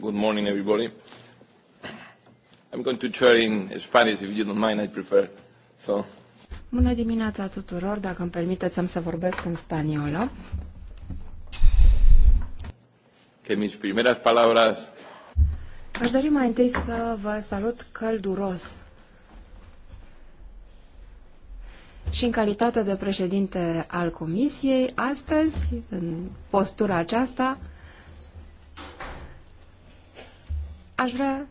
Good morning, everybody. I'm going to chair in Spanish, if you don't mind, I prefer. So. Bună dimineața tuturor, dacă îmi permiteți am să vorbesc în spaniolă. Que mis primeras palabras Aș dori mai întâi să vă salut călduros și în calitate de președinte al Comisiei, astăzi, în postura aceasta, Aș vrea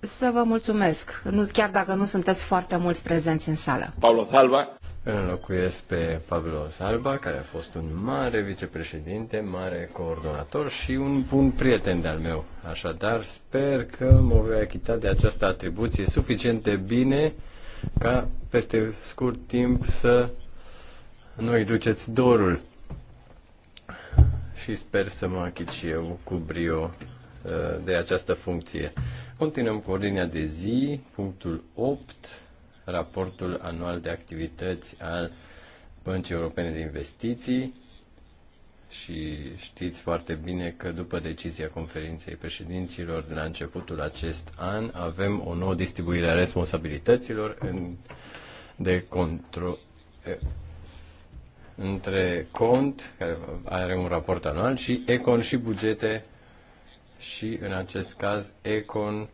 să vă mulțumesc, nu, chiar dacă nu sunteți foarte mulți prezenți în sală. Pablo Salva. Înlocuiesc pe Pablo Salva, care a fost un mare vicepreședinte, mare coordonator și un bun prieten de-al meu. Așadar, sper că mă voi achita de această atribuție suficient de bine ca peste scurt timp să nu îi duceți dorul. Și sper să mă achit și eu cu brio Uh, de această funcție. Continuăm cu ordinea de zi, punctul 8, raportul anual de activități al Băncii Europene de Investiții și știți foarte bine că după decizia conferinței președinților de la începutul acest an avem o nouă distribuire a responsabilităților în, de control între cont, care are un raport anual, și econ și bugete și în acest caz Econ,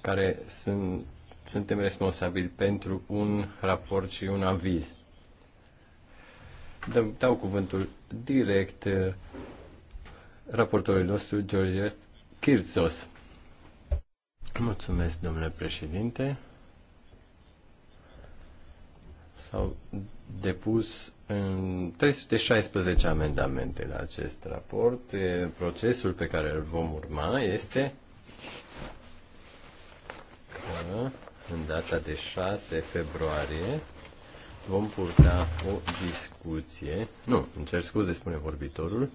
care sunt, suntem responsabili pentru un raport și un aviz. Dăm, dau cuvântul direct uh, raportorului nostru, George Kirzos. Mulțumesc, domnule președinte. S-au depus 316 amendamente la acest raport. Procesul pe care îl vom urma este că în data de 6 februarie vom purta o discuție. Nu, îmi cer scuze, spune vorbitorul.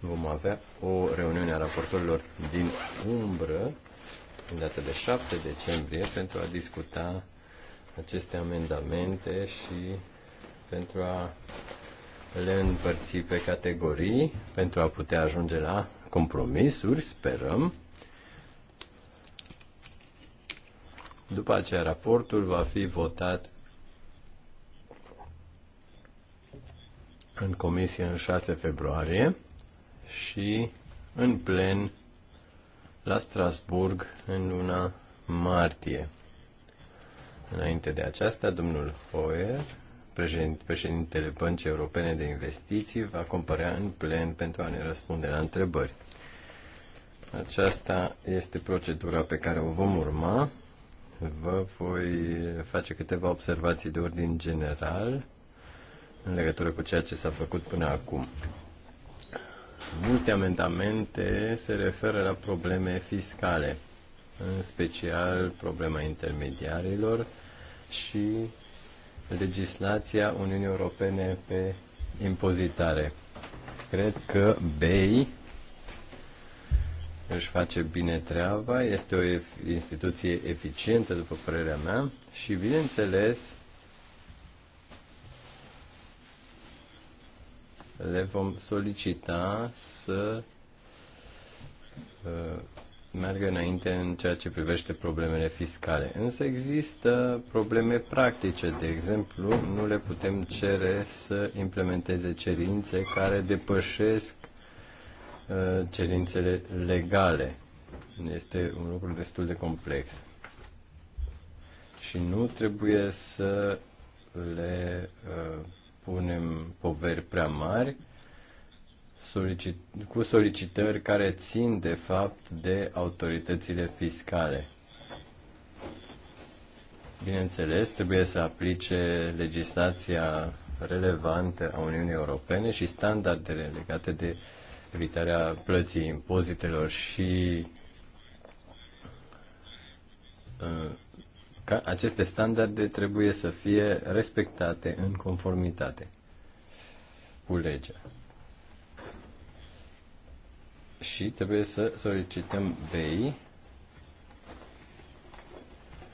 Vom avea o reuniune a raportorilor din umbră în data de 7 decembrie pentru a discuta aceste amendamente și pentru a le împărți pe categorii, pentru a putea ajunge la compromisuri, sperăm. După aceea, raportul va fi votat în comisie în 6 februarie și în plen la Strasburg în luna martie. Înainte de aceasta, domnul Hoer președintele Băncii Europene de Investiții va compărea în plen pentru a ne răspunde la întrebări. Aceasta este procedura pe care o vom urma. Vă voi face câteva observații de ordin general în legătură cu ceea ce s-a făcut până acum. Multe amendamente se referă la probleme fiscale, în special problema intermediarilor și legislația Uniunii Europene pe impozitare. Cred că BEI își face bine treaba, este o instituție eficientă, după părerea mea, și, bineînțeles, le vom solicita să uh, meargă înainte în ceea ce privește problemele fiscale. Însă există probleme practice, de exemplu, nu le putem cere să implementeze cerințe care depășesc uh, cerințele legale. Este un lucru destul de complex. Și nu trebuie să le uh, punem poveri prea mari, solicit, cu solicitări care țin de fapt de autoritățile fiscale. Bineînțeles, trebuie să aplice legislația relevantă a Uniunii Europene și standardele legate de evitarea plății impozitelor și uh, ca aceste standarde trebuie să fie respectate în conformitate cu legea și trebuie să solicităm BEI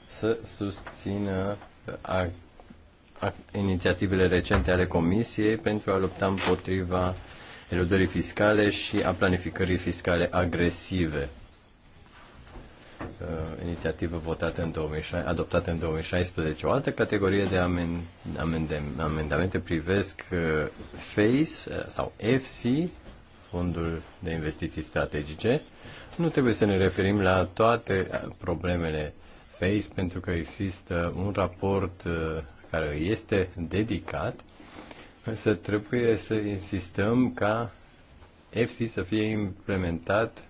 să susțină a, a, inițiativele recente ale Comisiei pentru a lupta împotriva eludării fiscale și a planificării fiscale agresive. Uh, inițiativă votată în 2006, adoptată în 2016. O altă categorie de amend, amendamente privesc uh, FACE uh, sau FC, fondul de investiții strategice. Nu trebuie să ne referim la toate problemele FACE pentru că există un raport uh, care este dedicat, însă trebuie să insistăm ca FC să fie implementat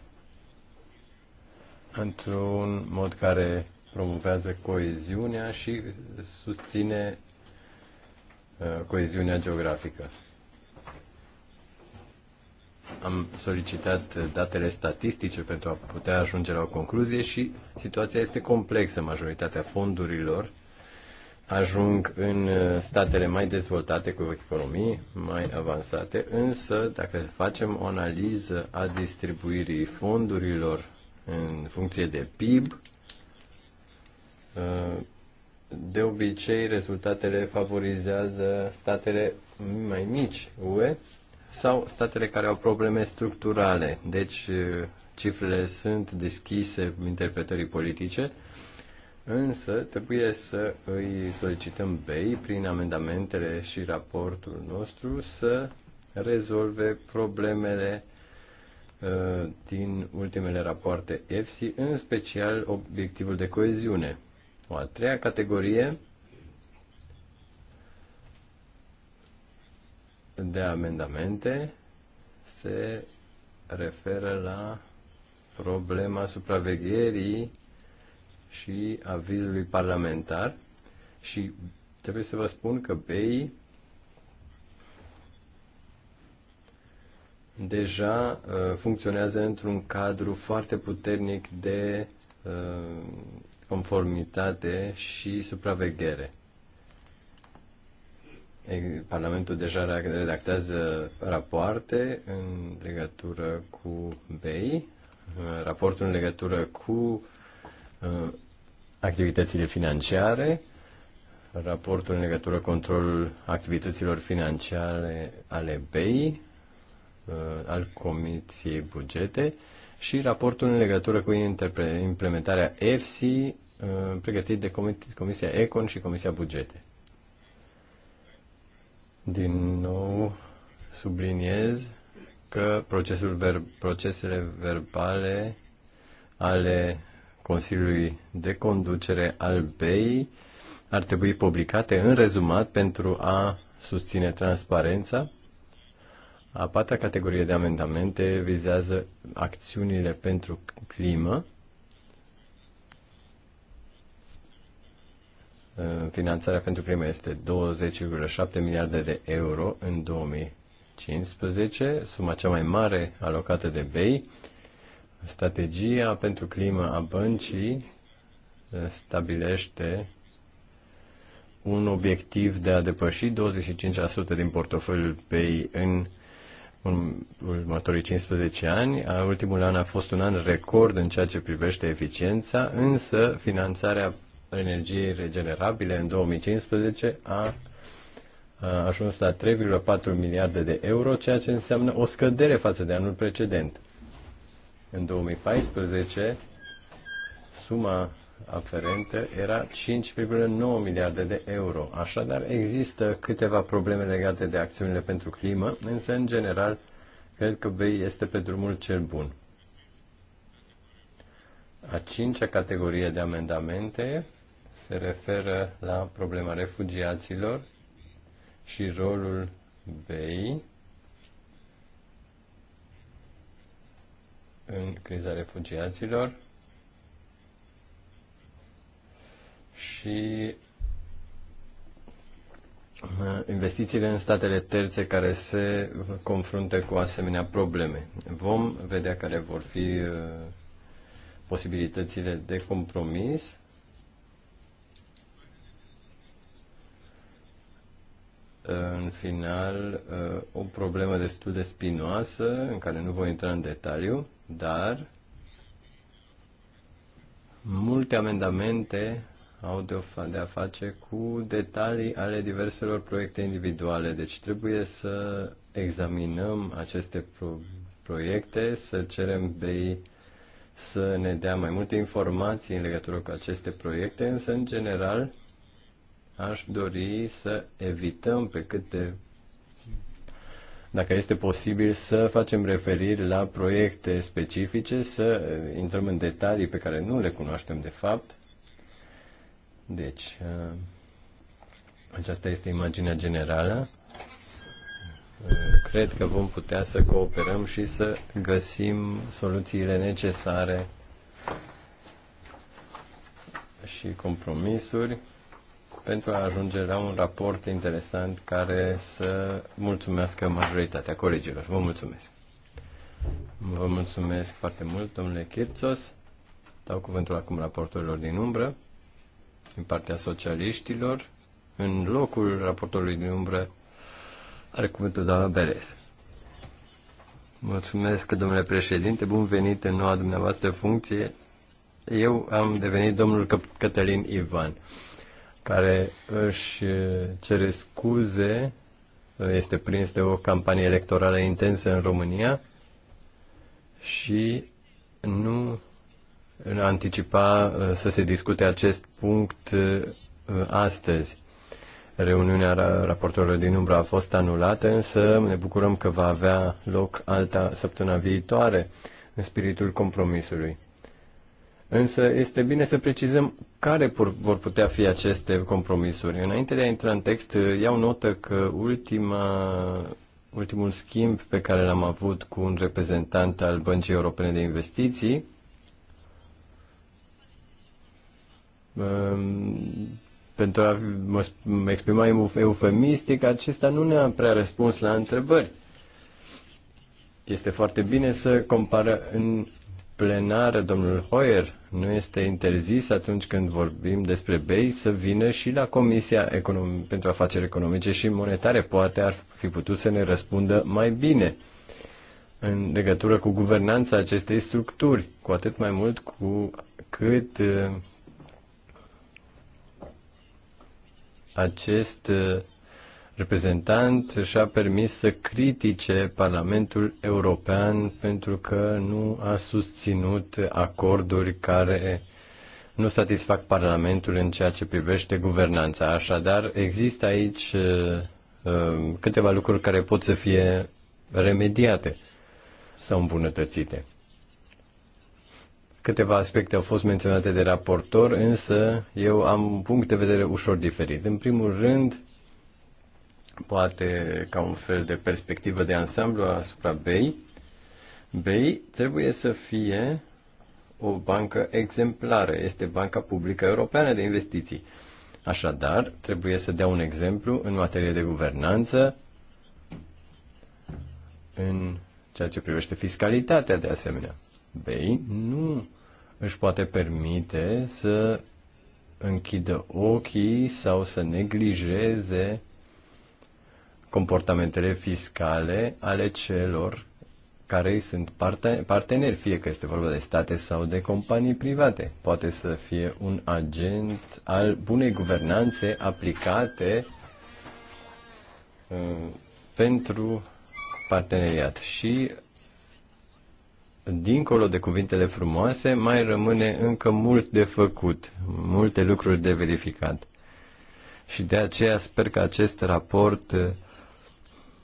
într-un mod care promovează coeziunea și susține uh, coeziunea geografică am solicitat datele statistice pentru a putea ajunge la o concluzie și situația este complexă. Majoritatea fondurilor ajung în statele mai dezvoltate cu economii mai avansate, însă dacă facem o analiză a distribuirii fondurilor în funcție de PIB, de obicei rezultatele favorizează statele mai mici UE sau statele care au probleme structurale. Deci eh, cifrele sunt deschise interpretării politice, însă trebuie să îi solicităm BEI prin amendamentele și raportul nostru să rezolve problemele eh, din ultimele rapoarte EFSI, în special obiectivul de coeziune. O a treia categorie de amendamente se referă la problema supravegherii și avizului parlamentar și trebuie să vă spun că BEI deja uh, funcționează într-un cadru foarte puternic de uh, conformitate și supraveghere. Parlamentul deja redactează rapoarte în legătură cu BEI, uh, raportul în legătură cu uh, activitățile financiare, raportul în legătură cu controlul activităților financiare ale BEI, uh, al Comisiei Bugete și raportul în legătură cu implementarea EFSI pregătit de Comisia Econ și Comisia Bugete. Din nou subliniez că procesul ver- procesele verbale ale Consiliului de Conducere al BEI ar trebui publicate în rezumat pentru a susține transparența. A patra categorie de amendamente vizează acțiunile pentru climă. finanțarea pentru crime este 20,7 miliarde de euro în 2015, suma cea mai mare alocată de BEI. Strategia pentru climă a băncii eh, stabilește un obiectiv de a depăși 25% din portofoliul BEI în următorii 15 ani. Ultimul an a fost un an record în ceea ce privește eficiența, însă finanțarea energiei regenerabile în 2015 a ajuns la 3,4 miliarde de euro, ceea ce înseamnă o scădere față de anul precedent. În 2014, suma aferentă era 5,9 miliarde de euro. Așadar, există câteva probleme legate de acțiunile pentru climă, însă, în general, cred că BEI este pe drumul cel bun. A cincea categorie de amendamente se referă la problema refugiaților și rolul BEI în criza refugiaților și uh, investițiile în statele terțe care se confruntă cu asemenea probleme. Vom vedea care vor fi uh, posibilitățile de compromis în final uh, o problemă destul de spinoasă, în care nu voi intra în detaliu, dar multe amendamente au de, de a face cu detalii ale diverselor proiecte individuale. Deci trebuie să examinăm aceste pro- proiecte, să cerem ei să ne dea mai multe informații în legătură cu aceste proiecte, însă, în general, aș dori să evităm pe cât de dacă este posibil să facem referiri la proiecte specifice, să intrăm în detalii pe care nu le cunoaștem de fapt. Deci, uh, aceasta este imaginea generală. Uh, cred că vom putea să cooperăm și să găsim soluțiile necesare și compromisuri pentru a ajunge la un raport interesant care să mulțumească majoritatea colegilor. Vă mulțumesc! Vă mulțumesc foarte mult, domnule Chirțos. Dau cuvântul acum raportorilor din umbră, din partea socialiștilor. În locul raportorului din umbră are cuvântul doamna Beres. Mulțumesc, domnule președinte. Bun venit în noua dumneavoastră funcție. Eu am devenit domnul Cătălin Ivan care își cere scuze, este prins de o campanie electorală intensă în România și nu anticipa uh, să se discute acest punct uh, astăzi. Reuniunea raportorilor din umbră a fost anulată, însă ne bucurăm că va avea loc alta săptămâna viitoare în spiritul compromisului. Însă este bine să precizăm care vor putea fi aceste compromisuri. Înainte de a intra în text, iau notă că ultima, ultimul schimb pe care l-am avut cu un reprezentant al Băncii Europene de Investiții um, pentru a mă exprima eufemistic, acesta nu ne-a prea răspuns la întrebări. Este foarte bine să compară în plenară domnul Hoyer nu este interzis atunci când vorbim despre BEI să vină și la Comisia Econom- pentru Afaceri Economice și Monetare. Poate ar fi putut să ne răspundă mai bine în legătură cu guvernanța acestei structuri, cu atât mai mult cu cât uh, acest uh, reprezentant și-a permis să critique Parlamentul European pentru că nu a susținut acorduri care nu satisfac Parlamentul în ceea ce privește guvernanța. Așadar, există aici uh, uh, câteva lucruri care pot să fie remediate sau îmbunătățite. Câteva aspecte au fost menționate de raportor, însă eu am un punct de vedere ușor diferit. În primul rând, poate ca un fel de perspectivă de ansamblu asupra BEI, BEI trebuie să fie o bancă exemplară, este Banca Publică Europeană de Investiții. Așadar, trebuie să dea un exemplu în materie de guvernanță, în ceea ce privește fiscalitatea de asemenea. Bei nu își poate permite să închidă ochii sau să neglijeze comportamentele fiscale ale celor care sunt parte, parteneri, fie că este vorba de state sau de companii private. Poate să fie un agent al bunei guvernanțe aplicate uh, pentru parteneriat. Și, dincolo de cuvintele frumoase, mai rămâne încă mult de făcut, multe lucruri de verificat. Și de aceea sper că acest raport uh,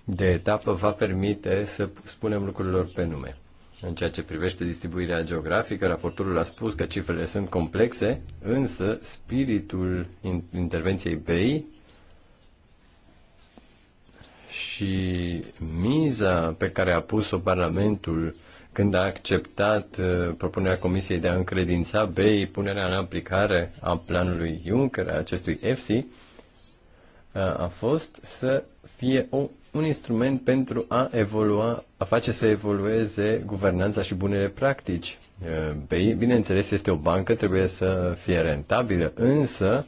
de etapă va permite să spunem lucrurilor pe nume. În ceea ce privește distribuirea geografică, raportorul a spus că cifrele sunt complexe, însă spiritul intervenției BEI și miza pe care a pus-o Parlamentul când a acceptat uh, propunerea Comisiei de a încredința BEI punerea în aplicare a planului Juncker, a acestui EFSI, uh, a fost să fie o un instrument pentru a evolua, a face să evolueze guvernanța și bunele practici. Eh, bineînțeles, este o bancă, trebuie să fie rentabilă, însă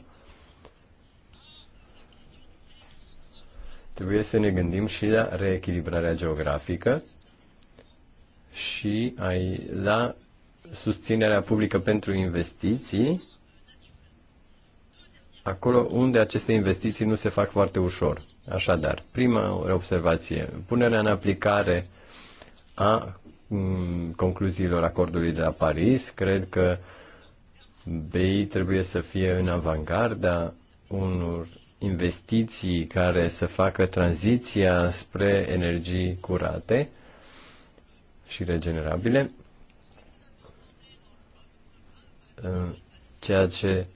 trebuie să ne gândim și la reechilibrarea geografică și ai la susținerea publică pentru investiții, acolo unde aceste investiții nu se fac foarte ușor. Așadar, prima observație, punerea în aplicare a mm, concluziilor acordului de la Paris, cred că BI trebuie să fie în avangarda unor investiții care să facă tranziția spre energii curate și regenerabile, ceea ce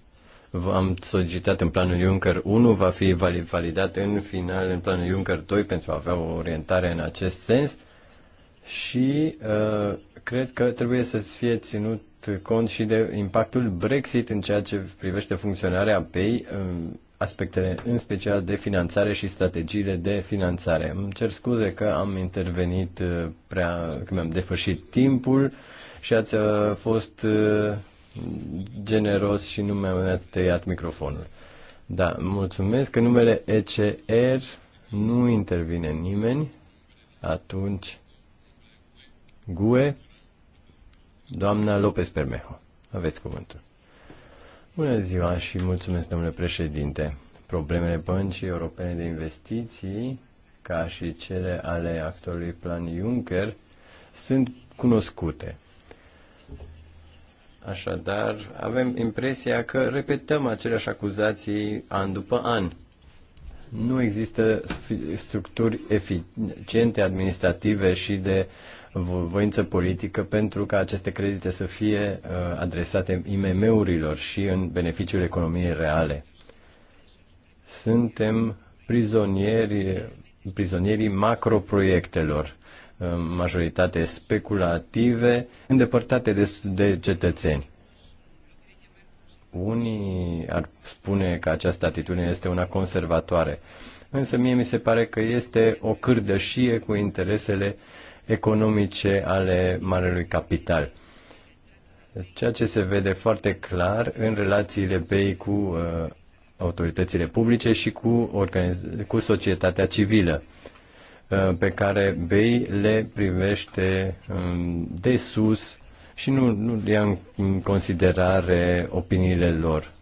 am solicitat în planul Juncker 1, va fi validat în final în planul Juncker 2 pentru a avea o orientare în acest sens și uh, cred că trebuie să fie ținut cont și de impactul Brexit în ceea ce privește funcționarea PEI, um, aspectele în special de finanțare și strategiile de finanțare. Îmi cer scuze că am intervenit uh, prea, că mi-am depășit timpul și ați uh, fost uh, generos și nu mi am tăiat microfonul. Da, mulțumesc. Că numele ECR nu intervine nimeni. Atunci, GUE, doamna Lopez Permejo. Aveți cuvântul. Bună ziua și mulțumesc, domnule președinte. Problemele băncii europene de investiții, ca și cele ale actorului plan Juncker, sunt cunoscute. Așadar, avem impresia că repetăm aceleași acuzații an după an. Nu există structuri eficiente administrative și de voință politică pentru ca aceste credite să fie uh, adresate IMM-urilor și în beneficiul economiei reale. Suntem prizonieri, prizonierii macroproiectelor Uh, majoritate speculative, îndepărtate de, de cetățeni. Unii ar spune că această atitudine este una conservatoare, însă mie mi se pare că este o cârdășie cu interesele economice ale marelui capital. Ceea ce se vede foarte clar în relațiile BEI cu uh, autoritățile publice și cu, organiz- cu societatea civilă. Uh, pe care vei le privește um, de sus și nu, nu ia în considerare opiniile lor.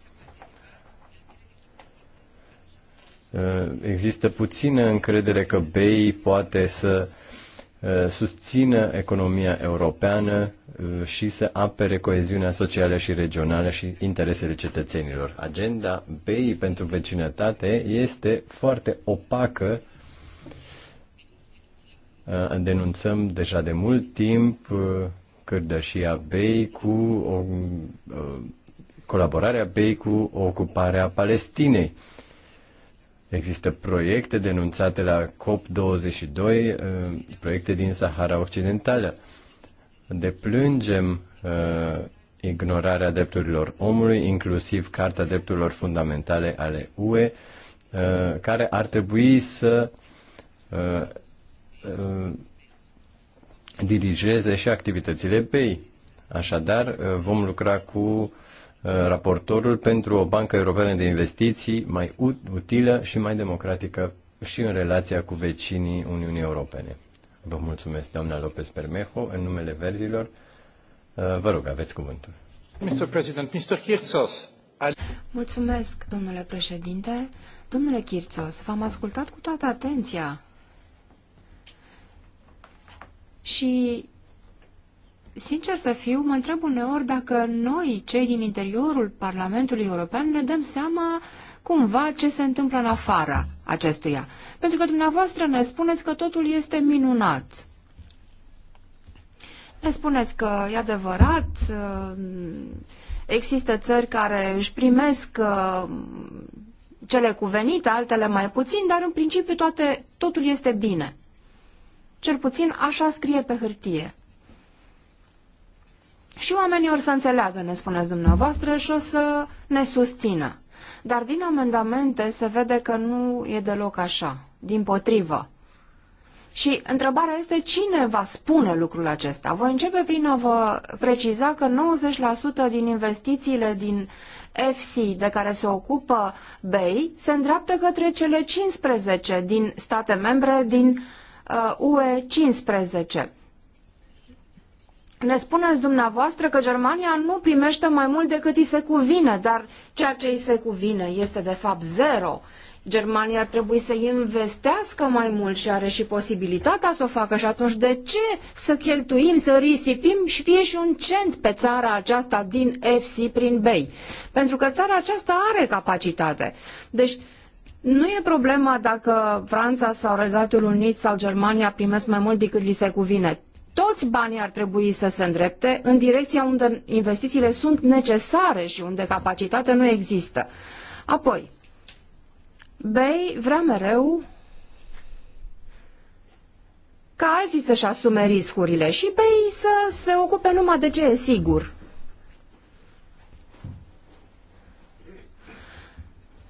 Uh, există puțină încredere că BEI poate să uh, susțină economia europeană și să apere coeziunea socială și regională și interesele cetățenilor. Agenda BEI pentru vecinătate este foarte opacă Uh, denunțăm deja de mult timp uh, Cârdășia BEI cu o, uh, colaborarea BEI cu ocuparea Palestinei. Există proiecte denunțate la COP22, proiecte din Sahara Occidentală. Deplângem ignorarea drepturilor omului, inclusiv Carta Drepturilor Fundamentale ale UE, care ar trebui să Uh, dirigeze și activitățile BEI. Așadar, uh, vom lucra cu uh, raportorul pentru o bancă europeană de investiții mai utilă și mai democratică și în relația cu vecinii Uniunii Europene. Vă mulțumesc, doamna Lopez Permejo, în numele verzilor. Vă rog, aveți cuvântul. Mr. President, Mr. Kirchhoff. Mulțumesc, domnule președinte. Domnule Kirchhoff, v-am ascultat cu toată atenția și, sincer să fiu, mă întreb uneori dacă noi, cei din interiorul Parlamentului European, ne dăm seama cumva ce se întâmplă în afara acestuia. Pentru că dumneavoastră ne spuneți că totul este minunat. Ne spuneți că e adevărat, uh, există țări care își primesc uh, cele cuvenite, altele mai puțin, dar în principiu toate, totul este bine. Cel puțin așa scrie pe hârtie. Și oamenii or să înțeleagă, ne spuneți dumneavoastră, și o să ne susțină. Dar din amendamente se vede că nu e deloc așa, din potrivă. Și întrebarea este cine va spune lucrul acesta. Voi începe prin a vă preciza că 90% din investițiile din FC de care se ocupă BEI se îndreaptă către cele 15 din state membre din uh, UE uh, 15. Ne spuneți dumneavoastră că Germania nu primește mai mult decât îi se cuvine, dar ceea ce îi se cuvine este de fapt zero. Germania ar trebui să investească mai mult și are și posibilitatea să o facă și atunci de ce să cheltuim, să risipim și fie și un cent pe țara aceasta din FC prin BEI? Pentru că țara aceasta are capacitate. Deci nu e problema dacă Franța sau Regatul Unit sau Germania primesc mai mult decât li se cuvine. Toți banii ar trebui să se îndrepte în direcția unde investițiile sunt necesare și unde capacitatea nu există. Apoi, Bei vrea mereu ca alții să-și asume riscurile și Bei să se ocupe numai de ce e sigur.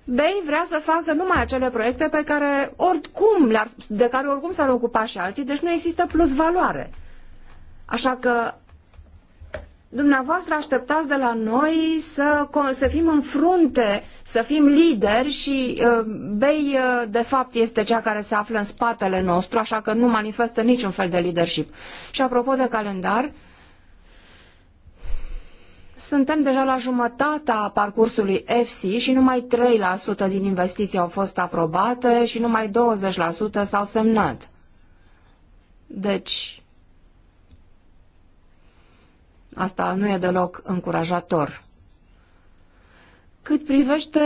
BEI vrea să facă numai acele proiecte pe care oricum de care oricum s-ar ocupa și alții, deci nu există plus valoare. Așa că dumneavoastră așteptați de la noi să, să fim în frunte, să fim lideri și uh, BEI uh, de fapt este cea care se află în spatele nostru, așa că nu manifestă niciun fel de leadership. Și apropo de calendar, uh, suntem deja la jumătatea parcursului EFSI și numai 3% din investiții au fost aprobate și numai 20% s-au semnat. Deci, asta nu e deloc încurajator. Cât privește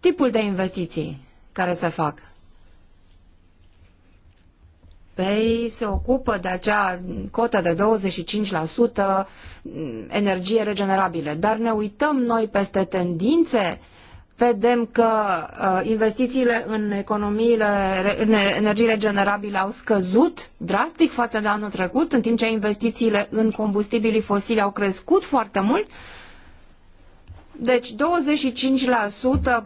tipul de investiții care se fac, Europei se ocupă de acea cotă de 25% energie regenerabile. Dar ne uităm noi peste tendințe, vedem că uh, investițiile în economiile, în energii regenerabile au scăzut drastic față de anul trecut, în timp ce investițiile în combustibilii fosili au crescut foarte mult. Uh, deci 25%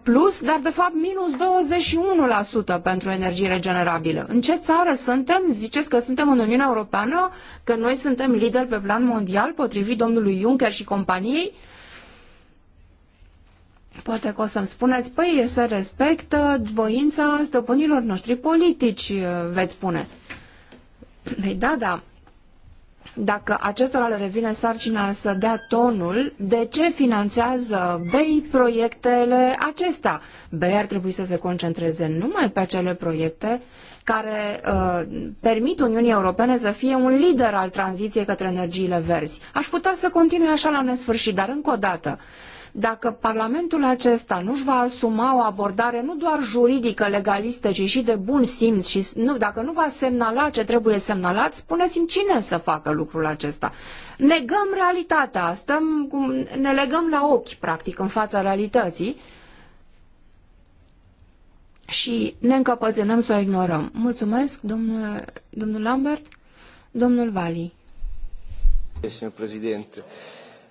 plus, dar de fapt minus 21% pentru energii regenerabile. În ce țară suntem? Ziceți că suntem în Uniunea Europeană, că noi suntem lideri pe plan mondial, potrivit domnului Juncker și companiei? Poate că o să-mi spuneți, păi se respectă voința stăpânilor noștri politici, veți spune. Păi da, da, dacă acestora le revine sarcina să dea tonul, de ce finanțează BEI proiectele acestea? BEI ar trebui să se concentreze numai pe acele proiecte care uh, permit Uniunii Europene să fie un lider al tranziției către energiile verzi. Aș putea să continui așa la nesfârșit, dar încă o dată. Uh, dacă Parlamentul acesta nu își va asuma o abordare nu doar juridică, legalistă, ci și de bun simț și nu, dacă nu va semnala ce trebuie semnalat, spuneți-mi cine să facă lucrul acesta. Negăm realitatea, stăm, ne legăm la ochi, practic, în fața realității și ne încăpățânăm să o ignorăm. Mulțumesc, domnule, domnul Lambert, domnul Vali. Domnul președinte,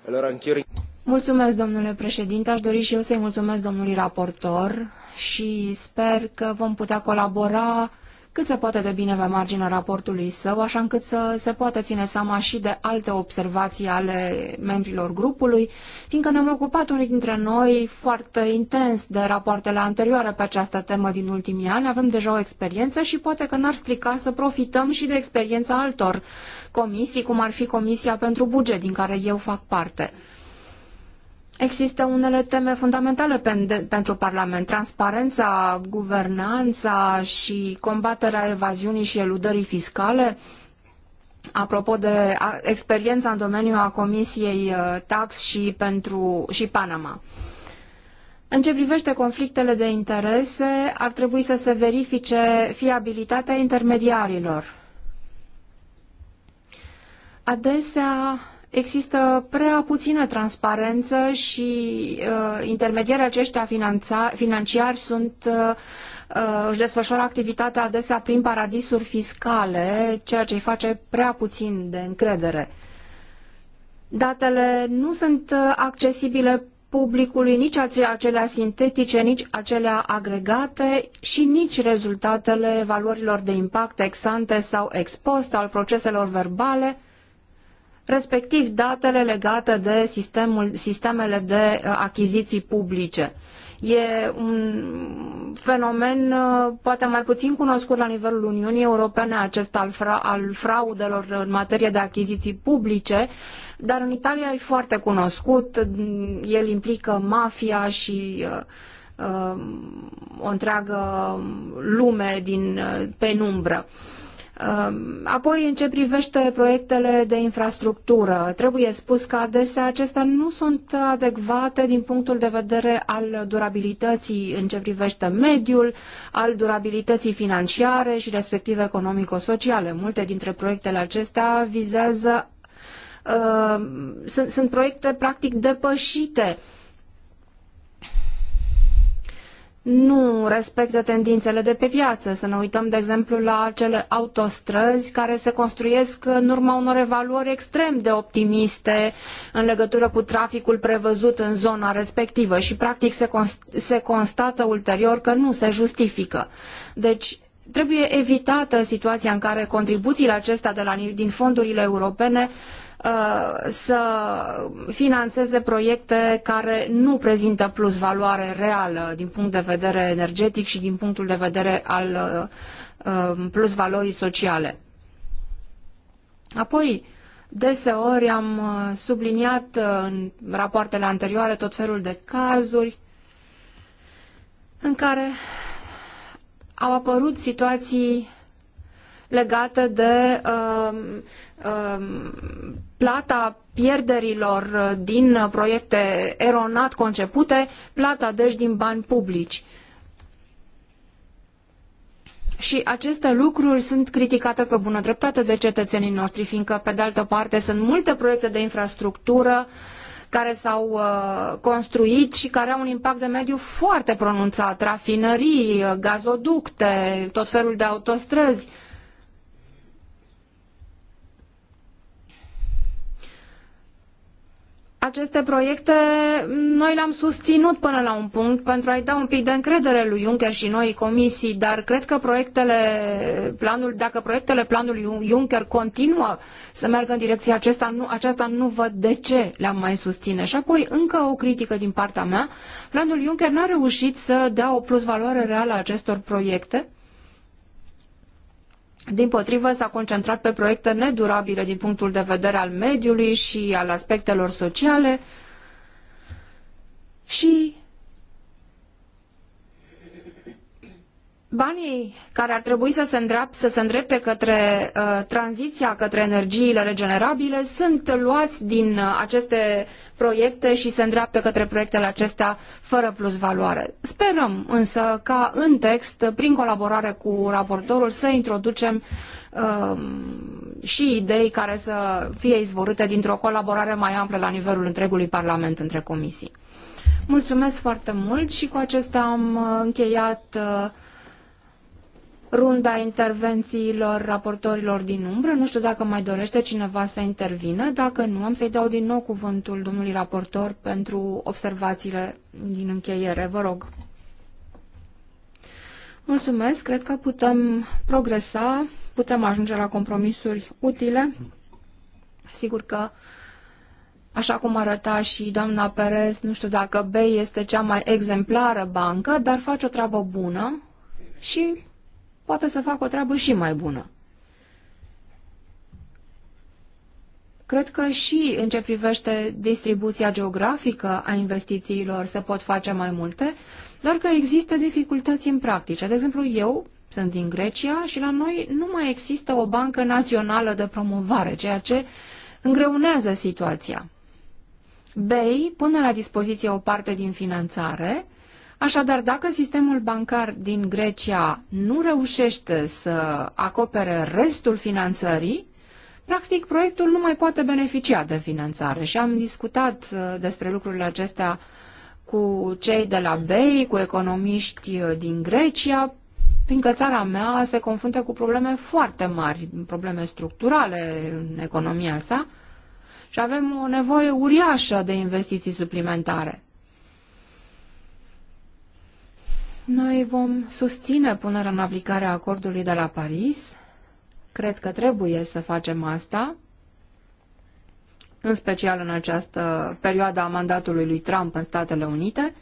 allora anch'io Mulțumesc, domnule președinte. Aș dori și eu să-i mulțumesc domnului raportor și sper că vom putea colabora cât se poate de bine pe marginea raportului său, așa încât să se poată ține seama și de alte observații ale membrilor grupului, fiindcă ne-am ocupat unii dintre noi foarte intens de rapoartele anterioare pe această temă din ultimii ani, avem deja o experiență și poate că n-ar strica să profităm și de experiența altor comisii, cum ar fi Comisia pentru Buget, din care eu fac parte. Există unele teme fundamentale pentru Parlament, transparența, guvernanța și combaterea evaziunii și eludării fiscale. Apropo de experiența în domeniul a Comisiei uh, Tax și, pentru, și Panama. În ce privește conflictele de interese, ar trebui să se verifice fiabilitatea intermediarilor. Adesea, există prea puțină transparență și uh, intermediarii aceștia finanța, financiari sunt uh, uh, își desfășoară activitatea adesea prin paradisuri fiscale, ceea ce îi face prea puțin de încredere. Datele nu sunt uh, accesibile publicului nici acelea sintetice, nici acelea agregate și nici rezultatele valorilor de impact ex ante sau ex post al proceselor verbale, respectiv datele legate de sistemul, sistemele de uh, achiziții publice. E un fenomen uh, poate mai puțin cunoscut la nivelul Uniunii Europene, acesta al, fra, al fraudelor în materie de achiziții publice, dar în Italia e foarte cunoscut, el implică mafia și uh, uh o întreagă lume din penumbră. Uh, Apoi, în ce privește proiectele de infrastructură, trebuie spus că adesea acestea nu sunt adecvate din punctul de vedere al durabilității în ce privește mediul, al durabilității financiare și respectiv economico-sociale. Multe dintre proiectele acestea vizează, uh, sunt, sunt proiecte practic depășite uh, nu respectă tendințele de pe piață. Să ne uităm, de exemplu, la acele autostrăzi care se construiesc în urma unor evaluări extrem de optimiste în legătură cu traficul prevăzut în zona respectivă și, practic, se, const se constată ulterior că nu se justifică. Deci, trebuie evitată situația în care contribuțiile acestea de la, din fondurile europene Uh, să finanțeze proiecte care nu prezintă plus valoare reală din punct de vedere energetic și din punctul de vedere al uh, um, plus valorii sociale. Apoi, deseori am uh, subliniat în rapoartele anterioare tot felul de cazuri în care au apărut situații legate de um, um, plata pierderilor din proiecte eronat concepute, plata deci din bani publici. Și aceste lucruri sunt criticate pe bună dreptate de cetățenii noștri, fiindcă, pe de altă parte, sunt multe proiecte de infrastructură care s-au uh, construit și care au un impact de mediu foarte pronunțat, rafinării, gazoducte, tot felul de autostrăzi. Uh, aceste proiecte noi le-am susținut până la un punct pentru a-i da un pic de încredere lui Juncker și noi comisii, dar cred că proiectele, planul, dacă proiectele planului Juncker continuă să meargă în direcția acesta, nu, aceasta nu văd de ce le-am mai susține. Și apoi încă o critică din partea mea, planul Juncker n-a reușit să dea o plusvaloare reală acestor proiecte, din potrivă, s-a concentrat pe proiecte nedurabile din punctul de vedere al mediului și al aspectelor sociale și Banii care ar trebui să se, să se îndrepte către uh, tranziția către energiile regenerabile sunt luați din uh, aceste proiecte și se îndreaptă către proiectele acestea fără plus valoare. Sperăm însă ca în text, prin colaborare cu raportorul, să introducem uh, și idei care să fie izvorâte dintr-o colaborare mai amplă la nivelul întregului Parlament între comisii. Mulțumesc foarte mult și cu acesta am uh, încheiat uh, runda intervențiilor raportorilor din umbră. Nu știu dacă mai dorește cineva să intervină. Dacă nu, am să-i dau din nou cuvântul domnului raportor pentru observațiile din încheiere. Vă rog. Mulțumesc. Cred că putem progresa, putem ajunge la compromisuri utile. Sigur că Așa cum arăta și doamna Perez, nu știu dacă B este cea mai exemplară bancă, dar face o treabă bună și poate să facă o treabă și mai bună. Cred că și în ce privește distribuția geografică a investițiilor se pot face mai multe, doar că există dificultăți în practice. De exemplu, eu sunt din Grecia și la noi nu mai există o bancă națională de promovare, ceea ce îngreunează situația. BEI pune la dispoziție o parte din finanțare, Așadar, dacă sistemul bancar din Grecia nu reușește să acopere restul finanțării, practic proiectul nu mai poate beneficia de finanțare. Și am discutat uh, despre lucrurile acestea cu cei de la BEI, cu economiști uh, din Grecia, fiindcă țara mea se confruntă cu probleme foarte mari, probleme structurale în economia sa și avem o nevoie uriașă de investiții suplimentare. Noi vom susține punerea în aplicare a acordului de la Paris. Cred că trebuie să facem asta, în special în această perioadă a mandatului lui Trump în Statele Unite.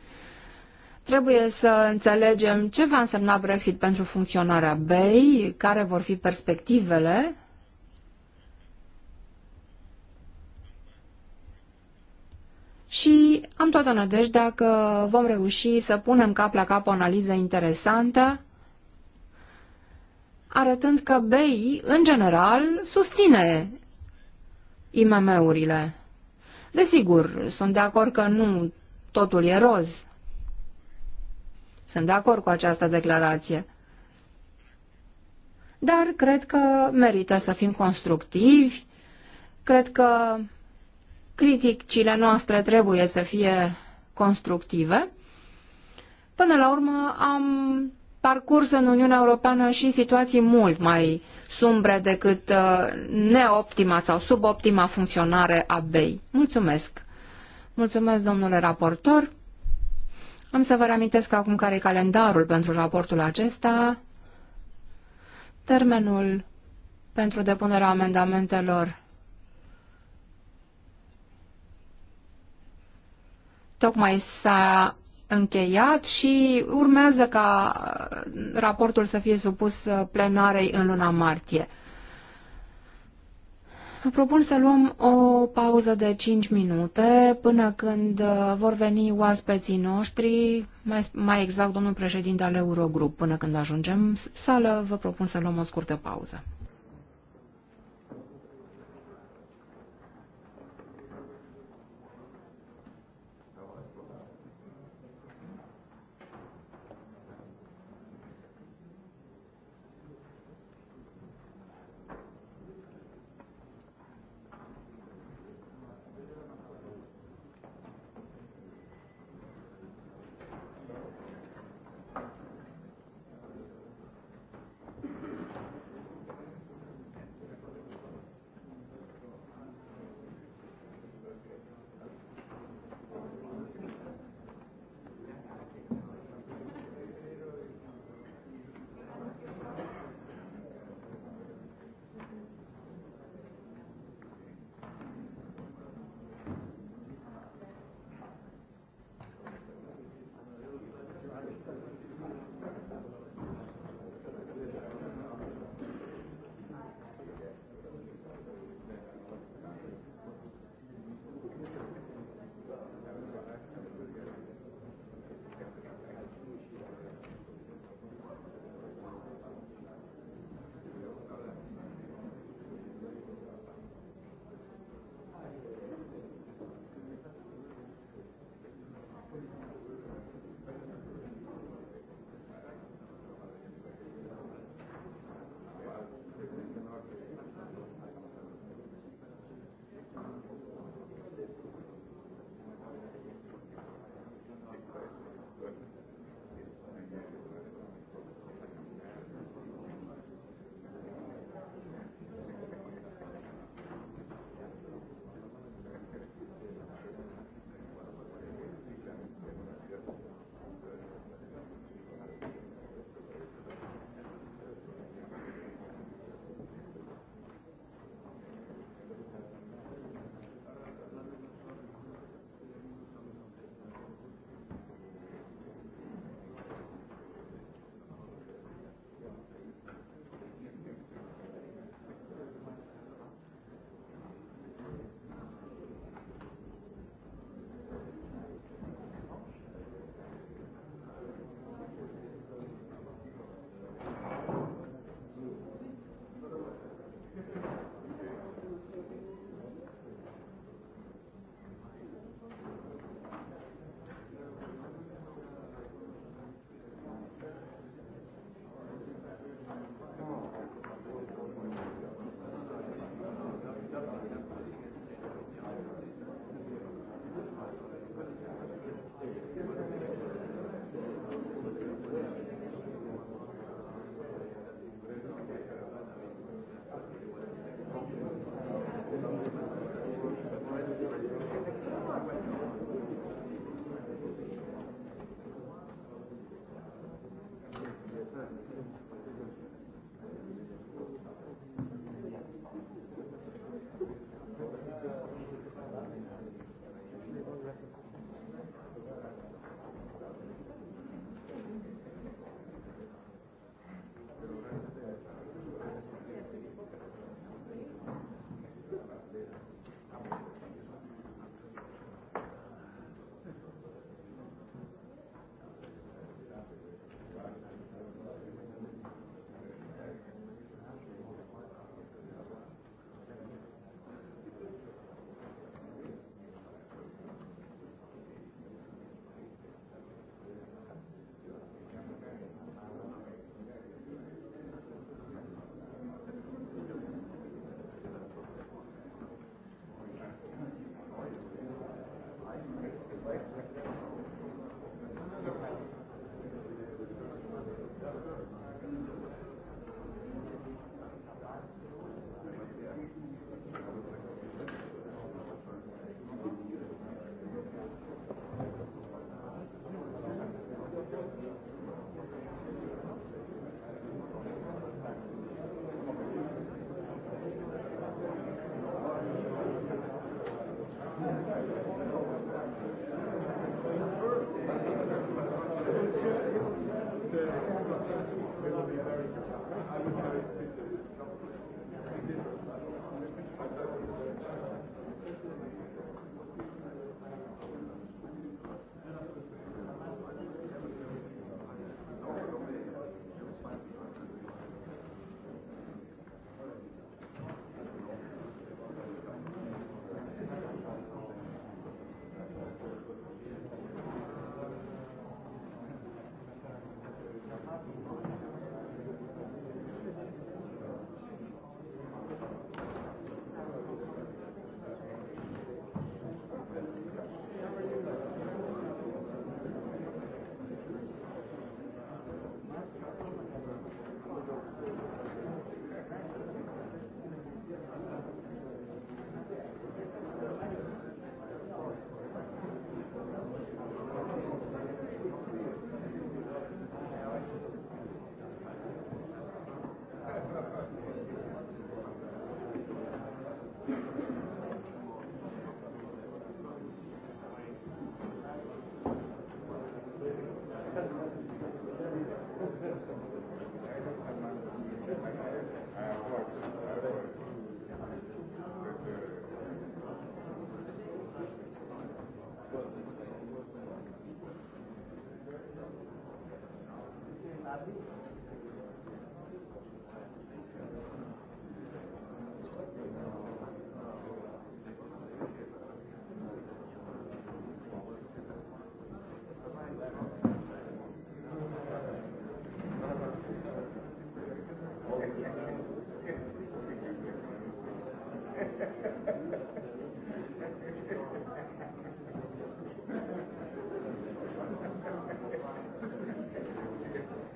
Trebuie să înțelegem ce va însemna Brexit pentru funcționarea BEI, care vor fi perspectivele și am toată nădejdea că vom reuși să punem cap la cap o analiză interesantă, arătând că BEI, în general, susține IMM-urile. Desigur, sunt de acord că nu totul e roz. Sunt de acord cu această declarație. Dar cred că merită să fim constructivi, cred că criticile noastre trebuie să fie constructive. Până la urmă am parcurs în Uniunea Europeană și situații mult mai sumbre decât uh, neoptima sau suboptima funcționare a BEI. Mulțumesc! Mulțumesc, domnule raportor! Am să vă reamintesc acum care e calendarul pentru raportul acesta. Termenul pentru depunerea amendamentelor tocmai s-a încheiat și urmează ca raportul să fie supus plenarei în luna martie. Vă propun să luăm o pauză de 5 minute până când uh, vor veni oaspeții noștri, mai, mai exact domnul președinte al Eurogrup, până când ajungem sală, vă propun să luăm o scurtă pauză.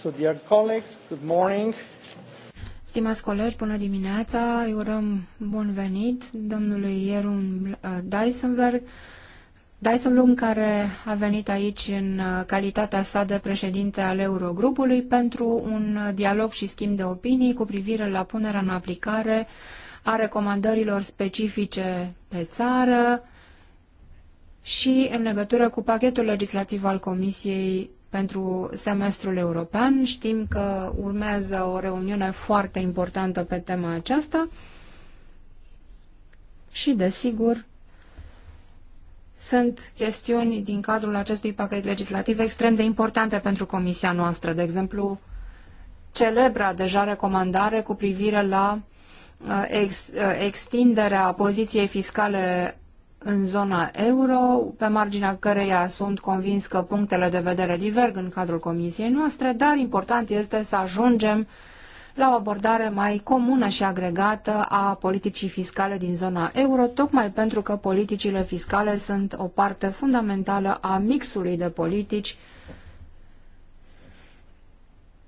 So, dear colleagues, good morning. Stimați colegi, bună dimineața! Îi urăm bun venit domnului Ierun uh, Dysonberg, Dijsselbloem, care a venit aici în uh, calitatea sa de președinte al Eurogrupului pentru un uh, dialog și schimb de opinii cu privire la punerea în aplicare a recomandărilor specifice pe țară, și în legătură cu pachetul legislativ al Comisiei pentru semestrul european. Știm că urmează o reuniune foarte importantă pe tema aceasta și, desigur, sunt chestiuni din cadrul acestui pachet legislativ extrem de importante pentru comisia noastră. De exemplu, celebra deja recomandare cu privire la uh, ex, uh, extinderea poziției fiscale în zona euro, pe marginea căreia sunt convins că punctele de vedere diverg în cadrul comisiei noastre, dar important este să ajungem la o abordare mai comună și agregată a politicii fiscale din zona euro, tocmai pentru că politicile fiscale sunt o parte fundamentală a mixului de politici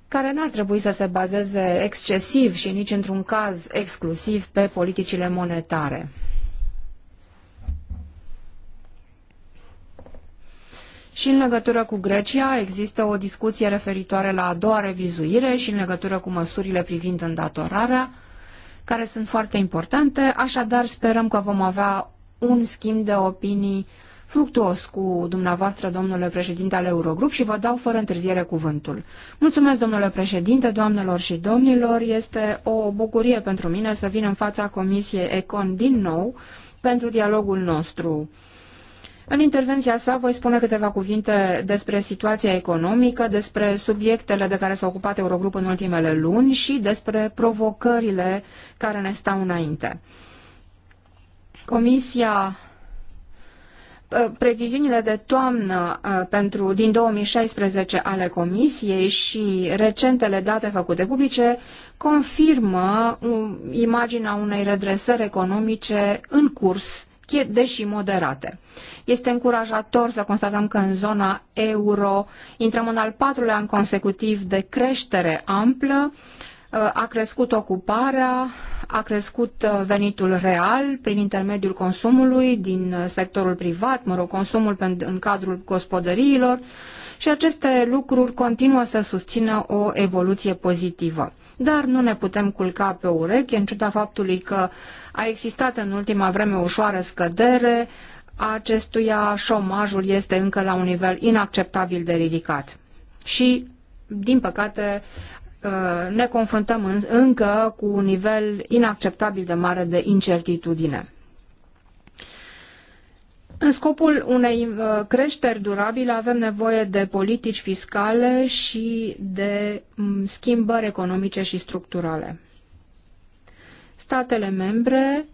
care n-ar trebui să se bazeze excesiv și nici într-un caz exclusiv pe politicile monetare. Și în legătură cu Grecia există o discuție referitoare la a doua revizuire și în legătură cu măsurile privind îndatorarea, care sunt foarte importante, așadar sperăm că vom avea un schimb de opinii fructuos cu dumneavoastră, domnule președinte al Eurogrup, și vă dau fără întârziere cuvântul. Mulțumesc, domnule președinte, doamnelor și domnilor. Este o bucurie pentru mine să vin în fața Comisiei Econ din nou pentru dialogul nostru în intervenția sa voi spune câteva cuvinte despre situația economică, despre subiectele de care s-a ocupat Eurogrup în ultimele luni și despre provocările care ne stau înainte. Comisia ă, previziunile de toamnă ă, pentru din 2016 ale Comisiei și recentele date făcute publice confirmă um, imaginea unei redresări economice în curs deși moderate. Este încurajator să constatăm că în zona euro intrăm în al patrulea an consecutiv de creștere amplă, a crescut ocuparea, a crescut uh, venitul real prin intermediul consumului din uh, sectorul privat, mă rog, consumul în cadrul gospodăriilor și aceste lucruri continuă să susțină o evoluție pozitivă. Dar nu ne putem culca pe ureche în ciuda faptului că a existat în ultima vreme o ușoară scădere a acestuia, șomajul este încă la un nivel inacceptabil de ridicat. Și, din păcate, ă, ne confruntăm încă cu un nivel inacceptabil de mare de incertitudine. În scopul unei ă, creșteri durabile avem nevoie de politici fiscale și de schimbări economice și structurale statele membre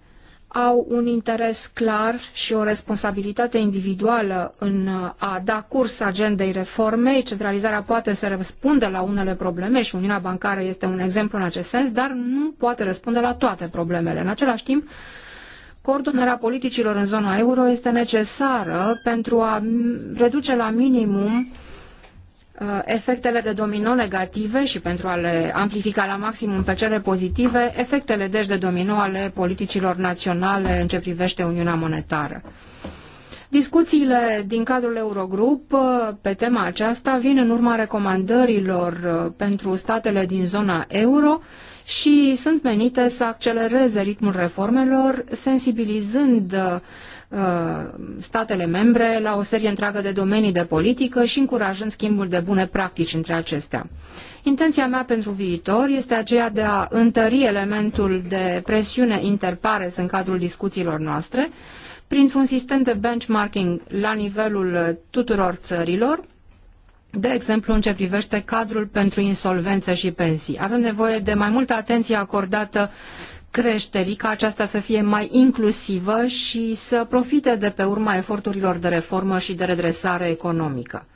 au un interes clar și o responsabilitate individuală în a da curs agendei reformei. Centralizarea poate să răspundă la unele probleme și Uniunea Bancară este un exemplu în acest sens, dar nu poate răspunde la toate problemele. În același timp, coordonarea politicilor în zona euro este necesară pentru a reduce la minimum uh, Uh, efectele de domino negative și pentru a le amplifica la maximum pe cele pozitive, efectele deci de domino ale politicilor naționale în ce privește Uniunea Monetară. Discuțiile din cadrul Eurogrup uh, pe tema aceasta vin în urma recomandărilor uh, pentru statele din zona euro și sunt menite să accelereze ritmul reformelor, sensibilizând Uh, statele membre la o serie întreagă de domenii de politică și încurajând schimbul de bune practici între acestea. Intenția mea pentru viitor este aceea de a întări elementul de presiune interpares în cadrul discuțiilor noastre printr-un sistem de benchmarking la nivelul tuturor țărilor, de exemplu, în ce privește cadrul pentru insolvență și pensii. Avem nevoie de mai multă atenție acordată creșterii, ca aceasta să fie mai inclusivă și să profite de pe urma eforturilor de reformă și de redresare economică.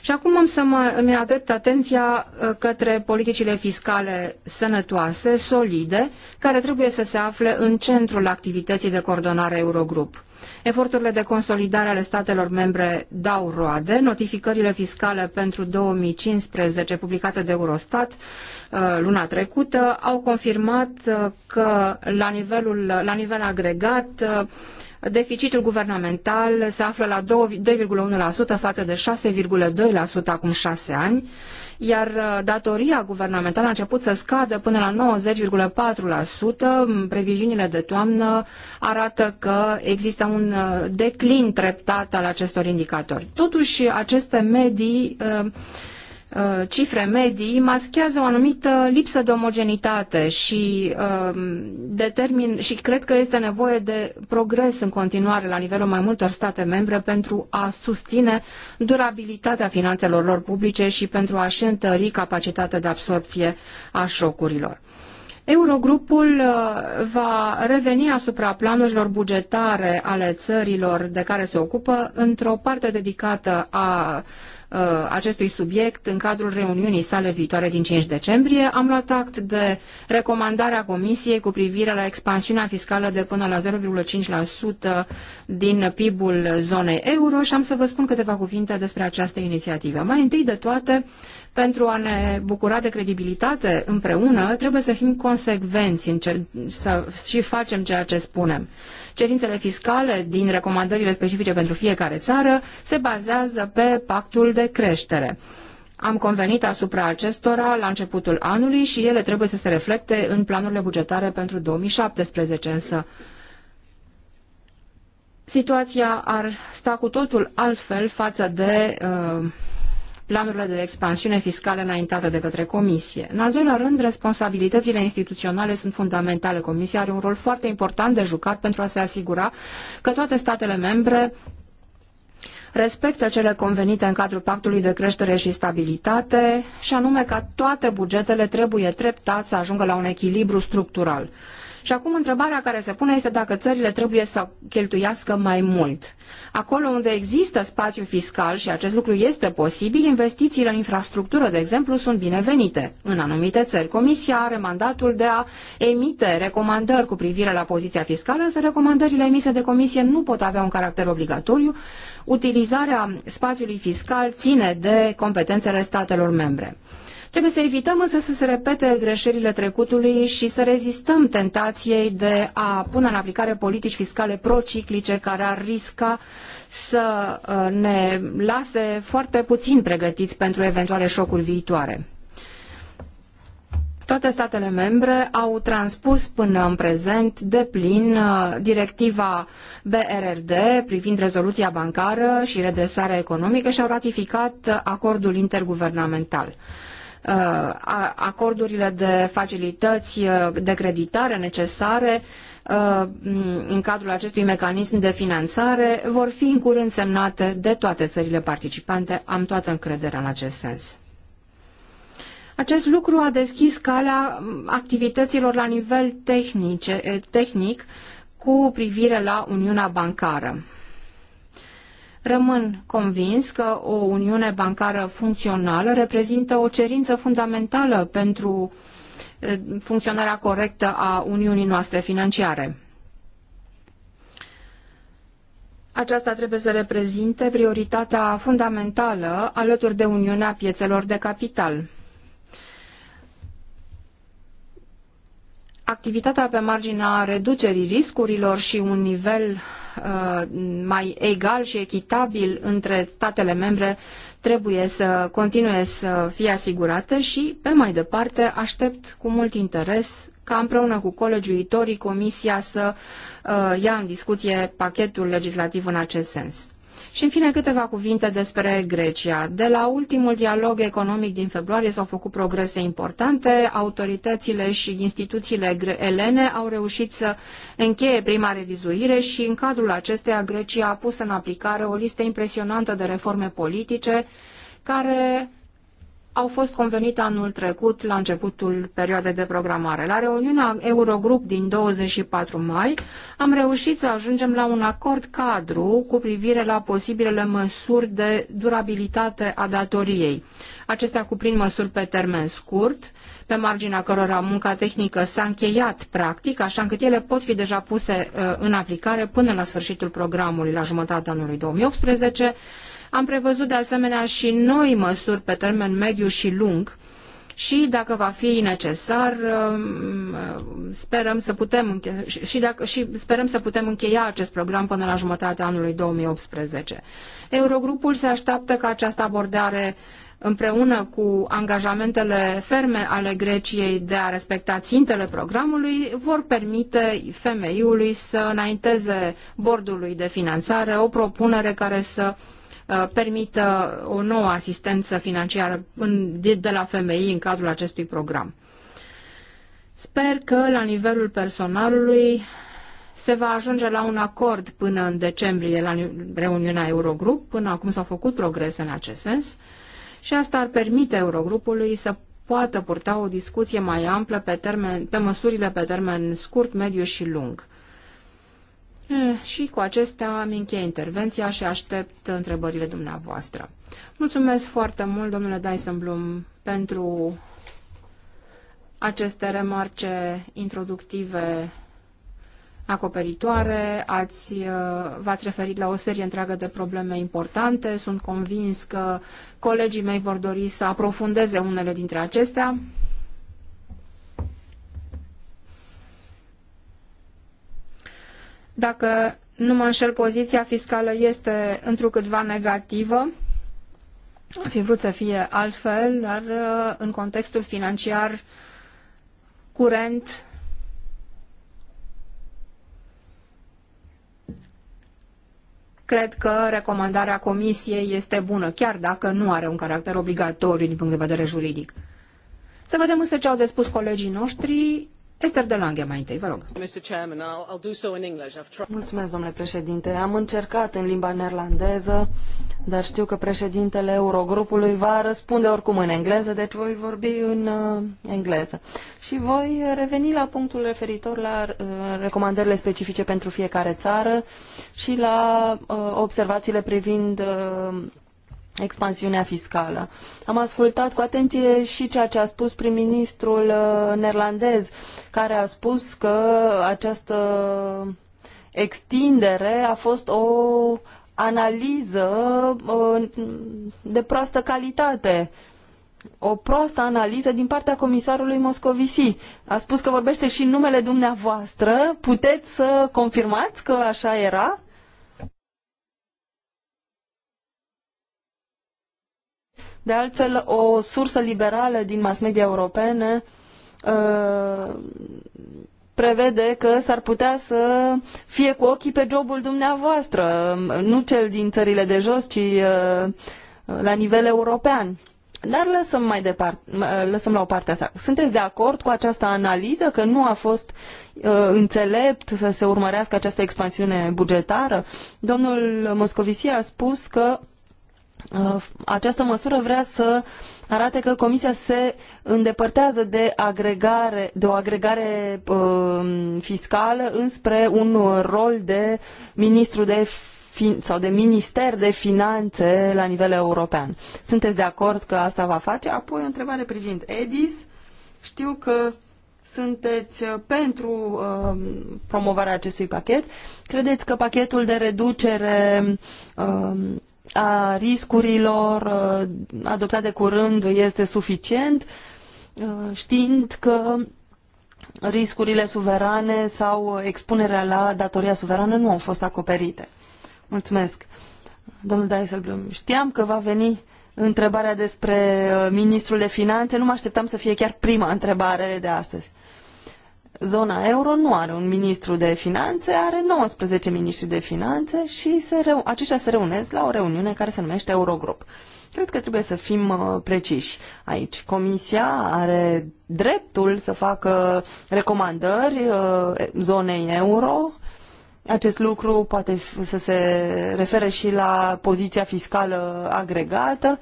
Și acum am să mă, îmi adrept atenția uh, către politicile fiscale sănătoase, solide, care trebuie să se afle în centrul activității de coordonare Eurogrup. Eforturile de consolidare ale statelor membre dau roade, notificările fiscale pentru 2015 publicate de Eurostat uh, luna trecută au confirmat uh, că la, nivelul, la nivel agregat Deficitul guvernamental se află la 2,1% față de 6,2% acum 6 ani, iar uh, datoria guvernamentală a început să scadă până la 90,4%. Previziunile de toamnă arată că există un uh, declin treptat al acestor indicatori. Totuși, aceste medii uh, Uh, cifre medii maschează o anumită lipsă de omogenitate și, um, determin, și cred că este nevoie de progres în continuare la nivelul mai multor state membre pentru a susține durabilitatea finanțelor lor publice și pentru a-și întări capacitatea de absorpție a șocurilor. Eurogrupul uh, va reveni asupra planurilor bugetare ale țărilor de care se ocupă într-o parte dedicată a uh, acestui subiect în cadrul reuniunii sale viitoare din 5 decembrie. Am luat act de recomandarea Comisiei cu privire la expansiunea fiscală de până la 0,5% din PIB-ul zonei euro și am să vă spun câteva cuvinte despre această inițiativă. Mai întâi de toate, pentru a ne bucura de credibilitate împreună, trebuie să fim consecvenți în ce, să, și facem ceea ce spunem. Cerințele fiscale din recomandările specifice pentru fiecare țară se bazează pe pactul de creștere. Am convenit asupra acestora la începutul anului și ele trebuie să se reflecte în planurile bugetare pentru 2017, însă situația ar sta cu totul altfel față de uh, planurile de expansiune fiscală înaintate de către Comisie. În al doilea rând, responsabilitățile instituționale sunt fundamentale. Comisia are un rol foarte important de jucat pentru a se asigura că toate statele membre respectă cele convenite în cadrul Pactului de Creștere și Stabilitate, și anume că toate bugetele trebuie treptat să ajungă la un echilibru structural. Și acum întrebarea care se pune este dacă țările trebuie să cheltuiască mai mult. Acolo unde există spațiu fiscal și acest lucru este posibil, investițiile în infrastructură, de exemplu, sunt binevenite. În anumite țări, Comisia are mandatul de a emite recomandări cu privire la poziția fiscală, însă recomandările emise de Comisie nu pot avea un caracter obligatoriu. Utilizarea spațiului fiscal ține de competențele statelor membre. Trebuie să evităm însă să se repete greșelile trecutului și să rezistăm tentației de a pune în aplicare politici fiscale prociclice care ar risca să uh, ne lase foarte puțin pregătiți pentru eventuale șocuri viitoare. Toate statele membre au transpus până în prezent de plin uh, directiva BRRD privind rezoluția bancară și redresarea economică și au ratificat acordul interguvernamental. Uh, acordurile de facilități uh, de creditare necesare uh, în cadrul acestui mecanism de finanțare vor fi în curând semnate de toate țările participante. Am toată încrederea în acest sens. Acest lucru a deschis calea activităților la nivel eh, tehnic cu privire la Uniunea Bancară. Rămân convins că o uniune bancară funcțională reprezintă o cerință fundamentală pentru eh, funcționarea corectă a uniunii noastre financiare. Aceasta trebuie să reprezinte prioritatea fundamentală alături de Uniunea Piețelor de Capital. Activitatea pe marginea reducerii riscurilor și un nivel Uh, mai egal și echitabil între statele membre trebuie să continue să fie asigurate și, pe mai departe, aștept cu mult interes ca împreună cu colegiuitorii Comisia să uh, ia în discuție pachetul legislativ în acest sens. Și în fine câteva cuvinte despre Grecia. De la ultimul dialog economic din februarie s-au făcut progrese importante. Autoritățile și instituțiile elene au reușit să încheie prima revizuire și în cadrul acesteia Grecia a pus în aplicare o listă impresionantă de reforme politice care au fost convenite anul trecut la începutul perioadei de programare. La reuniunea Eurogrup din 24 mai am reușit să ajungem la un acord cadru cu privire la posibilele măsuri de durabilitate a datoriei. Acestea cuprind măsuri pe termen scurt, pe marginea cărora munca tehnică s-a încheiat practic, așa încât ele pot fi deja puse uh, în aplicare până la sfârșitul programului, la jumătatea anului 2018, am prevăzut de asemenea și noi măsuri pe termen mediu și lung și dacă va fi necesar, um, um, sperăm să putem, și, dacă, și sperăm să putem încheia acest program până la jumătatea anului 2018. Eurogrupul se așteaptă ca această abordare împreună cu angajamentele ferme ale Greciei de a respecta țintele programului, vor permite FMI-ului să înainteze bordului de finanțare o propunere care să Uh, permită o nouă asistență financiară de la femei în cadrul acestui program. Sper că la nivelul personalului se va ajunge la un acord până în decembrie la reuniunea Eurogrup. Până acum s-au făcut progrese în acest sens și asta ar permite Eurogrupului să poată purta o discuție mai amplă pe, termen, pe măsurile pe termen scurt, mediu și lung. Eh, și cu acestea am încheiat intervenția și aștept întrebările dumneavoastră. Mulțumesc foarte mult, domnule Dyson pentru aceste remarce introductive acoperitoare, ați, eh, v-ați referit la o serie întreagă de probleme importante. Sunt convins că colegii mei vor dori să aprofundeze unele dintre acestea. Dacă nu mă înșel, poziția fiscală este întrucâtva negativă. Ar fi vrut să fie altfel, dar uh, în contextul financiar curent cred că recomandarea comisiei este bună, chiar dacă nu are un caracter obligatoriu din punct de vedere juridic. Să vedem însă ce au de spus colegii noștri. Esther de Lange mai întâi, vă rog. Mulțumesc, domnule președinte. Am încercat în limba neerlandeză, dar știu că președintele Eurogrupului va răspunde oricum în engleză, deci voi vorbi în uh, engleză. Și voi reveni la punctul referitor la uh, recomandările specifice pentru fiecare țară și la uh, observațiile privind uh, expansiunea fiscală. Am ascultat cu atenție și ceea ce a spus prim-ministrul uh, neerlandez, care a spus că această extindere a fost o analiză uh, de proastă calitate o proastă analiză din partea comisarului Moscovici. A spus că vorbește și în numele dumneavoastră. Puteți să confirmați că așa era? De altfel, o sursă liberală din mass media europene uh, prevede că s-ar putea să fie cu ochii pe jobul dumneavoastră, nu cel din țările de jos, ci uh, la nivel european. Dar lăsăm mai departe, lăsăm la o parte asta. Sunteți de acord cu această analiză că nu a fost uh, înțelept să se urmărească această expansiune bugetară? Domnul Moscovici a spus că Uh, această măsură vrea să arate că Comisia se îndepărtează de, agregare, de o agregare uh, fiscală înspre un rol de ministru de sau de minister de finanțe la nivel european. Sunteți de acord că asta va face? Apoi o întrebare privind EDIS. Știu că sunteți pentru uh, promovarea acestui pachet. Credeți că pachetul de reducere uh, a riscurilor uh, adoptat de curând este suficient, uh, știind că riscurile suverane sau expunerea la datoria suverană nu au fost acoperite. Mulțumesc. Domnul Dijsselbloem, știam că va veni întrebarea despre uh, ministrul de finanțe, nu mă așteptam să fie chiar prima întrebare de astăzi. Zona euro nu are un ministru de finanțe, are 19 miniștri de finanțe și se reu- aceștia se reunesc la o reuniune care se numește Eurogrup. Cred că trebuie să fim uh, preciși aici. Comisia are dreptul să facă recomandări uh, zonei euro. Acest lucru poate să se refere și la poziția fiscală agregată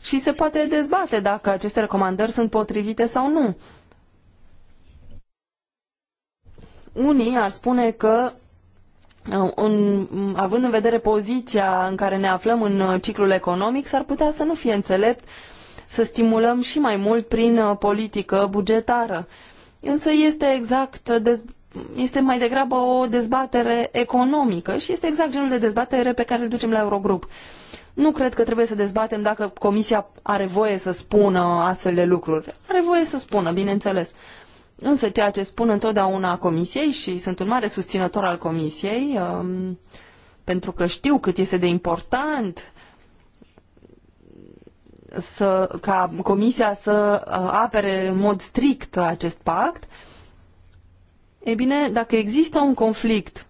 și se poate dezbate dacă aceste recomandări sunt potrivite sau nu. Unii ar spune că uh, în, având în vedere poziția în care ne aflăm în uh, ciclul economic, s-ar putea să nu fie înțelept să stimulăm și mai mult prin uh, politică bugetară. Însă este exact este mai degrabă o dezbatere economică și este exact genul de dezbatere pe care îl ducem la Eurogrup. Nu cred că trebuie să dezbatem dacă Comisia are voie să spună astfel de lucruri. Are voie să spună, bineînțeles. Însă ceea ce spun întotdeauna comisiei și sunt un mare susținător al comisiei, um, pentru că știu cât este de important să, ca comisia să uh, apere în mod strict acest pact, e bine, dacă există un conflict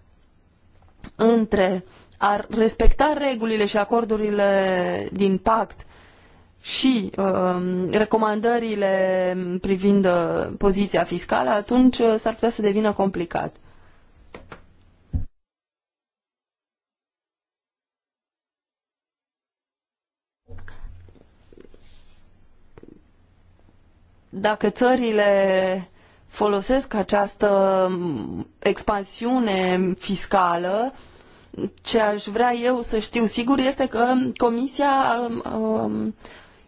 între a respecta regulile și acordurile din pact și uh, recomandările privind uh, poziția fiscală, atunci uh, s-ar putea să devină complicat. Dacă țările folosesc această um, expansiune fiscală, ce aș vrea eu să știu sigur este că Comisia um,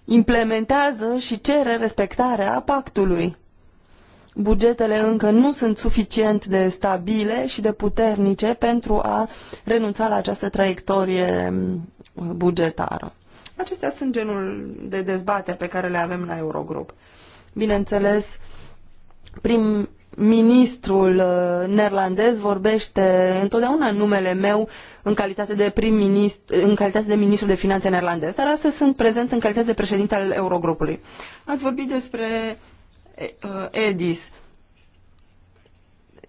implementează și cere respectarea pactului. Bugetele încă nu sunt suficient de stabile și de puternice pentru a renunța la această traiectorie bugetară. Acestea sunt genul de dezbateri pe care le avem la Eurogrup. Bineînțeles, prim, ministrul uh, neerlandez vorbește întotdeauna în numele meu în calitate de prim ministru, în calitate de ministru de finanțe neerlandez, dar astăzi sunt prezent în calitate de președinte al Eurogrupului. Ați vorbit despre uh, EDIS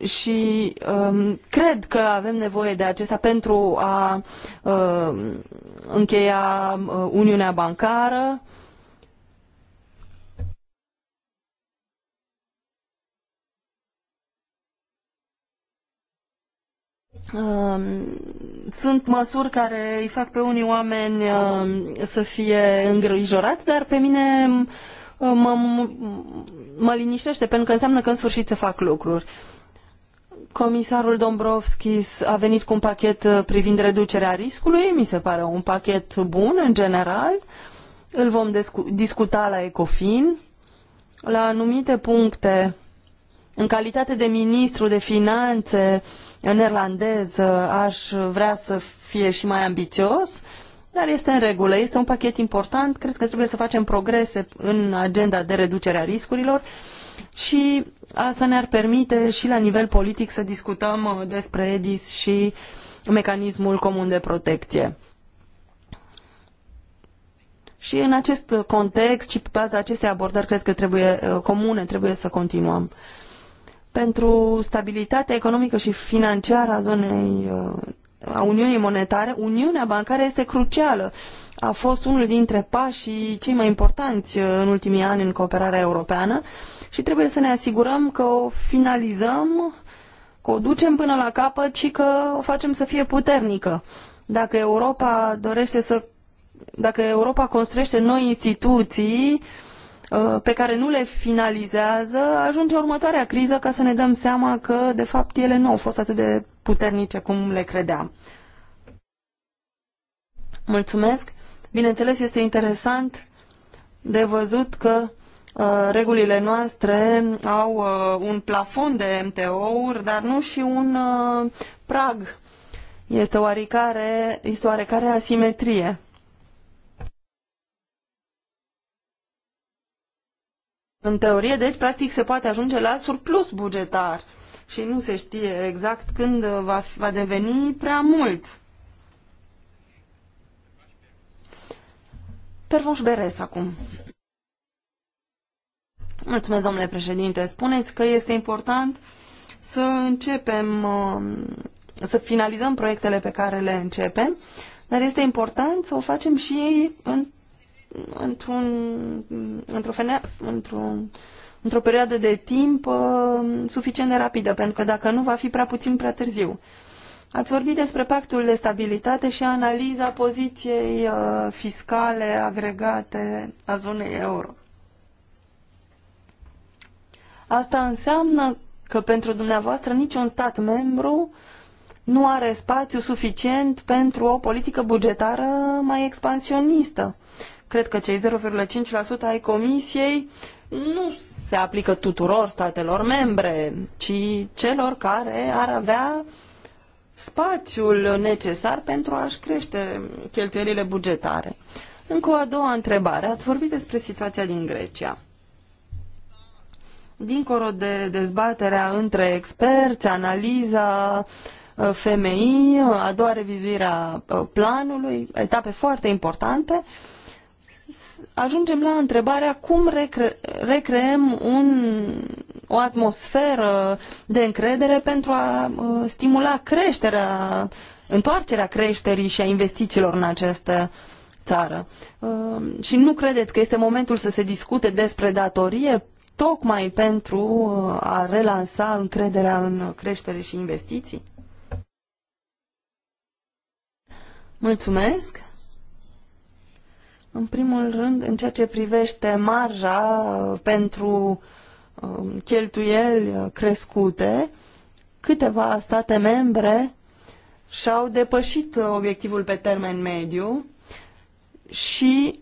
și um, cred că avem nevoie de acesta pentru a uh, încheia uh, Uniunea Bancară Um, sunt măsuri care îi fac pe unii oameni um, să fie îngrijorați, dar pe mine um, mă, mă liniștește, pentru că înseamnă că în sfârșit se fac lucruri. Comisarul Dombrovskis a venit cu un pachet uh, privind reducerea riscului, mi se pare un pachet bun în general. Îl vom discuta la Ecofin. La anumite puncte, în calitate de ministru de finanțe, uh, neerlandez uh, aș vrea să fie și mai ambițios, dar este în regulă. Este un pachet important. Cred că trebuie să facem progrese în agenda de reducere a riscurilor și asta ne-ar permite și la nivel politic să discutăm uh, despre EDIS și mecanismul comun de protecție. Și în acest context și pe baza acestei abordări, cred că trebuie uh, comune, trebuie să continuăm pentru stabilitatea economică și financiară a zonei uh, a Uniunii Monetare, Uniunea Bancară este crucială. A fost unul dintre pașii cei mai importanți uh, în ultimii ani în cooperarea europeană și trebuie să ne asigurăm că o finalizăm, că o ducem până la capăt și că o facem să fie puternică. Dacă Europa dorește să dacă Europa construiește noi instituții, uh, Uh, pe care nu le finalizează, ajunge următoarea criză ca să ne dăm seama că, de fapt, ele nu au fost atât de puternice cum le credeam. Mulțumesc. Bineînțeles, este interesant de văzut că uh, regulile noastre au uh, un plafon de MTO-uri, dar nu și un uh, prag. Este oarecare, este oarecare asimetrie. În teorie, deci, practic, se poate ajunge la surplus bugetar și nu se știe exact când va, va deveni prea mult. Pervoș Beres acum. Mulțumesc, domnule președinte. Spuneți că este important să începem, um, să finalizăm proiectele pe care le începem, dar este important să o facem și în într-un, într-o, într-un, într-o perioadă de timp uh, suficient de rapidă, pentru că dacă nu, va fi prea puțin prea târziu. Ați vorbit despre pactul de stabilitate și analiza poziției uh, fiscale agregate a zonei euro. Asta înseamnă că pentru dumneavoastră niciun stat membru nu are spațiu suficient pentru o politică bugetară mai expansionistă. Cred că cei 0,5% ai comisiei nu se aplică tuturor statelor membre, ci celor care ar avea spațiul necesar pentru a-și crește cheltuielile bugetare. Încă o a doua întrebare. Ați vorbit despre situația din Grecia. Dincolo de dezbaterea între experți, analiza uh, FMI, uh, a doua revizuire a uh, planului, etape foarte importante, uh, ajungem la întrebarea cum recre- recreăm un, o atmosferă de încredere pentru a uh, stimula creșterea, întoarcerea creșterii și a investițiilor în această țară. Uh, și nu credeți că este momentul să se discute despre datorie tocmai pentru uh, a relansa încrederea în creștere și investiții? Mulțumesc! În primul rând, în ceea ce privește marja uh, pentru um, cheltuieli uh, crescute, câteva state membre și-au depășit uh, obiectivul pe termen mediu și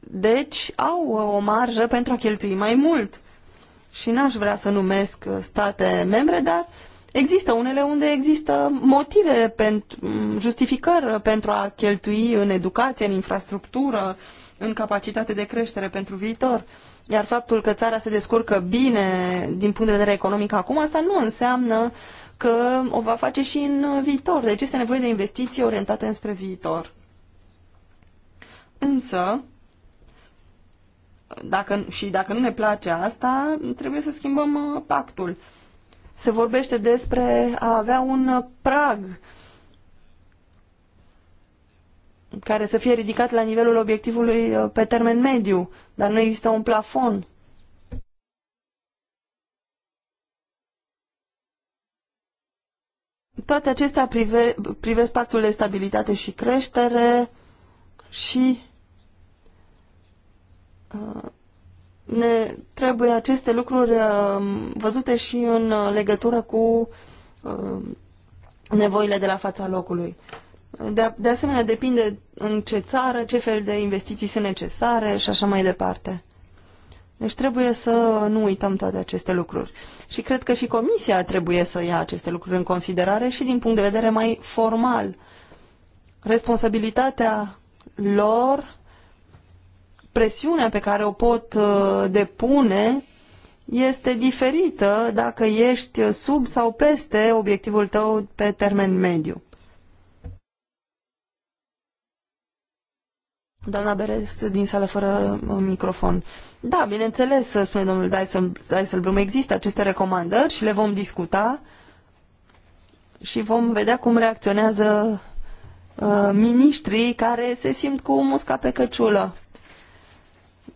deci au o marjă pentru a cheltui mai mult. Și n-aș vrea să numesc state membre, dar Există unele unde există motive, pentru, justificări pentru a cheltui în educație, în infrastructură, în capacitate de creștere pentru viitor. Iar faptul că țara se descurcă bine din punct de vedere economic acum, asta nu înseamnă că o va face și în viitor. Deci este nevoie de investiții orientate înspre viitor. Însă, dacă, și dacă nu ne place asta, trebuie să schimbăm uh, pactul se vorbește despre a avea un prag care să fie ridicat la nivelul obiectivului uh, pe termen mediu, dar nu există un plafon. Toate acestea prive, privesc spațiul de stabilitate și creștere și uh, ne trebuie aceste lucruri um, văzute și în uh, legătură cu um, nevoile de la fața locului. De, de asemenea, depinde în ce țară, ce fel de investiții sunt necesare și așa mai departe. Deci trebuie să nu uităm toate aceste lucruri. Și cred că și Comisia trebuie să ia aceste lucruri în considerare și din punct de vedere mai formal. Responsabilitatea lor presiunea pe care o pot uh, depune este diferită dacă ești sub sau peste obiectivul tău pe termen mediu. Doamna Beres, din sală fără uh, microfon. Da, bineînțeles, spune domnul Blum, există aceste recomandări și le vom discuta și vom vedea cum reacționează uh, miniștrii care se simt cu musca pe căciulă.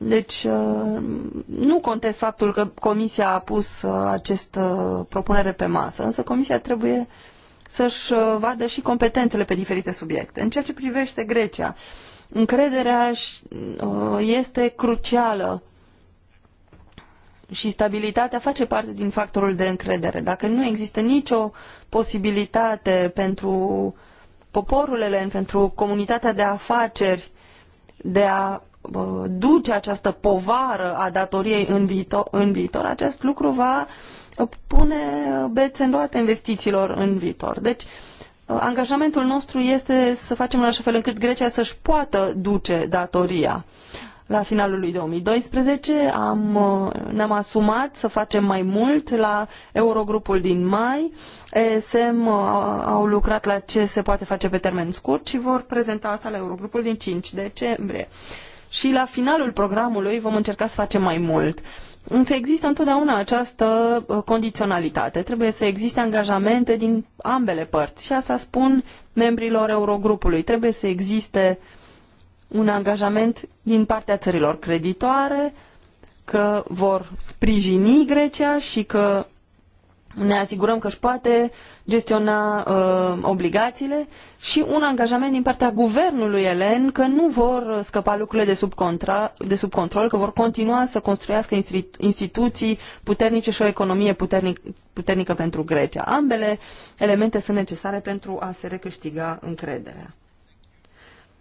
Deci uh, nu contest faptul că Comisia a pus uh, această propunere pe masă, însă Comisia trebuie să-și uh, vadă și competențele pe diferite subiecte. În ceea ce privește Grecia, încrederea este crucială și stabilitatea face parte din factorul de încredere. Dacă nu există nicio posibilitate pentru poporul elen, pentru comunitatea de afaceri de a Uh, duce această povară a datoriei în viitor, în viitor acest lucru va uh, pune uh, bețe în roate investițiilor în viitor. Deci, angajamentul nostru este să facem în așa fel încât Grecia să-și poată duce datoria. La finalul lui 2012 am, ne-am asumat să facem mai mult la Eurogrupul din mai. ESM au lucrat la ce se poate face pe termen scurt și vor prezenta asta la Eurogrupul din 5 decembrie. Uh, și la finalul programului vom încerca să facem mai mult. Însă există întotdeauna această uh, condiționalitate. Trebuie să existe angajamente din ambele părți și asta spun membrilor Eurogrupului. Trebuie să existe un angajament din partea țărilor creditoare că vor sprijini Grecia și că ne asigurăm că își poate gestiona uh, obligațiile și un angajament din partea guvernului elen că nu vor scăpa lucrurile de sub, contra, de sub control, că vor continua să construiască institu instituții puternice și o economie puternic, puternică pentru Grecia. Ambele elemente sunt necesare pentru a se recâștiga încrederea.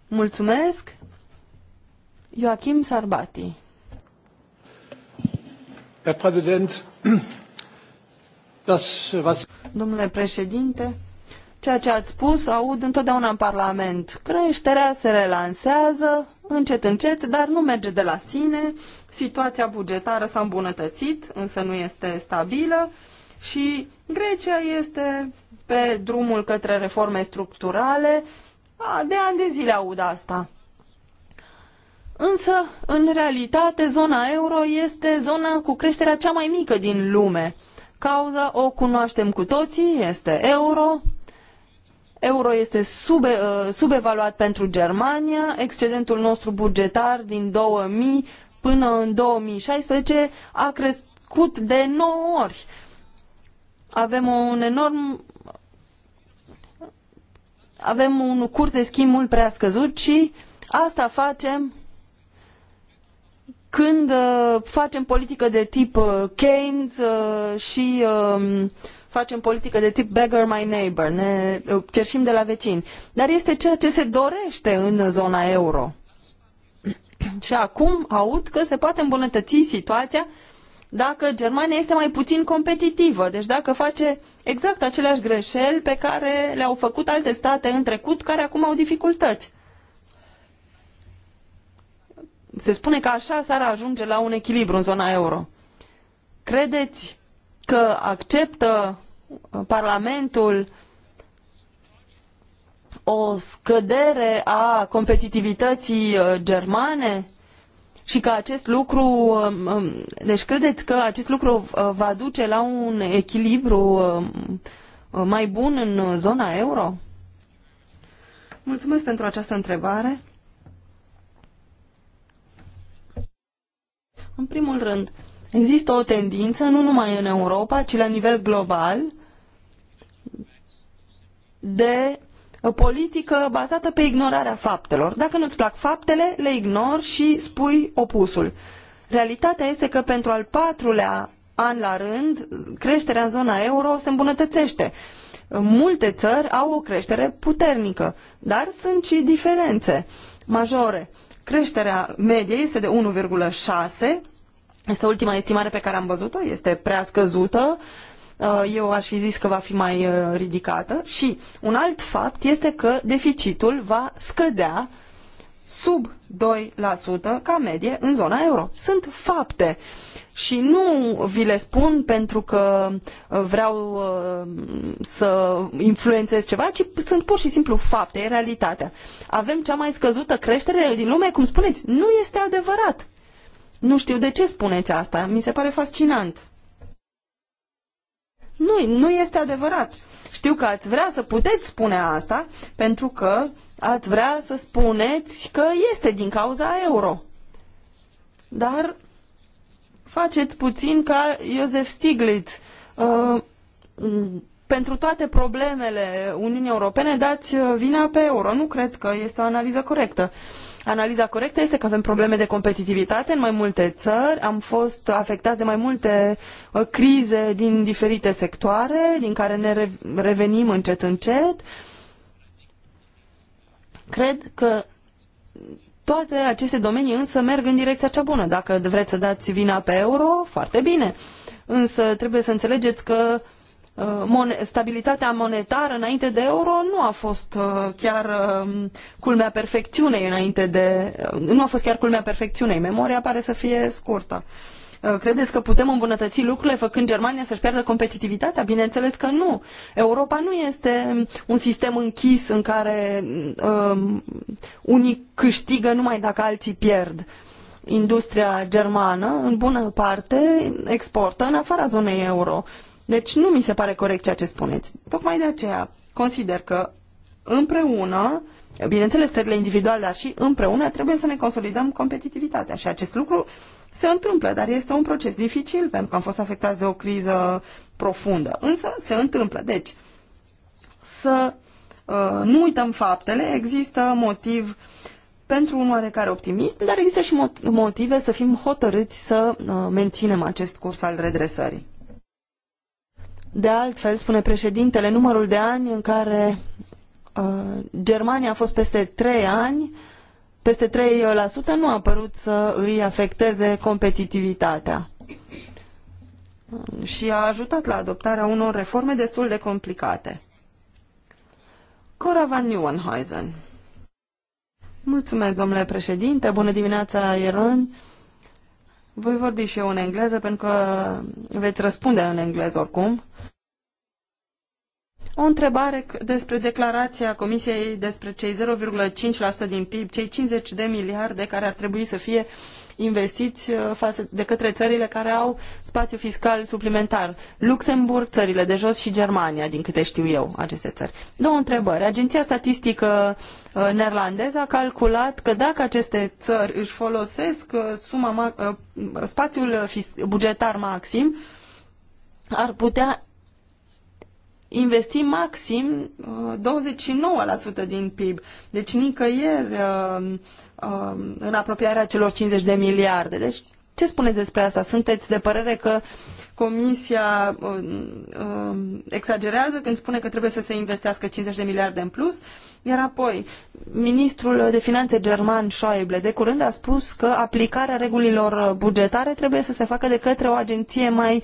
Mulțumesc! Joachim Sarbati. Herr Präsident, Domnule președinte, ceea ce ați spus aud întotdeauna în Parlament. Creșterea se relansează încet, încet, dar nu merge de la sine. Situația bugetară s-a îmbunătățit, însă nu este stabilă și Grecia este pe drumul către reforme structurale. De ani de zile aud asta. Însă, în realitate, zona euro este zona cu creșterea cea mai mică din lume Cauza o cunoaștem cu toții, este euro. Euro este uh, subevaluat pentru Germania. Excedentul nostru bugetar din 2000 până în 2016 a crescut de 9 ori. Avem un enorm avem un curs de schimb mult prea scăzut și asta facem când uh, facem politică de tip uh, Keynes uh, și um, facem politică de tip beggar my neighbor, ne cerșim de la vecini. Dar este ceea ce se dorește în zona euro. Și acum aud că se poate îmbunătăți situația dacă Germania este mai puțin competitivă, deci dacă face exact aceleași greșeli pe care le-au făcut alte state în trecut care acum au dificultăți se spune că așa s-ar ajunge la un echilibru în zona euro. Credeți că acceptă uh, Parlamentul o scădere a competitivității uh, germane și că acest lucru, um, um, deci credeți că acest lucru uh, va duce la un echilibru um, mai bun în zona euro? Mulțumesc pentru această întrebare. În primul rând, există o tendință, nu numai în Europa, ci la nivel global, de o politică bazată pe ignorarea faptelor. Dacă nu-ți plac faptele, le ignori și spui opusul. Realitatea este că pentru al patrulea an la rând, creșterea în zona euro se îmbunătățește. Multe țări au o creștere puternică, dar sunt și diferențe majore. Creșterea medie este de 1,6. Este ultima estimare pe care am văzut-o, este prea scăzută. Uh, eu aș fi zis că va fi mai uh, ridicată. Și un alt fapt este că deficitul va scădea sub 2% ca medie în zona euro. Sunt fapte. Uh, și nu vi le spun pentru că uh, vreau uh, să influențez ceva, ci sunt pur și simplu fapte, e realitatea. Avem cea mai scăzută creștere din lume, cum spuneți, nu este adevărat. Nu știu de ce spuneți asta, mi se pare fascinant. Nu, nu este adevărat. Știu că ați vrea să puteți spune asta pentru că ați vrea să spuneți că este din cauza euro. Dar faceți puțin ca Iosef Stiglitz. Uh, pentru toate problemele Uniunii Europene dați uh, vina pe euro. Nu cred că este o analiză corectă. Analiza corectă este că avem probleme de competitivitate în mai multe țări, am fost afectați de mai multe uh, crize din diferite sectoare, din care ne revenim încet încet. Cred că toate aceste domenii însă merg în direcția cea bună. Dacă vreți să dați vina pe euro, foarte bine. Însă trebuie să înțelegeți că uh, stabilitatea monetară înainte de euro nu a fost uh, chiar um, culmea perfecțiunei înainte de uh, nu a fost chiar culmea perfecțiunei. Memoria pare să fie scurtă. Uh, Uh, credeți că putem îmbunătăți lucrurile făcând Germania să-și pierdă competitivitatea? Bineînțeles că nu. Europa nu este un sistem închis în care um, unii câștigă numai dacă alții pierd. Industria germană, în bună parte, exportă în afara zonei euro. Deci nu mi se pare corect ceea ce spuneți. Tocmai de aceea consider că împreună bineînțeles țările individuale, dar și împreună trebuie să ne consolidăm competitivitatea și acest lucru se întâmplă, dar este un proces dificil pentru că am fost afectați de o criză profundă. Însă se întâmplă. Deci, să uh, nu uităm faptele, există motiv pentru un oarecare optimism, dar există și motive să fim hotărâți să uh, menținem acest curs al redresării. De altfel, spune președintele, numărul de ani în care uh, Germania a fost peste trei ani uh, peste 3% nu a părut să îi afecteze competitivitatea și a ajutat la adoptarea unor reforme destul de complicate. Cora van Nieuwenhuizen Mulțumesc, domnule președinte, bună dimineața, Ieron. Voi vorbi și eu în engleză, pentru că veți răspunde în engleză oricum. O întrebare despre declarația Comisiei despre cei 0,5% din PIB, cei 50 de miliarde care ar trebui să fie investiți uh, de către țările care au spațiu fiscal suplimentar. Luxemburg, țările de jos și Germania, din câte știu eu, aceste țări. Două întrebări. Agenția statistică uh, neerlandeză a calculat că dacă aceste țări își folosesc uh, suma, spațiul bugetar maxim, ar putea investi maxim 29% uh, din PIB. Deci nicăieri uh, uh, în apropierea celor 50 de miliarde. Deci ce spuneți despre asta? Sunteți de părere că Comisia uh, uh, exagerează când spune că trebuie să se investească 50 de miliarde în plus, iar apoi ministrul de finanțe german Schäuble de curând a spus că aplicarea regulilor bugetare trebuie să se facă de către o agenție mai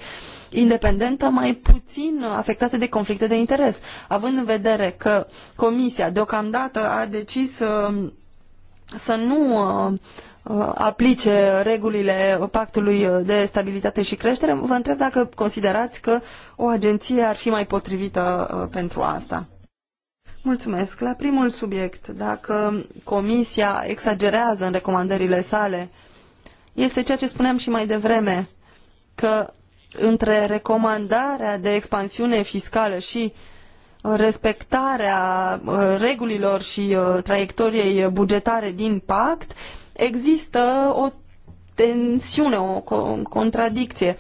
independentă, mai puțin afectată de conflicte de interes, având în vedere că Comisia deocamdată a decis uh, să nu Uh, aplice regulile Pactului de Stabilitate și Creștere, vă întreb dacă considerați că o agenție ar fi mai potrivită uh, pentru asta. Mulțumesc. La primul subiect, dacă Comisia exagerează în recomandările sale, este ceea ce spuneam și mai devreme, că între recomandarea de expansiune fiscală și uh, respectarea regulilor și traiectoriei bugetare din pact există o tensiune, o contradicție.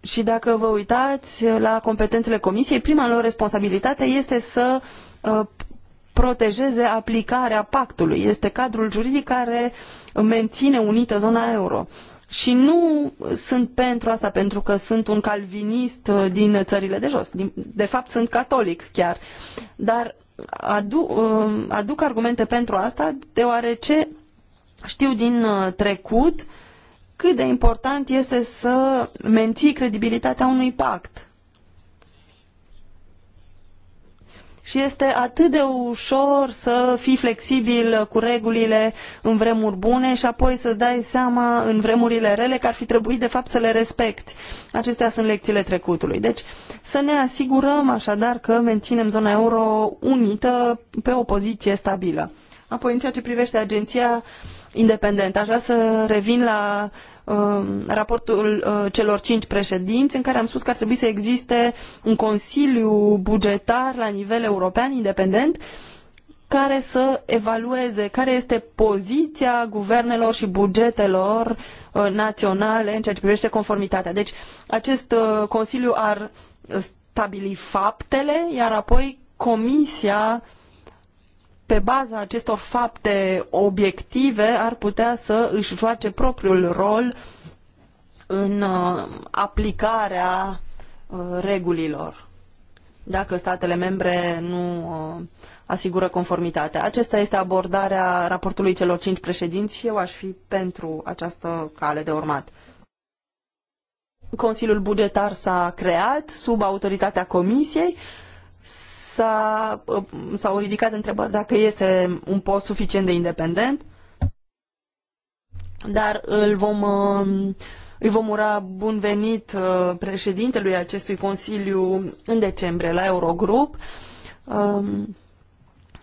Și dacă vă uitați la competențele comisiei, prima lor responsabilitate este să uh, protejeze aplicarea pactului. Este cadrul juridic care menține unită zona euro. Și nu sunt pentru asta pentru că sunt un calvinist uh, din țările de jos. De fapt, sunt catolic chiar. Dar adu, um, aduc argumente pentru asta, deoarece știu din uh, trecut cât de important este să menții credibilitatea unui pact. și este atât de ușor să fii flexibil cu regulile în vremuri bune și apoi să dai seama în vremurile rele că ar fi trebuit de fapt să le respecti. Acestea sunt lecțiile trecutului. Deci să ne asigurăm așadar că menținem zona euro unită pe o poziție stabilă. Apoi, în ceea ce privește agenția independentă, aș vrea să revin la Um, raportul uh, celor cinci președinți în care am spus că ar trebui să existe un consiliu bugetar la nivel european independent care să evalueze care este poziția guvernelor și bugetelor uh, naționale în ceea ce privește conformitatea. Deci acest uh, consiliu ar stabili faptele, iar apoi comisia pe baza acestor fapte obiective, ar putea să își joace propriul rol în uh, aplicarea uh, regulilor, dacă statele membre nu uh, asigură conformitatea. Acesta este abordarea raportului celor cinci președinți și eu aș fi pentru această cale de urmat. Consiliul bugetar s-a creat sub autoritatea Comisiei s au ridicat întrebări dacă este un post suficient de independent, dar îl vom, îi vom ura bun venit uh, președintelui acestui Consiliu în decembrie la Eurogrup um,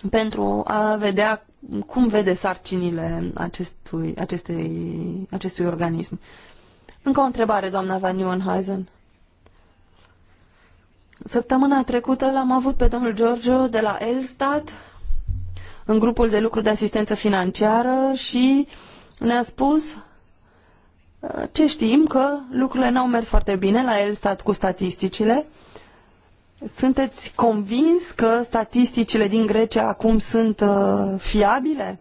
pentru a vedea cum vede sarcinile acestui, acestei, acestui organism. Încă o întrebare, doamna Van Nieuwenhuizen. Săptămâna trecută l-am avut pe domnul Giorgio de la Elstat în grupul de lucru de asistență financiară și ne-a spus uh, ce știm că lucrurile n-au mers foarte bine la Elstat cu statisticile. Sunteți convins că statisticile din Grecia acum sunt uh, fiabile?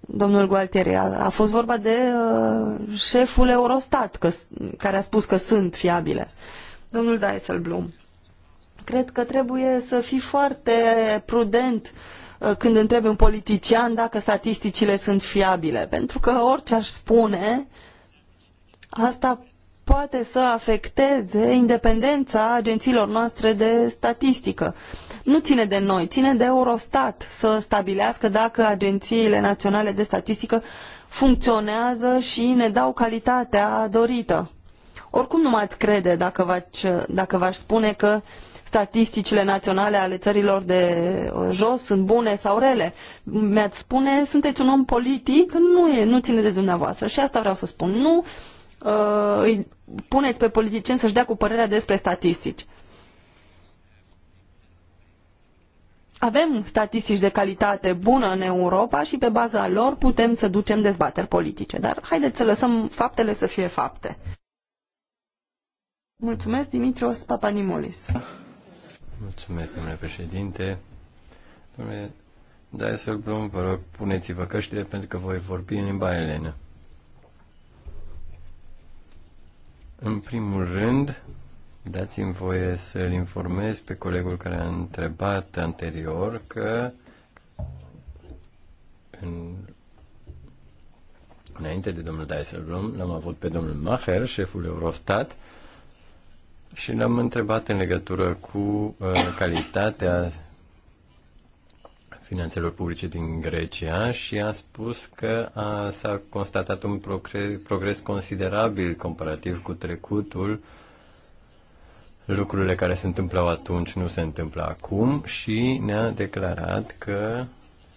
Domnul Gualtieri, a, a fost vorba de uh, șeful Eurostat că, care a spus că sunt fiabile. Uh, Domnul Dijsselbloem, cred că trebuie să fii foarte prudent uh, când întrebi un politician dacă statisticile sunt fiabile, pentru că orice aș spune, asta poate să afecteze independența agențiilor noastre de statistică. Nu ține de noi, ține de Eurostat să stabilească dacă agențiile naționale de statistică funcționează și ne dau calitatea dorită. Oricum nu m-ați crede dacă v-aș, dacă v-aș spune că statisticile naționale ale țărilor de uh, jos sunt bune sau rele. Mi-ați spune, sunteți un om politic, nu, e, nu ține de dumneavoastră. Și asta vreau să spun. Nu uh, îi puneți pe politicieni să-și dea cu părerea despre statistici. Avem statistici de calitate bună în Europa și pe baza lor putem să ducem dezbateri politice. Dar haideți să lăsăm faptele să fie fapte. Mulțumesc, Dimitrios Papanimolis. Mulțumesc, domnule președinte. Domnule Dijsselbloem, vă rog, puneți-vă căștile pentru că voi vorbi în limba elenă. În primul rând, dați-mi voie să-l informez pe colegul care a întrebat anterior că în, înainte de domnul Dijsselbloem l-am avut pe domnul Maher, șeful Eurostat, și ne-am întrebat în legătură cu uh, calitatea finanțelor publice din Grecia și a spus că a, s-a constatat un progres, progres considerabil comparativ cu trecutul. Lucrurile care se întâmplau atunci nu se întâmplă acum și ne-a declarat că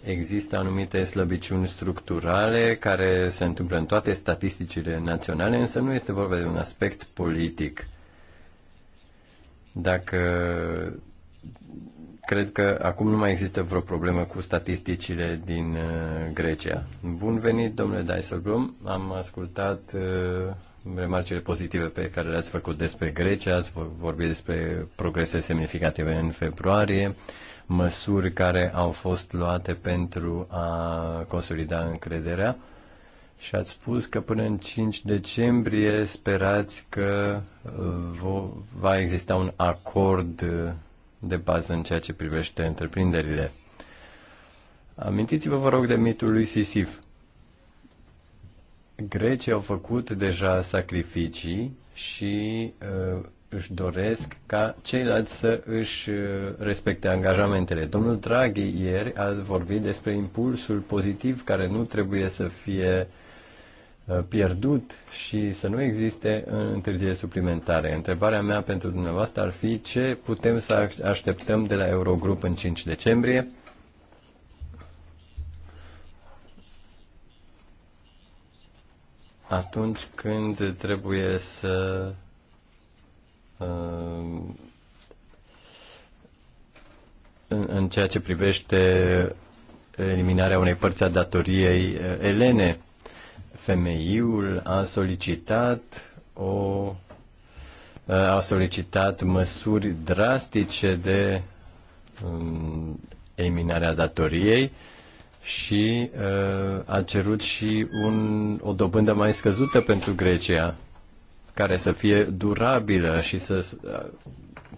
există anumite slăbiciuni structurale care se întâmplă în toate statisticile naționale, însă nu este vorba de un aspect politic dacă cred că acum nu mai există vreo problemă cu statisticile din uh, Grecia. Bun venit, domnule Dijsselbloem. Am ascultat uh, remarcile pozitive pe care le-ați făcut despre Grecia, ați vorbit despre progrese semnificative în februarie, măsuri care au fost luate pentru a consolida încrederea și ați spus că până în 5 decembrie sperați că uh, va exista un acord uh, de bază în ceea ce privește întreprinderile. Amintiți-vă, vă rog, de mitul lui Sisif. Grecii au făcut deja sacrificii și uh, își doresc ca ceilalți să își uh, respecte angajamentele. Domnul Draghi ieri a vorbit despre impulsul pozitiv care nu trebuie să fie uh, Uh, pierdut și să nu existe întârzieri suplimentare. Întrebarea mea pentru dumneavoastră ar fi ce putem să așteptăm de la Eurogrup în 5 decembrie? Atunci când trebuie să uh, în ceea ce privește eliminarea unei părți a datoriei uh, elene, femeiul a solicitat o a solicitat măsuri drastice de um, eliminarea datoriei și uh, a cerut și un, o dobândă mai scăzută pentru Grecia, care să fie durabilă și să uh,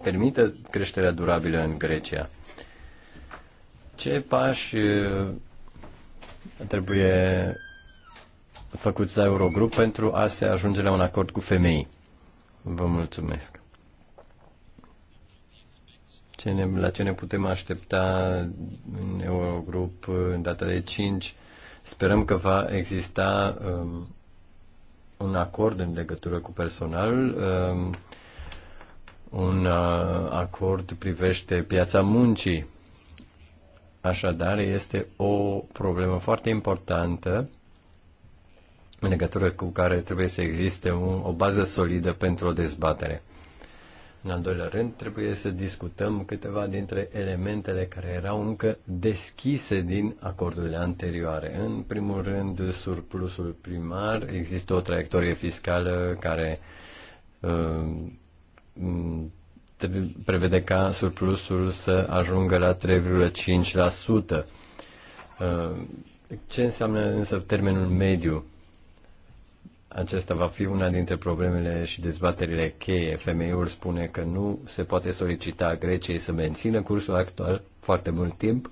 permită creșterea durabilă în Grecia. Ce pași uh, trebuie făcuți la Eurogrup pentru a se ajunge la un acord cu femeii. Vă mulțumesc. Ce ne, la ce ne putem aștepta în Eurogrup în data de 5? Sperăm că va exista um, un acord în legătură cu personalul. Um, un uh, acord privește piața muncii. Așadar, este o problemă foarte importantă în legătură cu care trebuie să existe un, o bază solidă pentru o dezbatere. În al doilea rând, trebuie să discutăm câteva dintre elementele care erau încă deschise din acordurile anterioare. În primul rând, surplusul primar, există o traiectorie fiscală care uh, prevede ca surplusul să ajungă la 3,5%. Uh, ce înseamnă însă termenul mediu? Acesta va fi una dintre problemele și dezbaterile cheie. Femeiul spune că nu se poate solicita Greciei să mențină cursul actual foarte mult timp.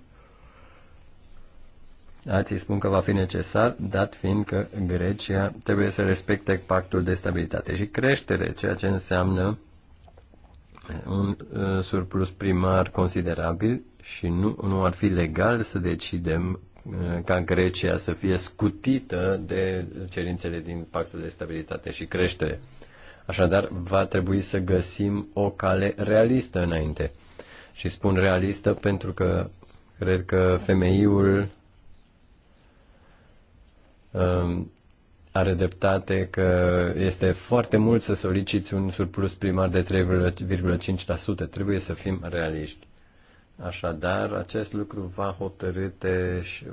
Alții spun că va fi necesar, dat fiind că Grecia trebuie să respecte pactul de stabilitate și creștere, ceea ce înseamnă un uh, surplus primar considerabil și nu, nu ar fi legal să decidem Uh, ca Grecia să fie scutită de cerințele din Pactul de Stabilitate și Creștere. Așadar, va trebui să găsim o cale realistă înainte. Și spun realistă pentru că cred că femeiul um, are dreptate că este foarte mult să soliciți un surplus primar de 3,5%. Trebuie să fim realiști. Așadar, acest lucru va hotărâ,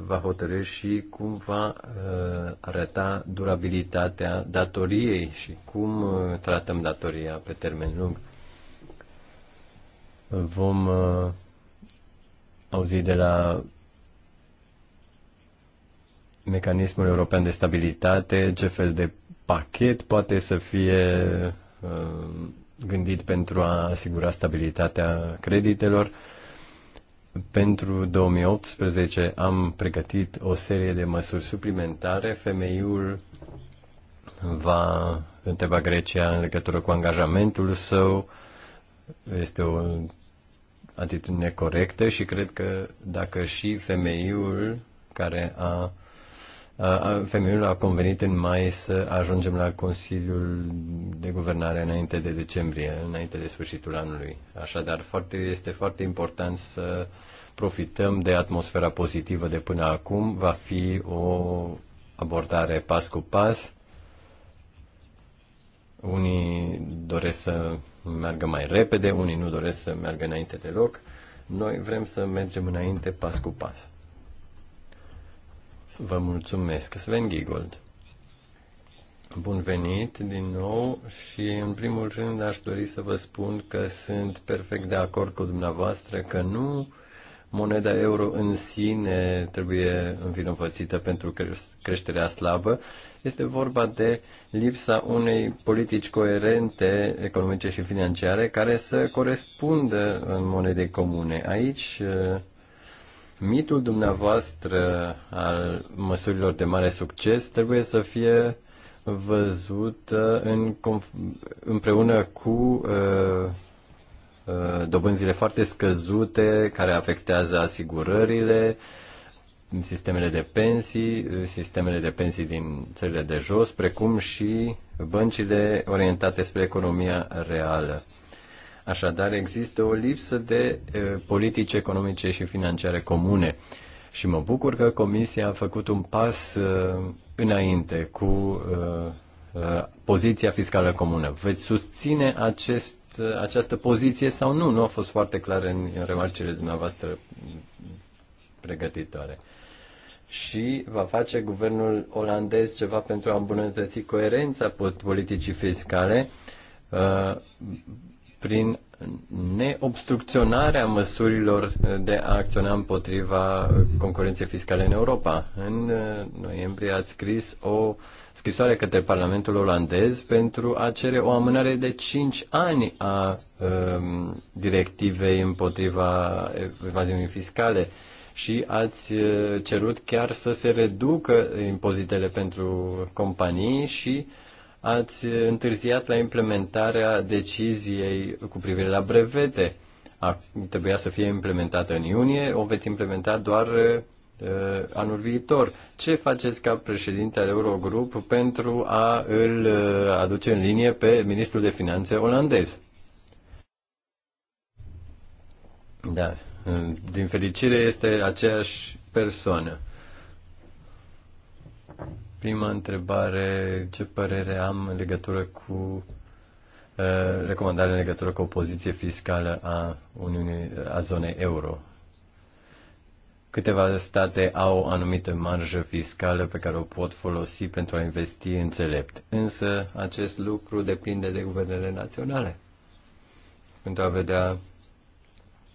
va hotărâ și cum va uh, arăta durabilitatea datoriei și cum uh, tratăm datoria pe termen lung. Vom uh, auzi de la mecanismul european de stabilitate ce fel de pachet poate să fie uh, gândit pentru a asigura stabilitatea creditelor. Uh, pentru 2018 am pregătit o serie de măsuri suplimentare. Femeiul va întreba Grecia în legătură cu angajamentul său. Este o atitudine corectă și cred că dacă și femeiul care a Femeiul a convenit în mai să ajungem la Consiliul de Guvernare înainte de decembrie, înainte de sfârșitul anului. Așadar, foarte, este foarte important să profităm de atmosfera pozitivă de până acum. Va fi o abordare pas cu pas. Unii doresc să meargă mai repede, unii nu doresc să meargă înainte deloc. Noi vrem să mergem înainte pas cu pas. Vă mulțumesc, Sven Giegold. Bun venit din nou și în primul rând aș dori să vă spun că sunt perfect de acord cu dumneavoastră că nu moneda euro în sine trebuie învinovățită pentru creșterea slabă. Este vorba de lipsa unei politici coerente economice și financiare care să corespundă în monede comune. Aici Mitul dumneavoastră al măsurilor de mare succes trebuie să fie văzut uh, în, împreună cu uh, uh, dobânzile foarte scăzute care afectează asigurările, sistemele de pensii, sistemele de pensii din țările de jos, precum și băncile orientate spre economia reală. Așadar, există o lipsă de politici economice și financiare comune. Și mă bucur că Comisia a făcut un pas înainte cu poziția fiscală comună. Veți susține acest, această poziție sau nu? Nu a fost foarte clar în, în remarcile dumneavoastră pregătitoare. Și va face guvernul olandez ceva pentru a îmbunătăți coerența politicii fiscale prin neobstrucționarea măsurilor de a acționa împotriva concurenței fiscale în Europa. În uh, noiembrie ați scris o scrisoare către Parlamentul olandez pentru a cere o amânare de 5 ani a um, directivei împotriva evaziunii fiscale și ați uh, cerut chiar să se reducă impozitele pentru companii și uh, ați întârziat la implementarea deciziei cu privire la brevete. A, trebuia să fie implementată în iunie, o veți implementa doar uh, anul viitor. Ce faceți ca președinte al Eurogrup pentru a îl uh, aduce în linie pe ministrul de finanțe olandez? Da, uh, din fericire este aceeași persoană. Prima întrebare, ce părere am în legătură cu uh, recomandarea în legătură cu o poziție fiscală a, Uniunii, a zonei euro? Câteva state au o anumită marjă fiscală pe care o pot folosi pentru a investi înțelept, însă acest lucru depinde de guvernele naționale pentru a vedea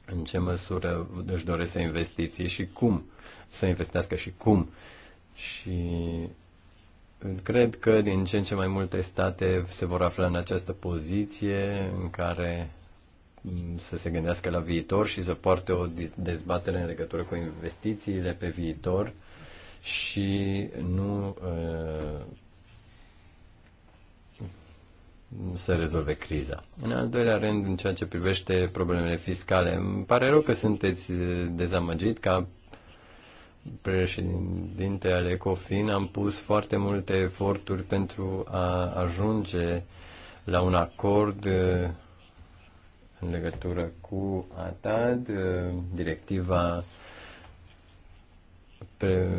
în ce măsură își doresc să investiții și cum să investească și cum. Și Cred că din ce în ce mai multe state se vor afla în această poziție în care mm, să se gândească la viitor și să poarte o dezbatere în legătură cu investițiile pe viitor și nu uh, să rezolve criza. În al doilea rând, în ceea ce privește problemele fiscale, îmi pare rău că sunteți uh, dezamăgit ca președinte al ECOFIN, am pus foarte multe eforturi pentru a ajunge la un acord uh, în legătură cu ATAD, uh, directiva pre,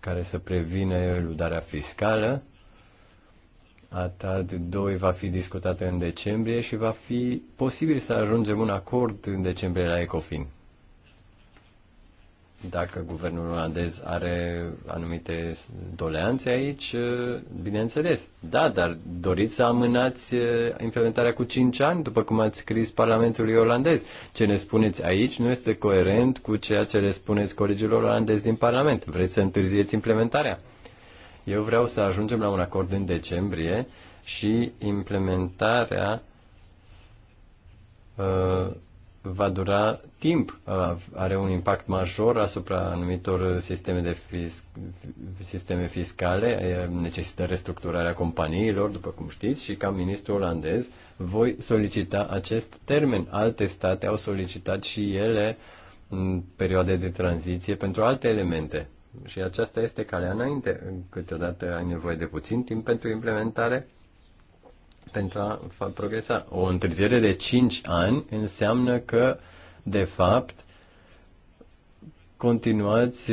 care să prevină eludarea fiscală. ATAD 2 va fi discutată în decembrie și va fi posibil să ajungem un acord în decembrie la ECOFIN. Dacă guvernul olandez are anumite doleanțe aici, eh, bineînțeles. Da, dar doriți să amânați eh, implementarea cu 5 ani, după cum ați scris Parlamentului olandez. Ce ne spuneți aici nu este coerent cu ceea ce le spuneți colegilor olandezi din Parlament. Vreți să întârzieți implementarea? Eu vreau să ajungem la un acord în decembrie și implementarea uh, va dura timp, are un impact major asupra anumitor sisteme, de fisc, sisteme fiscale, necesită restructurarea companiilor, după cum știți, și ca ministru olandez voi solicita acest termen. Alte state au solicitat și ele în perioade de tranziție pentru alte elemente. Și aceasta este calea înainte. Câteodată ai nevoie de puțin timp pentru implementare, pentru a progresa. O întârziere de 5 ani înseamnă că, de fapt, continuați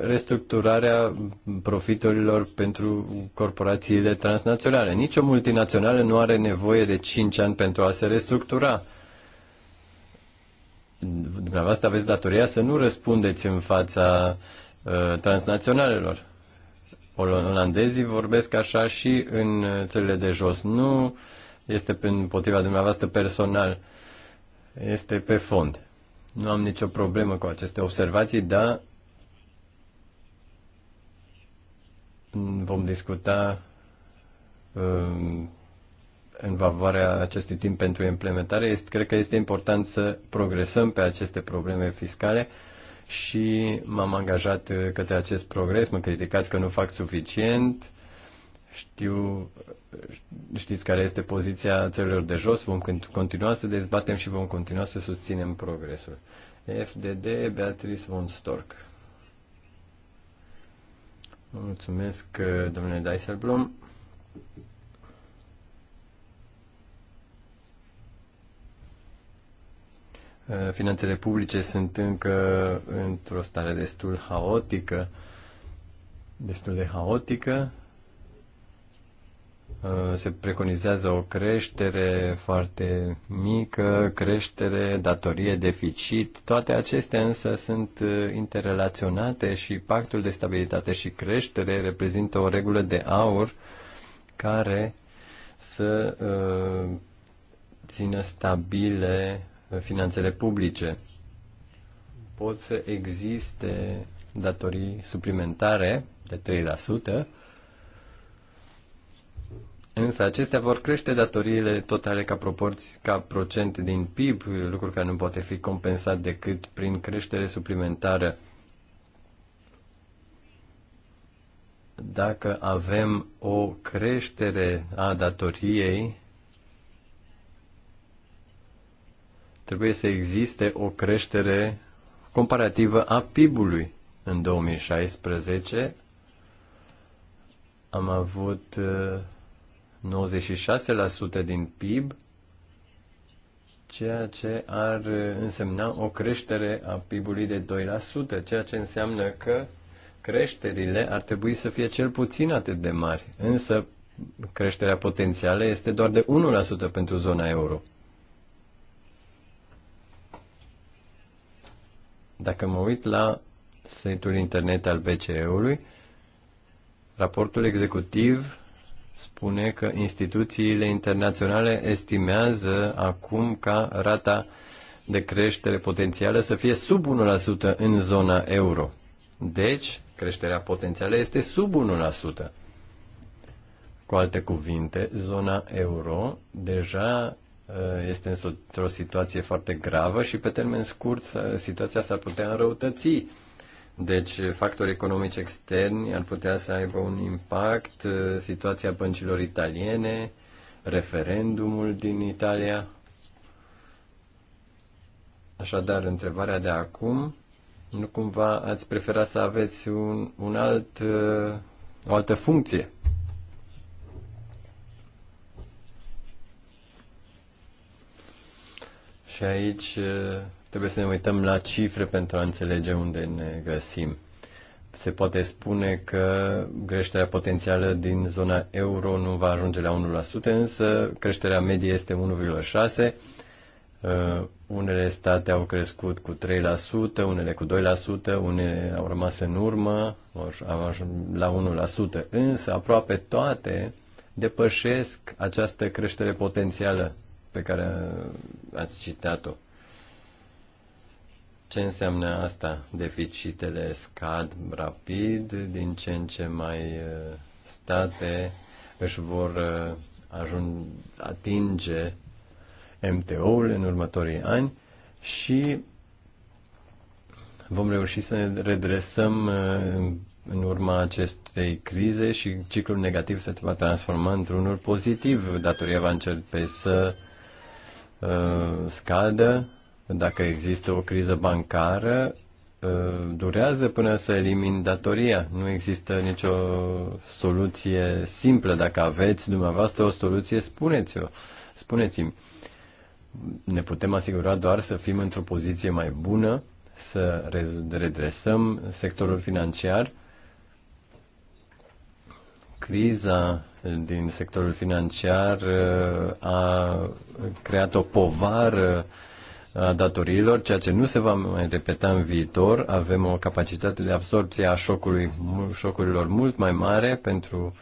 restructurarea profiturilor pentru corporațiile transnaționale. Nici o multinațională nu are nevoie de 5 ani pentru a se restructura. Dumneavoastră aveți datoria să nu răspundeți în fața uh, transnaționalelor olandezii vorbesc așa și în țările de jos. Nu este împotriva dumneavoastră personal, este pe fond. Nu am nicio problemă cu aceste observații, dar vom discuta um, în favoarea acestui timp pentru implementare. Este, cred că este important să progresăm pe aceste probleme fiscale și m-am angajat uh, către acest progres. Mă criticați că nu fac suficient. Știu, uh, știți care este poziția țărilor de jos. Vom continua să dezbatem și vom continua să susținem progresul. FDD Beatrice von Stork. Mulțumesc, uh, domnule Dijsselblom. Eh, finanțele publice sunt încă într-o stare destul haotică, destul de haotică. Eh, se preconizează o creștere foarte mică, creștere, datorie, deficit. Toate acestea însă sunt eh, interrelaționate și pactul de stabilitate și creștere reprezintă o regulă de aur care să țină stabile finanțele publice. Pot să existe datorii suplimentare de 3%, însă acestea vor crește datoriile totale ca proporții, ca procent din PIB, lucru care nu poate fi compensat decât prin creștere suplimentară dacă avem o creștere a datoriei, Trebuie să existe o creștere comparativă a PIB-ului. În 2016 am avut 96% uh, din PIB, ceea ce ar uh, însemna o creștere a PIB-ului de 2%, ceea ce înseamnă că creșterile ar trebui să fie cel puțin atât de mari, însă creșterea potențială este doar de 1% pentru zona euro. Dacă mă uit la site-ul internet al BCE-ului, raportul executiv spune că instituțiile internaționale estimează acum ca rata de creștere potențială să fie sub 1% în zona euro. Deci, creșterea potențială este sub 1%. Cu alte cuvinte, zona euro deja Eh, este într-o situație foarte gravă și pe termen scurt situația s-ar putea înrăutăți. Deci factori economici externi ar putea să aibă un impact, eh, situația băncilor italiene, referendumul din Italia. Așadar, întrebarea de acum, nu cumva ați prefera să aveți un, un alt, eh, o altă funcție? Și aici uh, trebuie să ne uităm la cifre pentru a înțelege unde ne găsim. Se poate spune că creșterea potențială din zona euro nu va ajunge la 1%, însă creșterea medie este 1,6%. Uh, unele state au crescut cu 3%, unele cu 2%, unele au rămas în urmă, au ajuns la 1%, însă aproape toate depășesc această creștere potențială pe care ați citat-o. Ce înseamnă asta? Deficitele scad rapid, din ce în ce mai uh, state își vor uh, ajung, atinge MTO-ul în următorii ani și vom reuși să ne redresăm uh, în urma acestei crize și ciclul negativ se va transforma într-unul pozitiv. Datoria va începe să Uh, scadă, dacă există o criză bancară, uh, durează până să elimini datoria. Nu există nicio soluție simplă. Dacă aveți dumneavoastră o soluție, spuneți-o. Spuneți-mi. Ne putem asigura doar să fim într-o poziție mai bună, să redresăm sectorul financiar. Criza din sectorul financiar uh, a creat o povară a datoriilor, ceea ce nu se va mai repeta în viitor. Avem o capacitate de absorpție a șocului, șocurilor mult mai mare pentru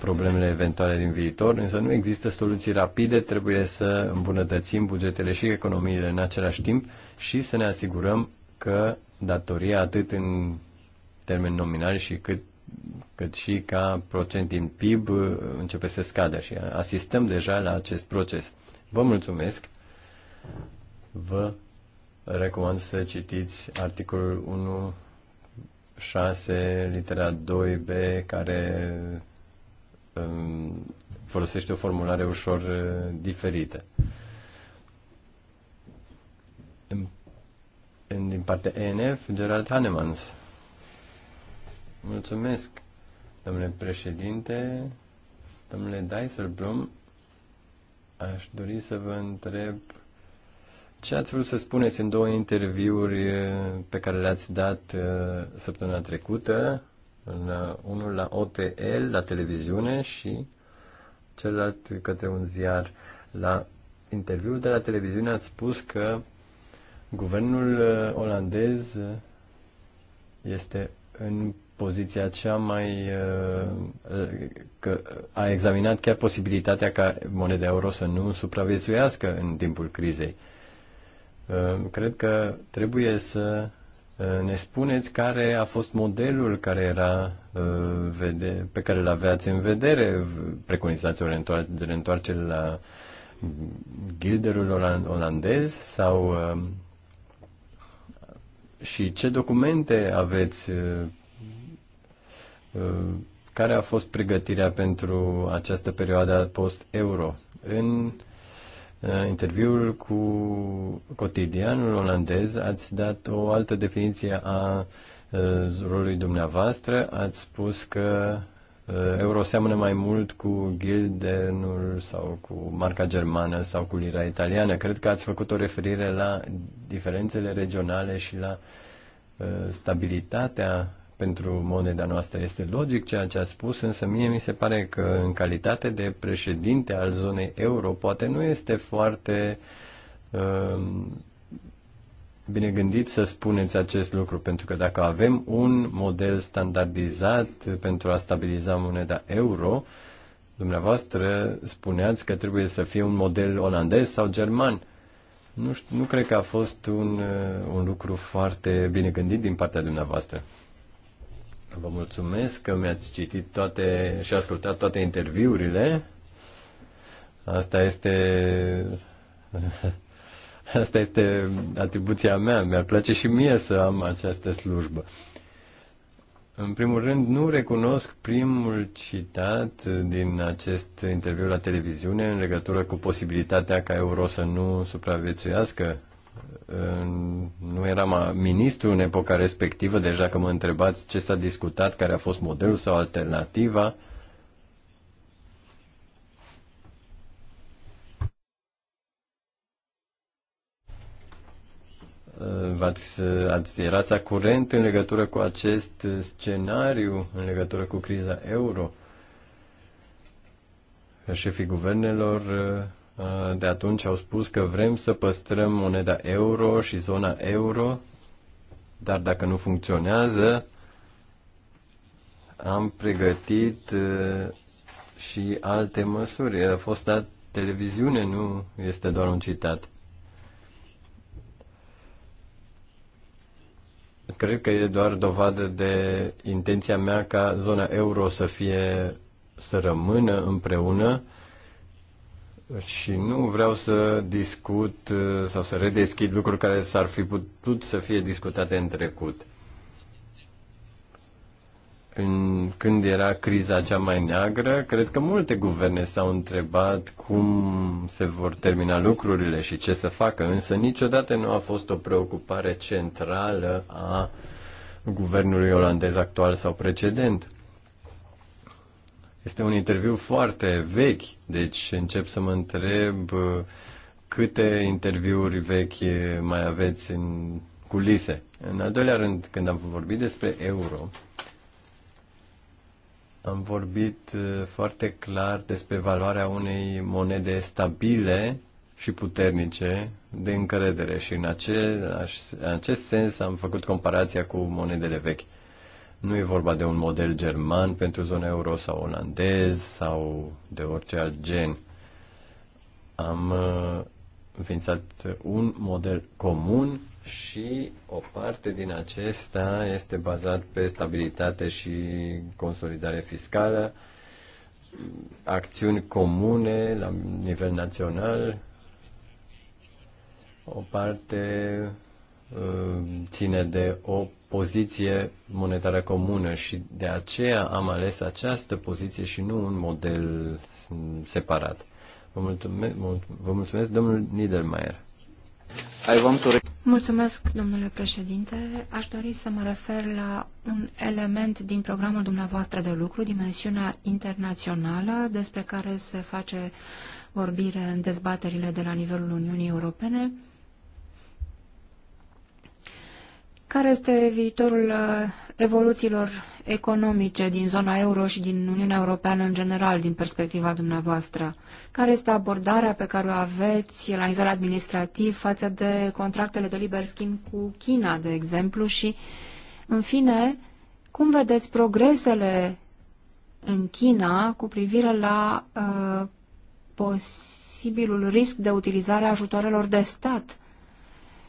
problemele eventuale din viitor, însă nu există soluții rapide, trebuie să îmbunătățim bugetele și economiile în același timp și să ne asigurăm că datoria atât în termeni nominali și cât cât și ca procent din PIB uh, începe să scadă și asistăm deja la acest proces. Vă mulțumesc. Vă recomand să citiți articolul 1, 6, litera 2b, care um, folosește o formulare ușor uh, diferită. În, din partea ENF, Gerald Hannemans. Mulțumesc, domnule președinte, domnule Dijsselbloem. Aș dori să vă întreb ce ați vrut să spuneți în două interviuri eh, pe care le-ați dat eh, săptămâna trecută, în eh, unul la OTL, la televiziune și celălalt către un ziar. La interviul de la televiziune ați spus că guvernul olandez este în poziția cea mai. Uh, că a examinat chiar posibilitatea ca moneda euro să nu supraviețuiască în timpul crizei. Uh, cred că trebuie să uh, ne spuneți care a fost modelul care era pe care îl aveați în vedere, preconizați de reîntoarcere la gilderul olandez sau și ce documente aveți Uh, care a fost pregătirea pentru această perioadă post-euro. În uh, interviul cu cotidianul olandez ați dat o altă definiție a uh, rolului dumneavoastră. Ați spus că euro seamănă mai mult cu gildenul sau cu marca germană sau cu lira italiană. Cred că ați făcut o referire la diferențele regionale și la stabilitatea pentru moneda noastră. Este logic ceea ce a spus, însă mie mi se pare că în calitate de președinte al zonei euro poate nu este foarte uh, bine gândit să spuneți acest lucru, pentru că dacă avem un model standardizat pentru a stabiliza moneda euro, dumneavoastră spuneați că trebuie să fie un model olandez sau german. Nu, știu, nu cred că a fost un, uh, un lucru foarte bine gândit din partea dumneavoastră. Vă mulțumesc că mi-ați citit toate și ascultat toate interviurile. Asta este Asta este atribuția mea. Mi-ar place și mie să am această slujbă. În primul rând, nu recunosc primul citat din acest interviu la televiziune în legătură cu posibilitatea ca euro să nu supraviețuiască nu eram ministru în epoca respectivă, deja că mă întrebați ce s-a discutat, care a fost modelul sau alternativa. V-ați, ați, erați la curent în legătură cu acest scenariu, în legătură cu criza euro? Șefii guvernelor Uh, de atunci au spus că vrem să păstrăm moneda euro și zona euro, dar dacă nu funcționează, am pregătit uh, și alte măsuri. A fost dat televiziune, nu este doar un citat. Cred că e doar dovadă de intenția mea ca zona euro să fie să rămână împreună și nu vreau să discut uh, sau să redeschid lucruri care s-ar fi putut să fie discutate în trecut. În, când era criza cea mai neagră, cred că multe guverne s-au întrebat cum se vor termina lucrurile și ce să facă, însă niciodată nu a fost o preocupare centrală a guvernului olandez actual sau precedent este un interviu foarte vechi, deci încep să mă întreb uh, câte interviuri vechi mai aveți în culise. În al doilea rând, când am vorbit despre euro, am vorbit uh, foarte clar despre valoarea unei monede stabile și puternice de încredere și în, acel, în acest sens am făcut comparația cu monedele vechi. Nu e vorba de un model german pentru zona euro sau olandez sau de orice alt gen. Am uh, înființat un model comun și o parte din acesta este bazat pe stabilitate și consolidare fiscală, acțiuni comune la nivel național, o parte Uh, ține de o poziție monetară comună și de aceea am ales această poziție și nu un model separat. Vă mulțumesc, vă mulțumesc domnul Niedermayer. Mulțumesc, domnule președinte. Aș dori să mă refer la un element din programul dumneavoastră de lucru, dimensiunea internațională, despre care se face vorbire în dezbaterile de la nivelul Uniunii Europene. care este viitorul uh, evoluțiilor economice din zona euro și din Uniunea Europeană în general, din perspectiva dumneavoastră? Care este abordarea pe care o aveți la nivel administrativ față de contractele de liber schimb cu China, de exemplu? Și, în fine, cum vedeți progresele în China cu privire la uh, posibilul risc de utilizare a ajutoarelor de stat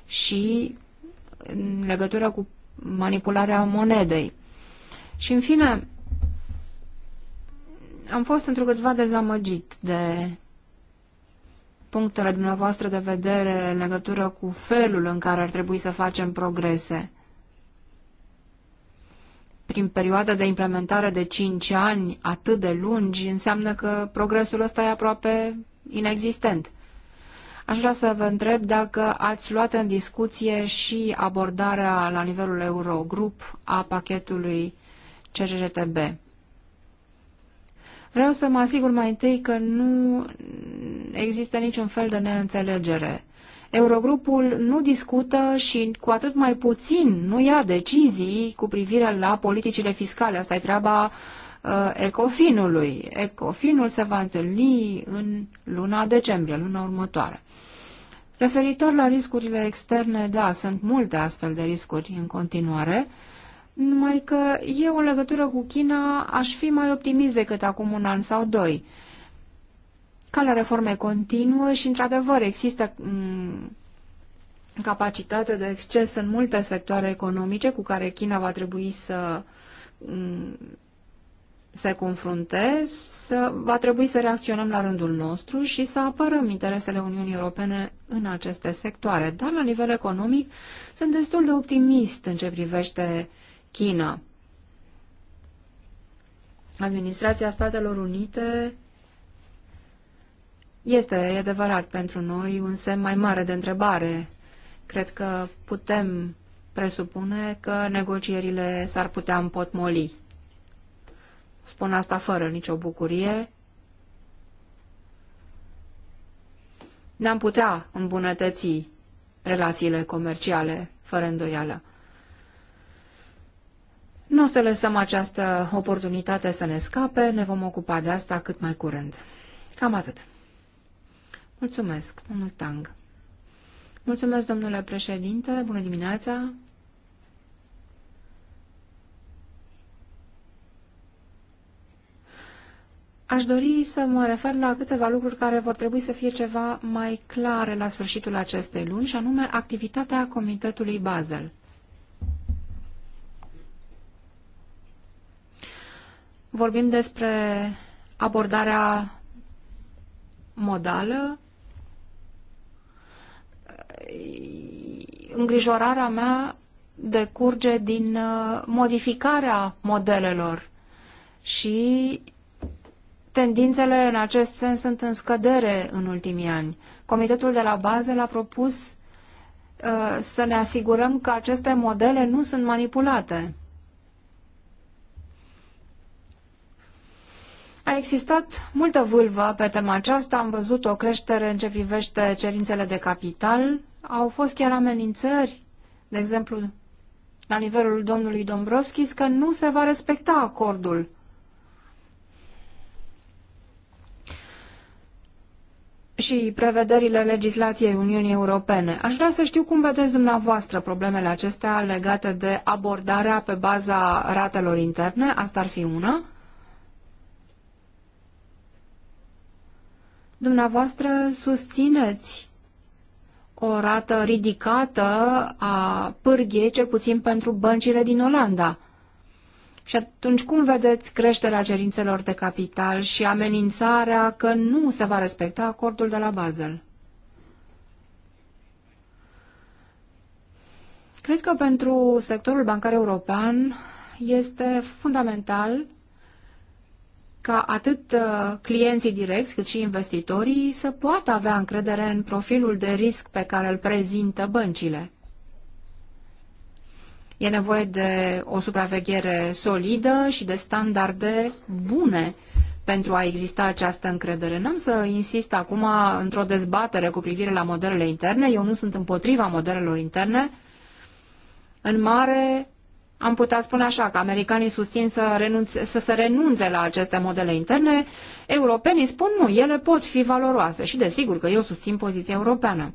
și în legătură cu manipularea monedei. Și în fine, am fost câtva dezamăgit de punctele dumneavoastră de vedere în legătură cu felul în care ar trebui să facem progrese. Prin perioada de implementare de 5 ani atât de lungi, înseamnă că progresul ăsta e aproape inexistent. Aș vrea să vă întreb dacă ați luat în discuție și abordarea la nivelul Eurogrup a pachetului CCCTB. Vreau să mă asigur mai întâi că nu există niciun fel de neînțelegere. Eurogrupul nu discută și cu atât mai puțin nu ia decizii cu privire la politicile fiscale. Asta e treaba Uh, Ecofinului. Ecofinul se va întâlni în luna decembrie, luna următoare. Referitor la riscurile externe, da, sunt multe astfel de riscuri în continuare, numai că eu în legătură cu China aș fi mai optimist decât acum un an sau doi. Calea reforme continuă și, într-adevăr, există mm, capacitate de exces în multe sectoare economice cu care China va trebui să mm, se confrunte, să, va trebui să reacționăm la rândul nostru și să apărăm interesele Uniunii Europene în aceste sectoare. Dar la nivel economic sunt destul de optimist în ce privește China. Administrația Statelor Unite este, e adevărat, pentru noi un semn mai mare de întrebare. Cred că putem presupune că negocierile s-ar putea împotmoli. Spun asta fără nicio bucurie. Ne-am putea îmbunătăți relațiile comerciale, fără îndoială. Nu o să lăsăm această oportunitate să ne scape, ne vom ocupa de asta cât mai curând. Cam atât. Mulțumesc, domnul Tang. Mulțumesc, domnule președinte, bună dimineața, Aș dori să mă refer la câteva lucruri care vor trebui să fie ceva mai clare la sfârșitul acestei luni, și anume activitatea Comitetului Basel. Vorbim despre abordarea modală. Îngrijorarea mea decurge din uh, modificarea modelelor și Tendințele în acest sens sunt în scădere în ultimii ani. Comitetul de la bază l-a propus uh, să ne asigurăm că aceste modele nu sunt manipulate. A existat multă vâlvă pe tema aceasta, am văzut o creștere în ce privește cerințele de capital, au fost chiar amenințări, de exemplu, la nivelul domnului Dombrovskis, că nu se va respecta acordul și prevederile legislației Uniunii Europene. Aș vrea să știu cum vedeți dumneavoastră problemele acestea legate de abordarea pe baza ratelor interne. Asta ar fi una. Dumneavoastră susțineți o rată ridicată a pârghiei, cel puțin pentru băncile din Olanda. Și atunci cum vedeți creșterea cerințelor de capital și amenințarea că nu se va respecta acordul de la Basel? Cred că pentru sectorul bancar european este fundamental ca atât uh, clienții direcți cât și investitorii să poată avea încredere în profilul de risc pe care îl prezintă băncile. E nevoie de o supraveghere solidă și de standarde bune pentru a exista această încredere. N-am să insist acum într-o dezbatere cu privire la modelele interne. Eu nu sunt împotriva modelelor interne. În mare, am putea spune așa, că americanii susțin să, renunțe, să se renunțe la aceste modele interne, europenii spun nu, ele pot fi valoroase și desigur că eu susțin poziția europeană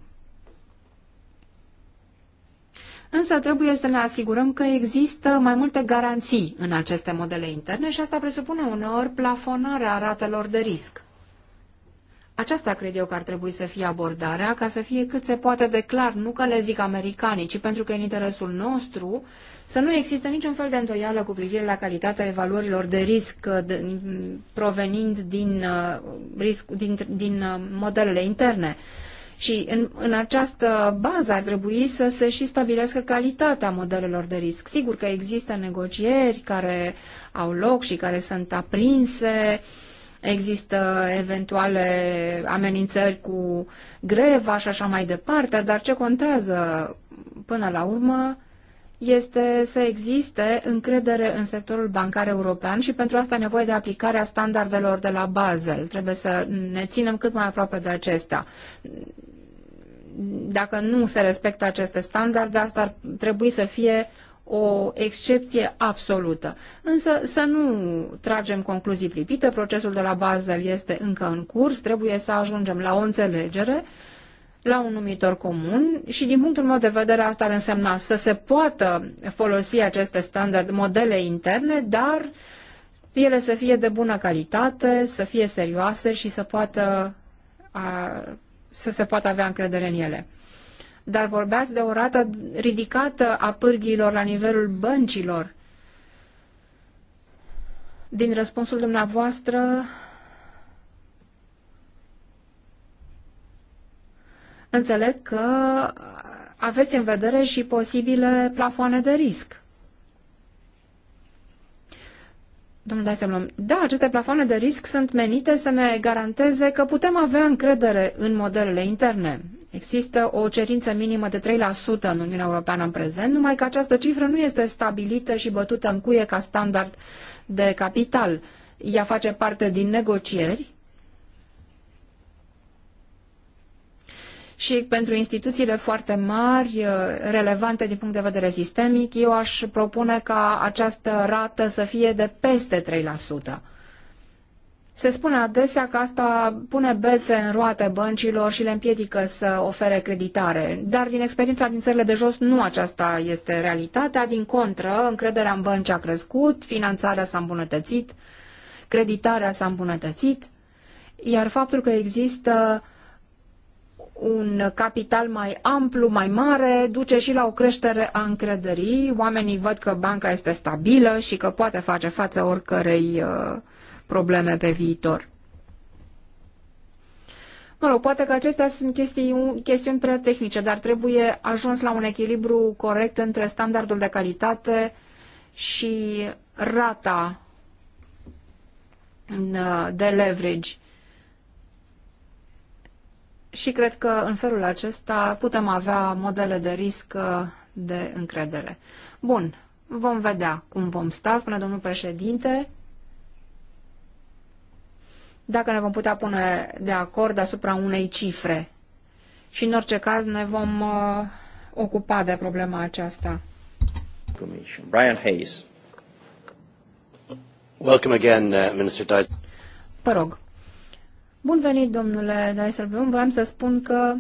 însă trebuie să ne asigurăm că există mai multe garanții în aceste modele interne și asta presupune uneori plafonarea ratelor de risc. Aceasta cred eu că ar trebui să fie abordarea, ca să fie cât se poate de clar, nu că le zic americanii, ci pentru că în interesul nostru să nu există niciun fel de îndoială cu privire la calitatea evaluărilor de risc uh, de, mm, provenind din, uh, risc, din, din uh, modelele interne. Uh, și în, în această bază ar trebui să se și stabilească calitatea modelelor de risc. Sigur că există negocieri care au loc și care sunt aprinse, există eventuale amenințări cu greva și așa mai departe, dar ce contează până la urmă este să existe încredere în sectorul bancar european și pentru asta nevoie de aplicarea standardelor de la Basel. Trebuie să ne ținem cât mai aproape de acestea. Dacă nu se respectă aceste standarde, asta ar trebui să fie o excepție absolută. Însă să nu tragem concluzii pripite, procesul de la Basel este încă în curs, trebuie să ajungem la o înțelegere uh, la un numitor comun și din punctul meu de vedere asta ar însemna să se poată folosi aceste standard modele interne, dar ele să fie de bună calitate, să fie serioase și să poată a, să se poată avea încredere în ele. Dar vorbeați de o rată ridicată a pârghiilor la nivelul băncilor. Din răspunsul dumneavoastră înțeleg că aveți în vedere și posibile plafoane de risc. Domnul Dasemlom, da, aceste plafoane de risc sunt menite să ne garanteze că putem avea încredere în modelele interne. Există o cerință minimă de 3% în Uniunea Europeană în prezent, numai că această cifră nu este stabilită și bătută în cuie ca standard de capital. Ea face parte din negocieri și pentru instituțiile foarte mari, uh, relevante din punct de vedere sistemic, eu aș propune ca această rată să fie de peste 3%. Se spune adesea că asta pune bețe în roate băncilor și le împiedică să ofere creditare. Dar din experiența din țările de jos nu aceasta este realitatea. Din contră, încrederea în bănci a crescut, finanțarea s-a îmbunătățit, creditarea s-a îmbunătățit, iar faptul că există un capital mai amplu, mai mare, duce și la o creștere a încrederii. Oamenii văd că banca este stabilă și că poate face față oricărei uh, probleme pe viitor. Mă rog, poate că acestea sunt chestii, chestiuni prea tehnice, dar trebuie ajuns la un echilibru corect între standardul de calitate și rata uh, de leverage și cred că în felul acesta putem avea modele de risc uh, de încredere. Bun, vom vedea cum vom sta, spune domnul președinte. Dacă ne vom putea pune de acord asupra unei cifre. Și în orice caz ne vom uh, ocupa de problema aceasta. Brian Hayes. Welcome again, uh, Minister Dyson. Vă rog. Bun venit, domnule Dijsselbloem. Vreau să spun că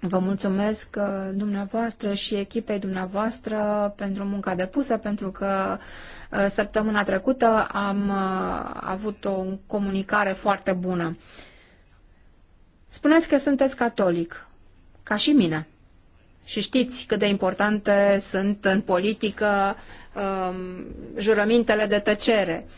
Vă mulțumesc uh, dumneavoastră și echipei dumneavoastră pentru munca depusă, pentru că uh, săptămâna trecută am uh, avut o comunicare foarte bună. Spuneți că sunteți catolic, ca și mine. Și știți cât de importante sunt în politică um, jurămintele de tăcere. Uh,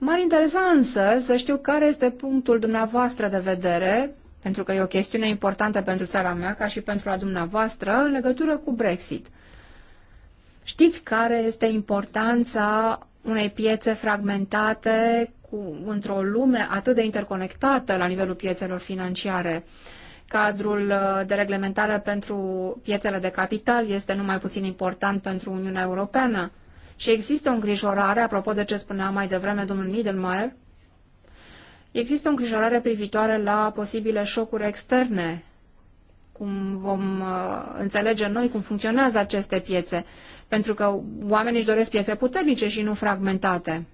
M-ar interesa însă să știu care este punctul dumneavoastră de vedere, pentru că e o chestiune importantă pentru țara mea, ca și pentru a dumneavoastră, în legătură cu Brexit. Știți care este importanța unei piețe fragmentate într-o lume atât de interconectată la nivelul piețelor financiare? Cadrul uh, de reglementare pentru piețele de capital este numai puțin important pentru Uniunea Europeană. Și există o îngrijorare, apropo de ce spunea mai devreme domnul Niedelmayer, există o îngrijorare privitoare la posibile șocuri externe, cum vom uh, înțelege noi cum funcționează aceste piețe, pentru că oamenii își doresc piețe puternice și nu fragmentate.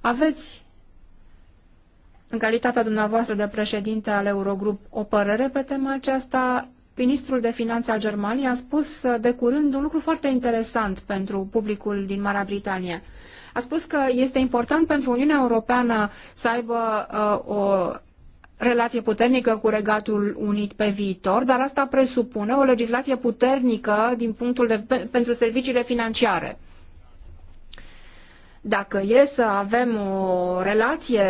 Aveți, în calitatea dumneavoastră de președinte al Eurogrup, o părere pe tema aceasta? Ministrul de Finanțe al Germaniei a spus uh, de curând un lucru foarte interesant pentru publicul din Marea Britanie. A spus că este important pentru Uniunea Europeană să aibă uh, o relație puternică cu Regatul Unit pe viitor, dar asta presupune o legislație puternică din punctul de, pentru serviciile financiare. Dacă e să avem o relație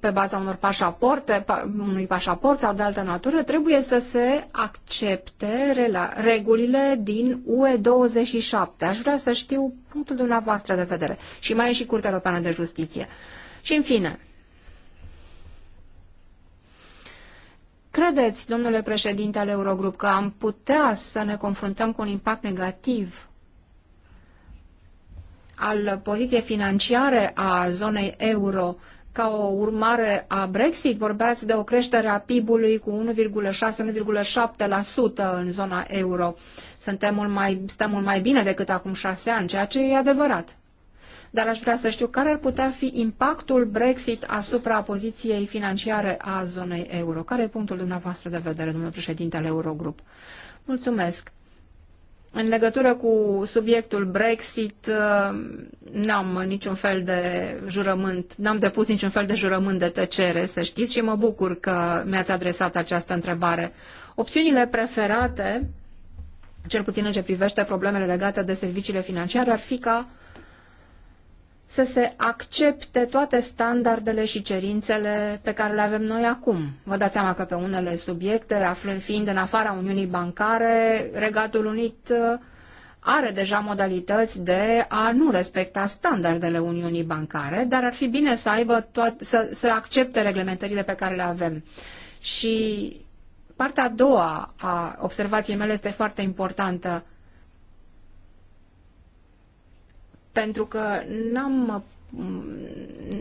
pe baza unor pașaporte, unui pașaport sau de altă natură, trebuie să se accepte regulile din UE27. Aș vrea să știu punctul dumneavoastră de vedere. Și mai e și Curtea Europeană de Justiție. Și în fine, credeți, domnule președinte al Eurogrup, că am putea să ne confruntăm cu un impact negativ al poziției financiare a zonei euro ca o urmare a Brexit, vorbeați de o creștere a PIB-ului cu 1,6-1,7% în zona euro. Suntem mult mai, stăm mult mai bine decât acum șase ani, ceea ce e adevărat. Dar aș vrea să știu care ar putea fi impactul Brexit asupra poziției financiare a zonei euro. Care e punctul dumneavoastră de vedere, domnule președinte al Eurogrup? Mulțumesc. În legătură cu subiectul Brexit, uh, n-am niciun fel de jurământ, n-am depus niciun fel de jurământ de tăcere, să știți, și mă bucur că mi-ați adresat această întrebare. Opțiunile preferate, cel puțin în ce privește problemele legate de serviciile financiare, ar fi ca să se accepte toate standardele și cerințele pe care le avem noi acum. Vă dați seama că pe unele subiecte, aflând fiind în afara Uniunii Bancare, Regatul Unit uh, are deja modalități de a nu respecta standardele Uniunii Bancare, dar ar fi bine să aibă toate, să, să accepte reglementările pe care le avem. Și partea a doua a observației mele este foarte importantă. pentru că n-am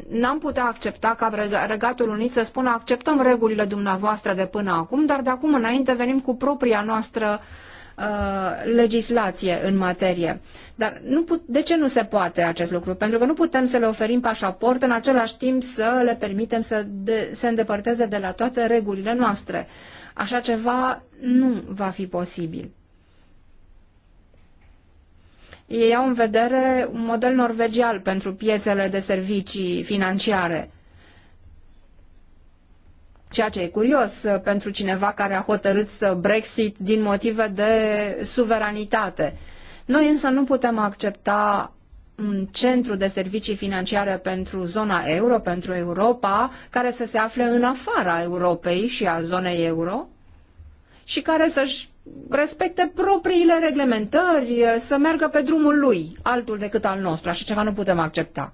n-am putea accepta ca Regatul Unit să spună acceptăm regulile dumneavoastră de până acum, dar de acum înainte venim cu propria noastră uh, legislație în materie. Dar nu put, de ce nu se poate acest lucru? Pentru că nu putem să le oferim pașaport în același timp să le permitem să de, se îndepărteze de la toate regulile noastre. Așa ceva nu va fi posibil ei au în vedere un model norvegial pentru piețele de servicii financiare. Ceea ce e curios uh, pentru cineva care a hotărât să Brexit din motive de suveranitate. Noi însă nu putem accepta un centru de servicii financiare pentru zona euro, pentru Europa, care să se afle în afara Europei și a zonei euro și care să-și respecte propriile reglementări, eh, să meargă pe drumul lui, altul decât al nostru. Așa ceva nu putem accepta.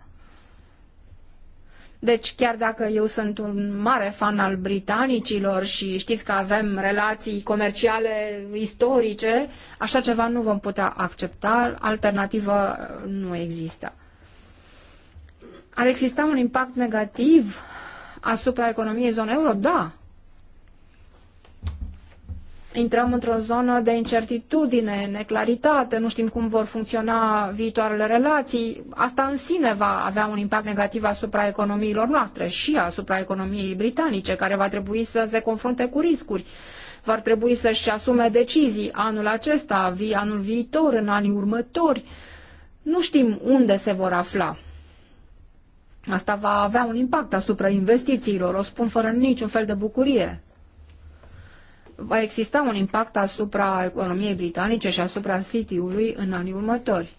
Deci chiar dacă eu sunt un mare fan al britanicilor și știți că avem relații comerciale istorice, așa ceva nu vom putea accepta, alternativă eh, nu există. Ar exista un impact negativ asupra economiei zonei euro? Da, intrăm într-o zonă de incertitudine, neclaritate, nu știm cum vor funcționa viitoarele relații. Asta în sine va avea un impact negativ asupra economiilor noastre și asupra economiei britanice, care va trebui să se confrunte cu riscuri. Va trebui să-și asume decizii anul acesta, anul viitor, în anii următori. Nu știm unde se vor afla. Asta va avea un impact asupra investițiilor, o spun fără niciun fel de bucurie va exista un impact asupra economiei britanice și asupra City-ului în anii următori.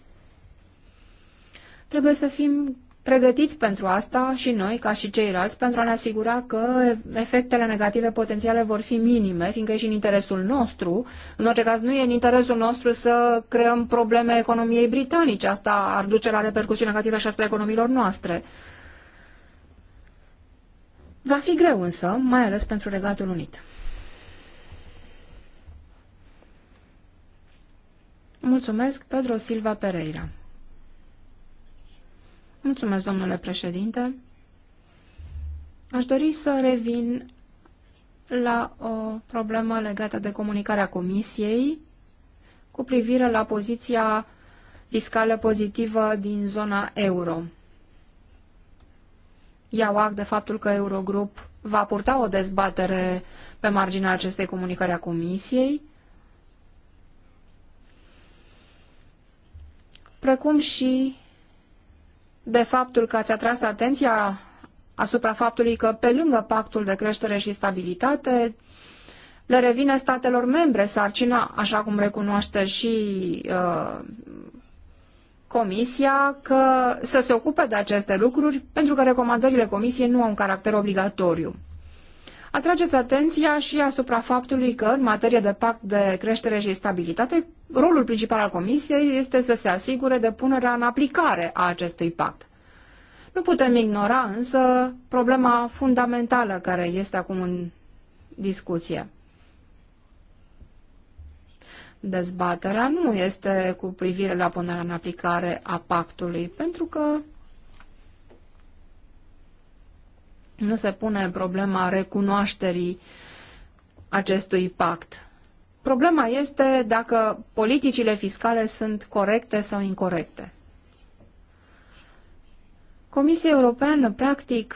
Trebuie să fim pregătiți pentru asta și noi, ca și ceilalți, pentru a ne asigura că efectele negative potențiale vor fi minime, fiindcă e și în interesul nostru. În orice caz, nu e în interesul nostru să creăm probleme economiei britanice. Asta ar duce la repercusiuni negative și asupra economiilor noastre. Va fi greu însă, mai ales pentru Regatul Unit. Mulțumesc, Pedro Silva Pereira. Mulțumesc, domnule președinte. Aș dori să revin la o problemă legată de comunicarea Comisiei cu privire la poziția fiscală pozitivă din zona euro. Iau act de faptul că Eurogrup va purta o dezbatere pe marginea acestei comunicări a Comisiei precum și de faptul că ați atras atenția asupra faptului că, pe lângă pactul de creștere și stabilitate, le revine statelor membre sarcina, așa cum recunoaște și uh, Comisia, că să se ocupe de aceste lucruri, pentru că recomandările Comisiei nu au un caracter obligatoriu. Atrageți atenția și asupra faptului că, în materie de pact de creștere și stabilitate, rolul principal al Comisiei este să se asigure de punerea în aplicare a acestui pact. Nu putem ignora însă problema fundamentală care este acum în discuție. Dezbaterea nu este cu privire la punerea în aplicare a pactului, pentru că nu se pune problema recunoașterii acestui pact. Problema este dacă politicile fiscale sunt corecte sau incorrecte. Comisia Europeană, practic,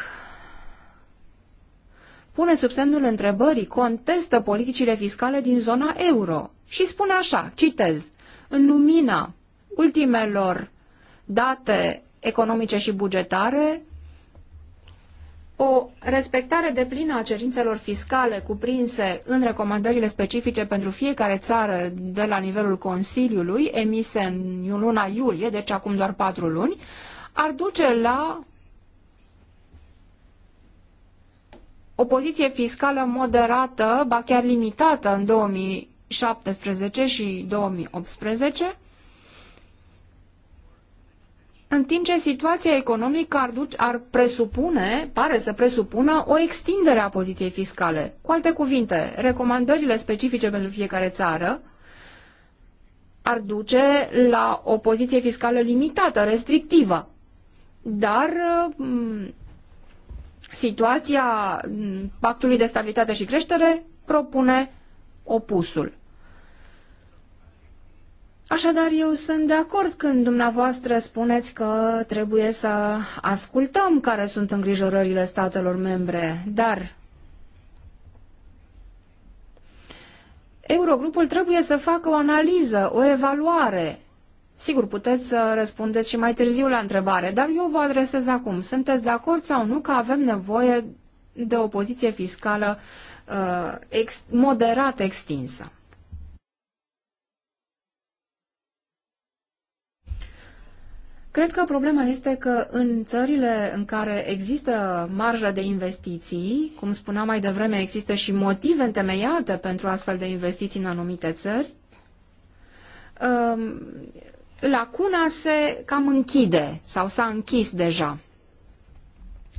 pune sub semnul întrebării, contestă politicile fiscale din zona euro și spune așa, citez, în lumina ultimelor date economice și bugetare, o respectare deplină a cerințelor fiscale cuprinse în recomandările specifice pentru fiecare țară de la nivelul Consiliului, emise în luna iulie, deci acum doar patru luni, ar duce la o poziție fiscală moderată, ba chiar limitată în 2017 și 2018, în timp ce situația economică ar, duce, ar presupune, pare să presupună, o extindere a poziției fiscale. Cu alte cuvinte, recomandările specifice pentru fiecare țară ar duce la o poziție fiscală limitată, restrictivă. Dar mm, situația mm, Pactului de Stabilitate și Creștere propune opusul. Așadar, eu sunt de acord când dumneavoastră spuneți că trebuie să ascultăm care sunt îngrijorările statelor membre, dar Eurogrupul trebuie să facă o analiză, o evaluare. Sigur, puteți să răspundeți și mai târziu la întrebare, dar eu vă adresez acum. Sunteți de acord sau nu că avem nevoie de o poziție fiscală uh, ex moderat extinsă? Cred că problema este că în țările în care există marjă de investiții, cum spuneam mai devreme, există și motive întemeiate pentru astfel de investiții în anumite țări, um, lacuna se cam închide sau s-a închis deja.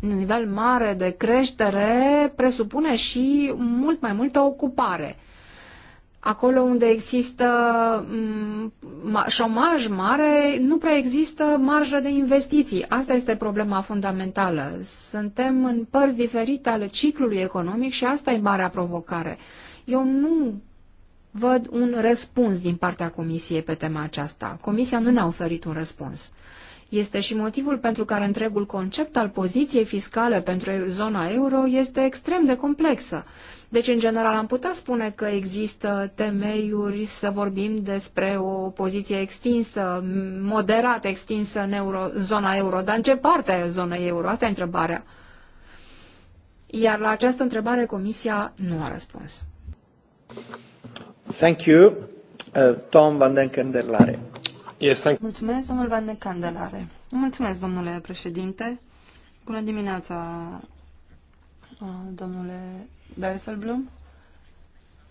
Un nivel mare de creștere presupune și mult mai multă ocupare acolo unde există mm, șomaj mare, nu prea există marjă de investiții. Asta este problema fundamentală. Suntem în părți diferite ale ciclului economic și asta e marea provocare. Eu nu văd un răspuns din partea Comisiei pe tema aceasta. Comisia nu ne-a oferit un răspuns. Este și motivul pentru care întregul concept al poziției fiscale pentru zona euro este extrem de complexă. Deci, în general, am putea spune că există temeiuri să vorbim despre o poziție extinsă, moderat extinsă în euro, zona euro. Dar în ce parte a zonei euro? Asta e întrebarea. Iar la această întrebare Comisia nu a răspuns. Thank you. Uh, Tom van den Kandelare. Yes, thank Mulțumesc, domnul van den Kandelare. Mulțumesc, domnule președinte. Bună dimineața, uh, domnule Dijsselbloem,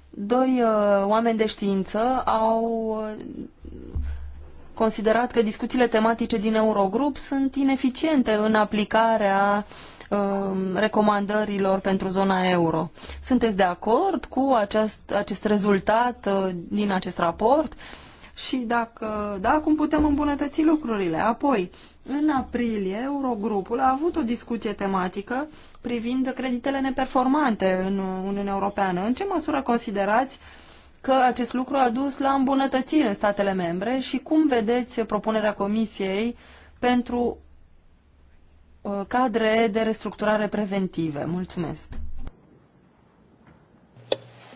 doi uh, oameni de știință au uh, considerat că discuțiile tematice din Eurogrup sunt ineficiente în aplicarea uh, recomandărilor pentru zona euro. Sunteți de acord cu acest, acest rezultat uh, din acest raport? Uh, și dacă da, cum putem îmbunătăți lucrurile. Apoi, în aprilie, Eurogrupul a avut o discuție tematică privind creditele neperformante în Uniunea Europeană. În ce măsură considerați că acest lucru a dus la îmbunătățiri în statele membre și cum vedeți propunerea Comisiei pentru uh, cadre de restructurare preventive? Mulțumesc!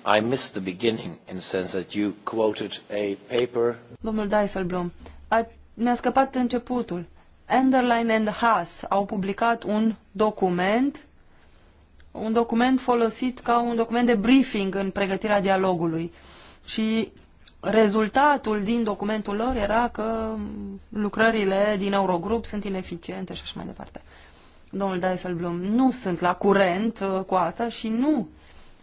I missed the beginning in the sense that you quoted a paper. Domnul Dijsselbloem, a, a scăpat începutul. Enderline and Haas au publicat un document, un document folosit ca un document de briefing în pregătirea dialogului. Și rezultatul din documentul lor era că lucrările din Eurogrup sunt ineficiente și așa mai departe. Domnul Dijsselbloem, nu sunt la curent uh, cu asta și nu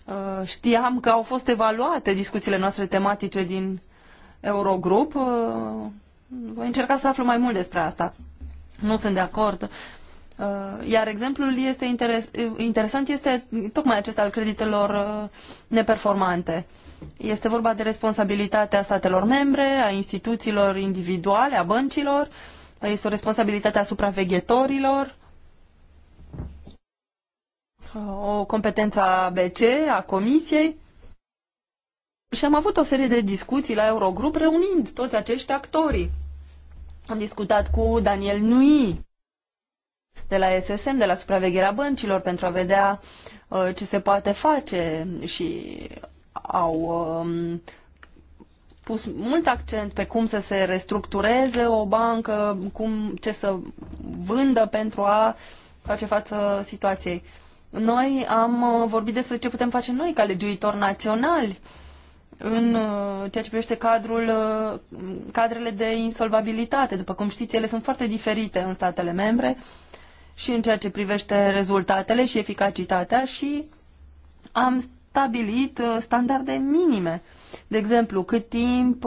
Uh, știam că au fost evaluate discuțiile noastre tematice din Eurogrup. Uh, voi încerca să aflu mai mult despre asta. Nu sunt de acord. Uh, iar exemplul este interes, interesant este tocmai acesta al creditelor neperformante. Este vorba de responsabilitatea statelor membre, a instituțiilor individuale, a băncilor, este o responsabilitate a supraveghetorilor, o competență a BC, a Comisiei. Și am avut o serie de discuții la Eurogrup reunind toți acești actori Am discutat cu Daniel Nui de la SSM, de la supravegherea băncilor, pentru a vedea uh, ce se poate face și au uh, pus mult accent pe cum să se restructureze o bancă, cum, ce să vândă pentru a face față situației. Uh, noi am uh, vorbit despre ce putem face noi ca legiuitori naționali în uh, ceea ce privește cadrul, uh, cadrele de insolvabilitate. După cum știți, ele sunt foarte diferite în statele membre și în ceea ce privește rezultatele și eficacitatea și am stabilit standarde minime. De exemplu, cât timp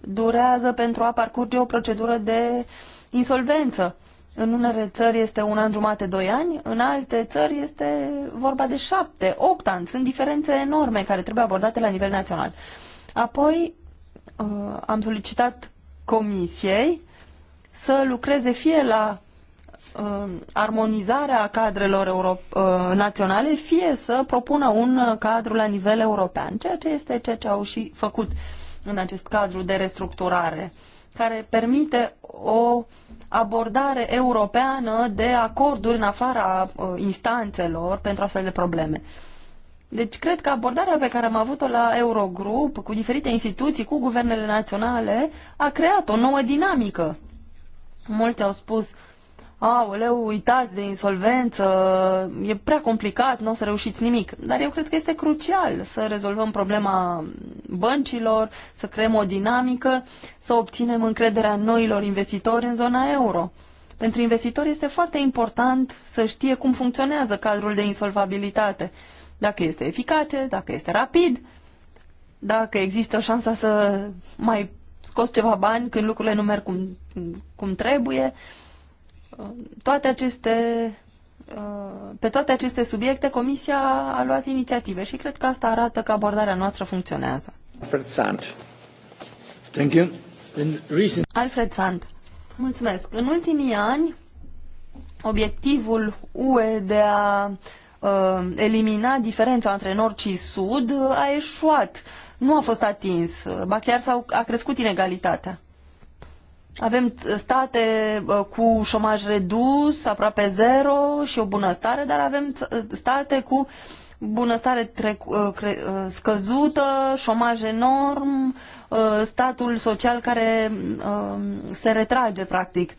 durează pentru a parcurge o procedură de insolvență în unele țări este un an jumate, doi ani, în alte țări este vorba de șapte, opt ani. Sunt diferențe enorme care trebuie abordate la nivel național. Apoi uh, am solicitat comisiei să lucreze fie la uh, armonizarea cadrelor euro, uh, naționale, fie să propună un cadru la nivel european, ceea ce este ceea ce au și făcut în acest cadru de restructurare, care permite o abordare europeană de acorduri în afara uh, instanțelor pentru astfel de probleme. Deci cred că abordarea pe care am avut-o la Eurogrup, cu diferite instituții, cu guvernele naționale, a creat o nouă dinamică. Mulți au spus aoleu, uitați de insolvență, e prea complicat, nu o să reușiți nimic. Dar eu cred că este crucial să rezolvăm problema băncilor, să creăm o dinamică, să obținem încrederea noilor investitori în zona euro. Pentru investitori este foarte important să știe cum funcționează cadrul de insolvabilitate, dacă este eficace, dacă este rapid, dacă există șansa să mai scoți ceva bani când lucrurile nu merg cum, cum trebuie toate aceste, uh, pe toate aceste subiecte, Comisia a luat inițiative și cred că asta arată că abordarea noastră funcționează. Alfred Sand. Thank you. In recent... Alfred Sand. Mulțumesc. În ultimii ani, obiectivul UE de a uh, elimina diferența între nord și sud a eșuat. Nu a fost atins, ba chiar s-a, a crescut inegalitatea. Avem state uh, cu șomaj redus, aproape zero și o bunăstare, dar avem uh, state cu bunăstare uh, scăzută, șomaj enorm, statul social care um, se retrage practic.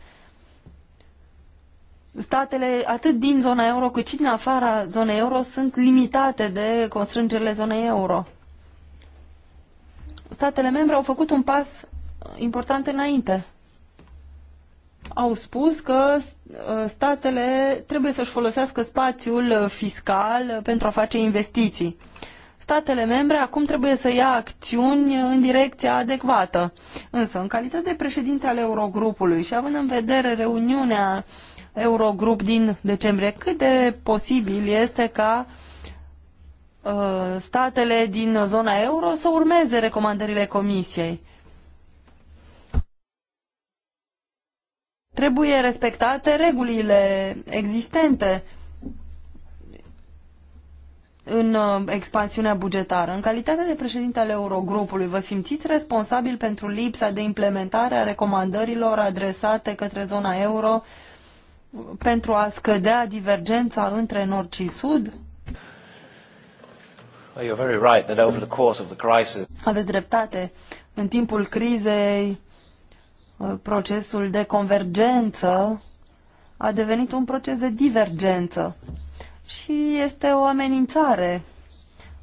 Statele atât din zona euro cât și din afara zonei euro sunt limitate de constrângerile zonei euro. Statele membre au făcut un pas important înainte au spus că uh, statele trebuie să-și folosească spațiul uh, fiscal uh, pentru a face investiții. Statele membre acum trebuie să ia acțiuni în direcția adecvată. Însă, în calitate de președinte al Eurogrupului și având în vedere reuniunea Eurogrup din decembrie, cât de posibil este ca statele din zona euro să urmeze recomandările Comisiei? Trebuie respectate regulile existente în uh, expansiunea bugetară. În calitate de președinte al Eurogrupului, vă simțiți responsabil pentru lipsa de implementare a recomandărilor adresate către zona euro pentru a scădea divergența între nord și sud? Aveți dreptate. În timpul crizei Uh, procesul de convergență a devenit un proces de divergență și este o amenințare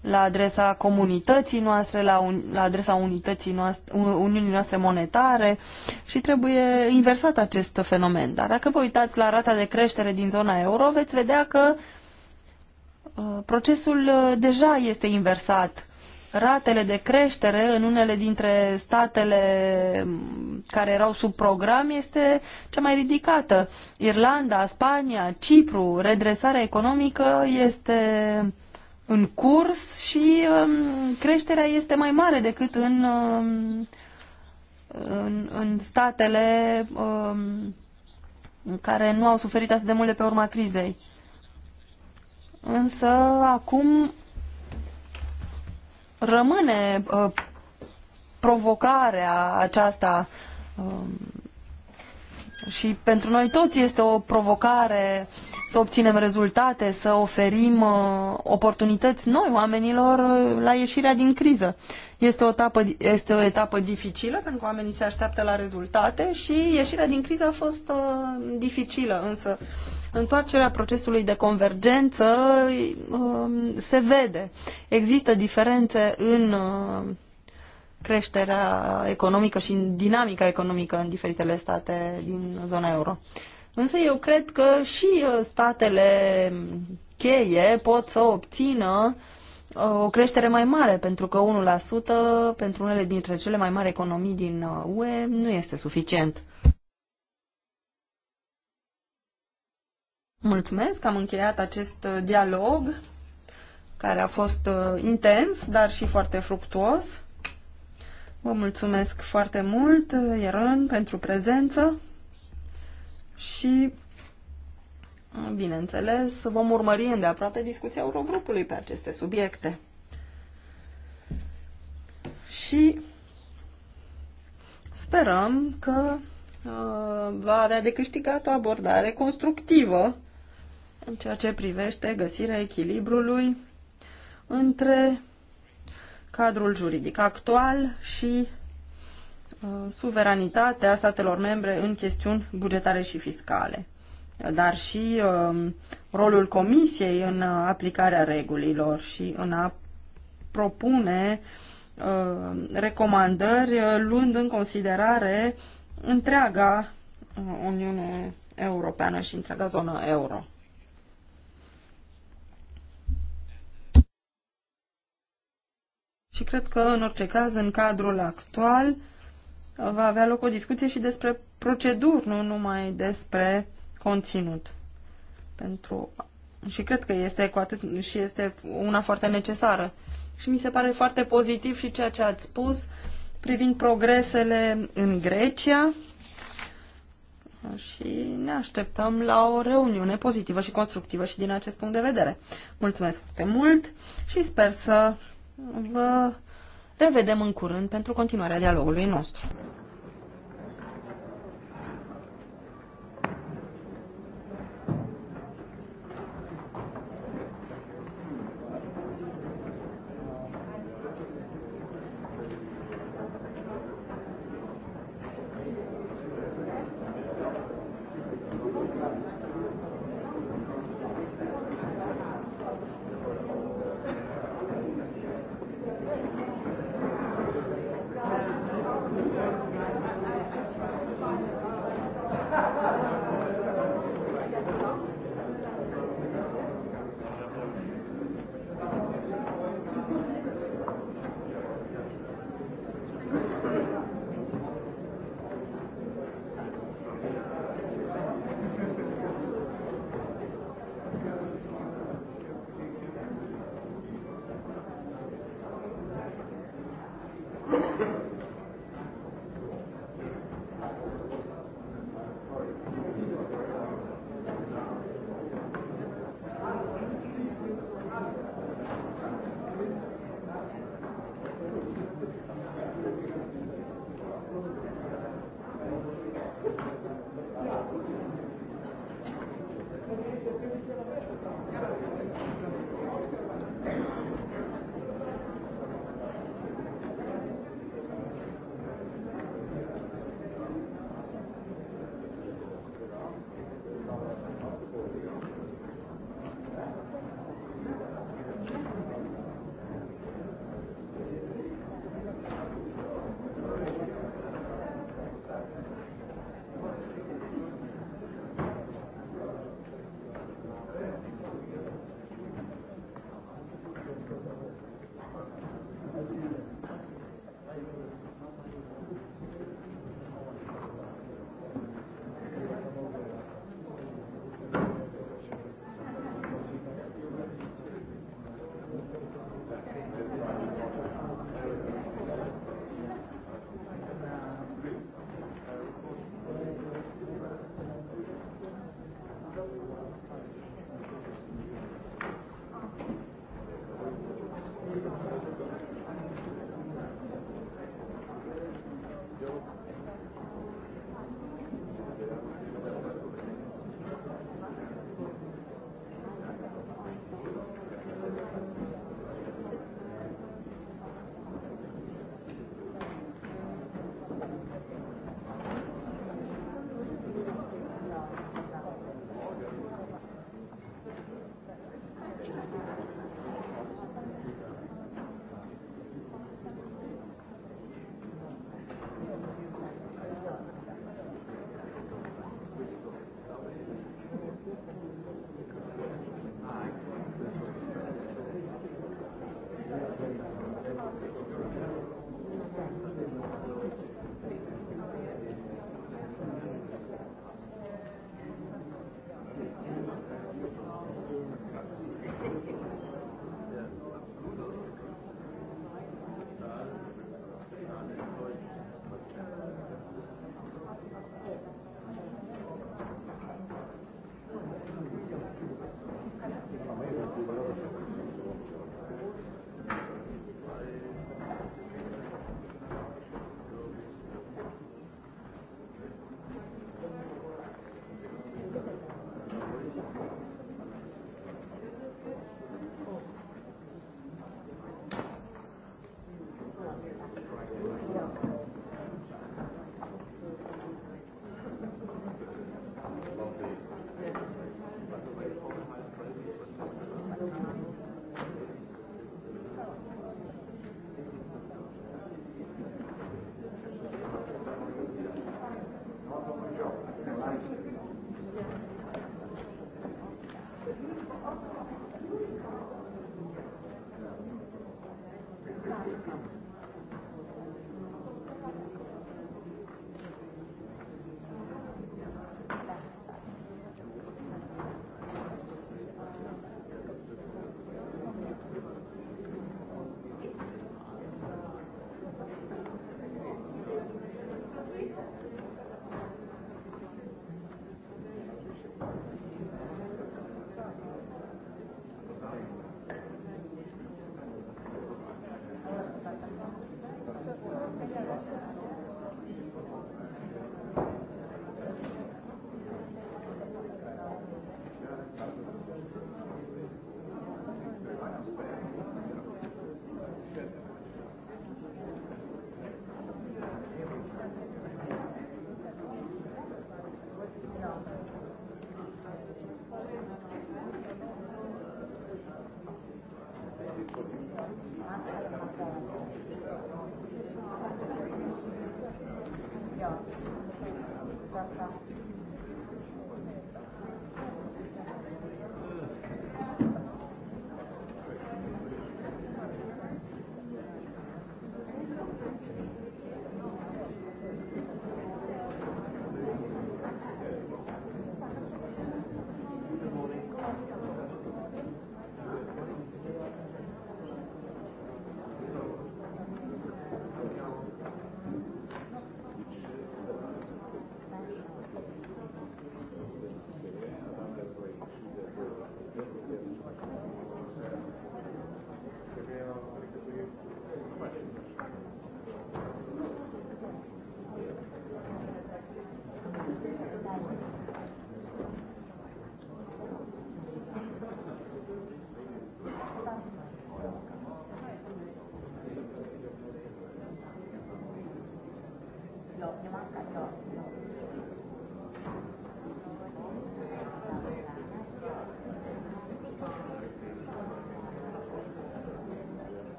la adresa comunității noastre, la, un, la adresa unității noastre, Uniunii noastre monetare și trebuie inversat acest fenomen. Dar dacă vă uitați la rata de creștere din zona euro, veți vedea că uh, procesul uh, deja este inversat ratele de creștere în unele dintre statele care erau sub program este cea mai ridicată. Irlanda, Spania, Cipru, redresarea economică este în curs și um, creșterea este mai mare decât în, um, în, în statele um, care nu au suferit atât de mult de pe urma crizei. Însă acum rămâne uh, provocarea aceasta um, și pentru noi toți este o provocare să obținem rezultate, să oferim uh, oportunități noi oamenilor uh, la ieșirea din criză. Este o, etapă, este o etapă dificilă pentru că oamenii se așteaptă la rezultate și ieșirea din criză a fost uh, dificilă, însă întoarcerea procesului de convergență um, se vede. Există diferențe în um, creșterea economică și în dinamica economică în diferitele state din zona euro. Însă eu cred că și uh, statele cheie pot să obțină uh, o creștere mai mare, pentru că 1% pentru unele dintre cele mai mari economii din UE uh, nu este suficient. Mulțumesc, am încheiat acest uh, dialog care a fost uh, intens, dar și foarte fructuos. Vă mulțumesc foarte mult, uh, Ieron, pentru prezență și, bineînțeles, vom urmări îndeaproape discuția Eurogrupului pe aceste subiecte. Și sperăm că uh, va avea de câștigat o abordare constructivă în ceea ce privește găsirea echilibrului între cadrul juridic actual și uh, suveranitatea statelor membre în chestiuni bugetare și fiscale, dar și uh, rolul Comisiei în aplicarea regulilor și în a propune uh, recomandări uh, luând în considerare întreaga uh, Uniune Europeană și întreaga zonă euro. și cred că, în orice caz, în cadrul actual, va avea loc o discuție și despre proceduri, nu numai despre conținut. Pentru... Și cred că este cu atât și este una foarte necesară. Și mi se pare foarte pozitiv și ceea ce ați spus privind progresele în Grecia și ne așteptăm la o reuniune pozitivă și constructivă și din acest punct de vedere. Mulțumesc foarte mult și sper să Vă revedem în curând pentru continuarea dialogului nostru.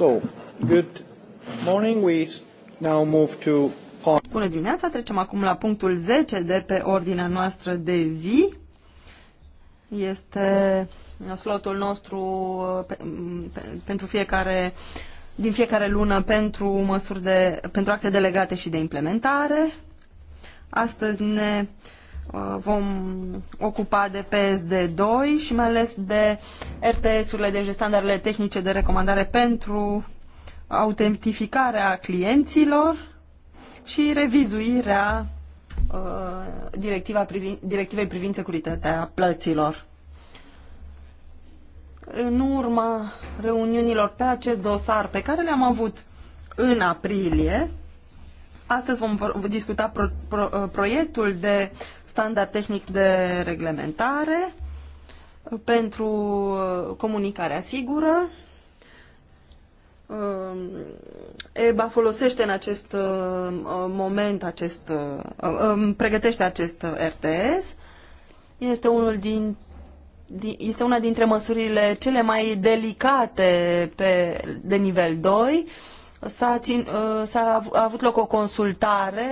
good morning. We now move to Bună dimineața, trecem acum la punctul 10 de pe ordinea noastră de zi. Este uh, slotul nostru uh, pe, mm, pe, pentru fiecare din fiecare lună pentru măsuri de pentru acte delegate și de implementare. Astăzi ne uh, Uh, vom ocupa de PSD2 și mai ales de RTS-urile, deci de standardele tehnice de recomandare pentru autentificarea clienților și revizuirea uh, directiva privind, directivei privind securitatea plăților. În urma reuniunilor pe acest dosar pe care le-am avut în aprilie, Astăzi vom discuta pro, pro, uh, proiectul de standard tehnic de reglementare pentru uh, comunicarea sigură. Uh, EBA folosește în acest moment acest, um, pregătește acest RTS. Este unul din este una dintre măsurile cele mai delicate pe, de nivel 2 S-a, țin, uh, s-a avut loc o consultare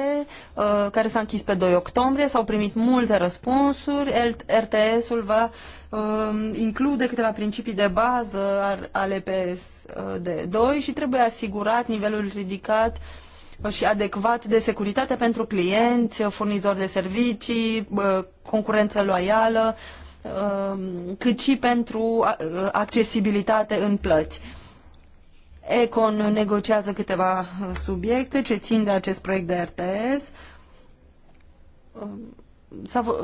uh, care s-a închis pe 2 octombrie, s-au primit multe răspunsuri, RTS-ul va um, include câteva principii de bază ale PSD2 și trebuie asigurat nivelul ridicat și adecvat de securitate pentru clienți, furnizori de servicii, concurență loială, um, cât și pentru accesibilitate în plăți Econ negociază câteva uh, subiecte ce țin de acest proiect de RTS. Um,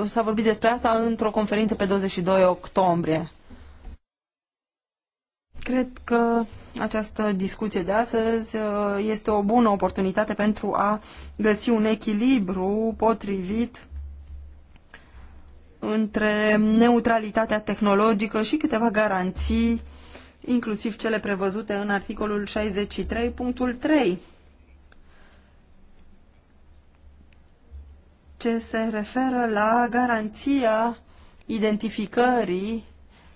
s-a vorbit despre asta într-o conferință pe 22 octombrie. Cred că această discuție de astăzi uh, este o bună oportunitate pentru a găsi un echilibru potrivit între neutralitatea tehnologică și câteva garanții uh, inclusiv cele prevăzute în articolul 63.3, ce se referă la garanția identificării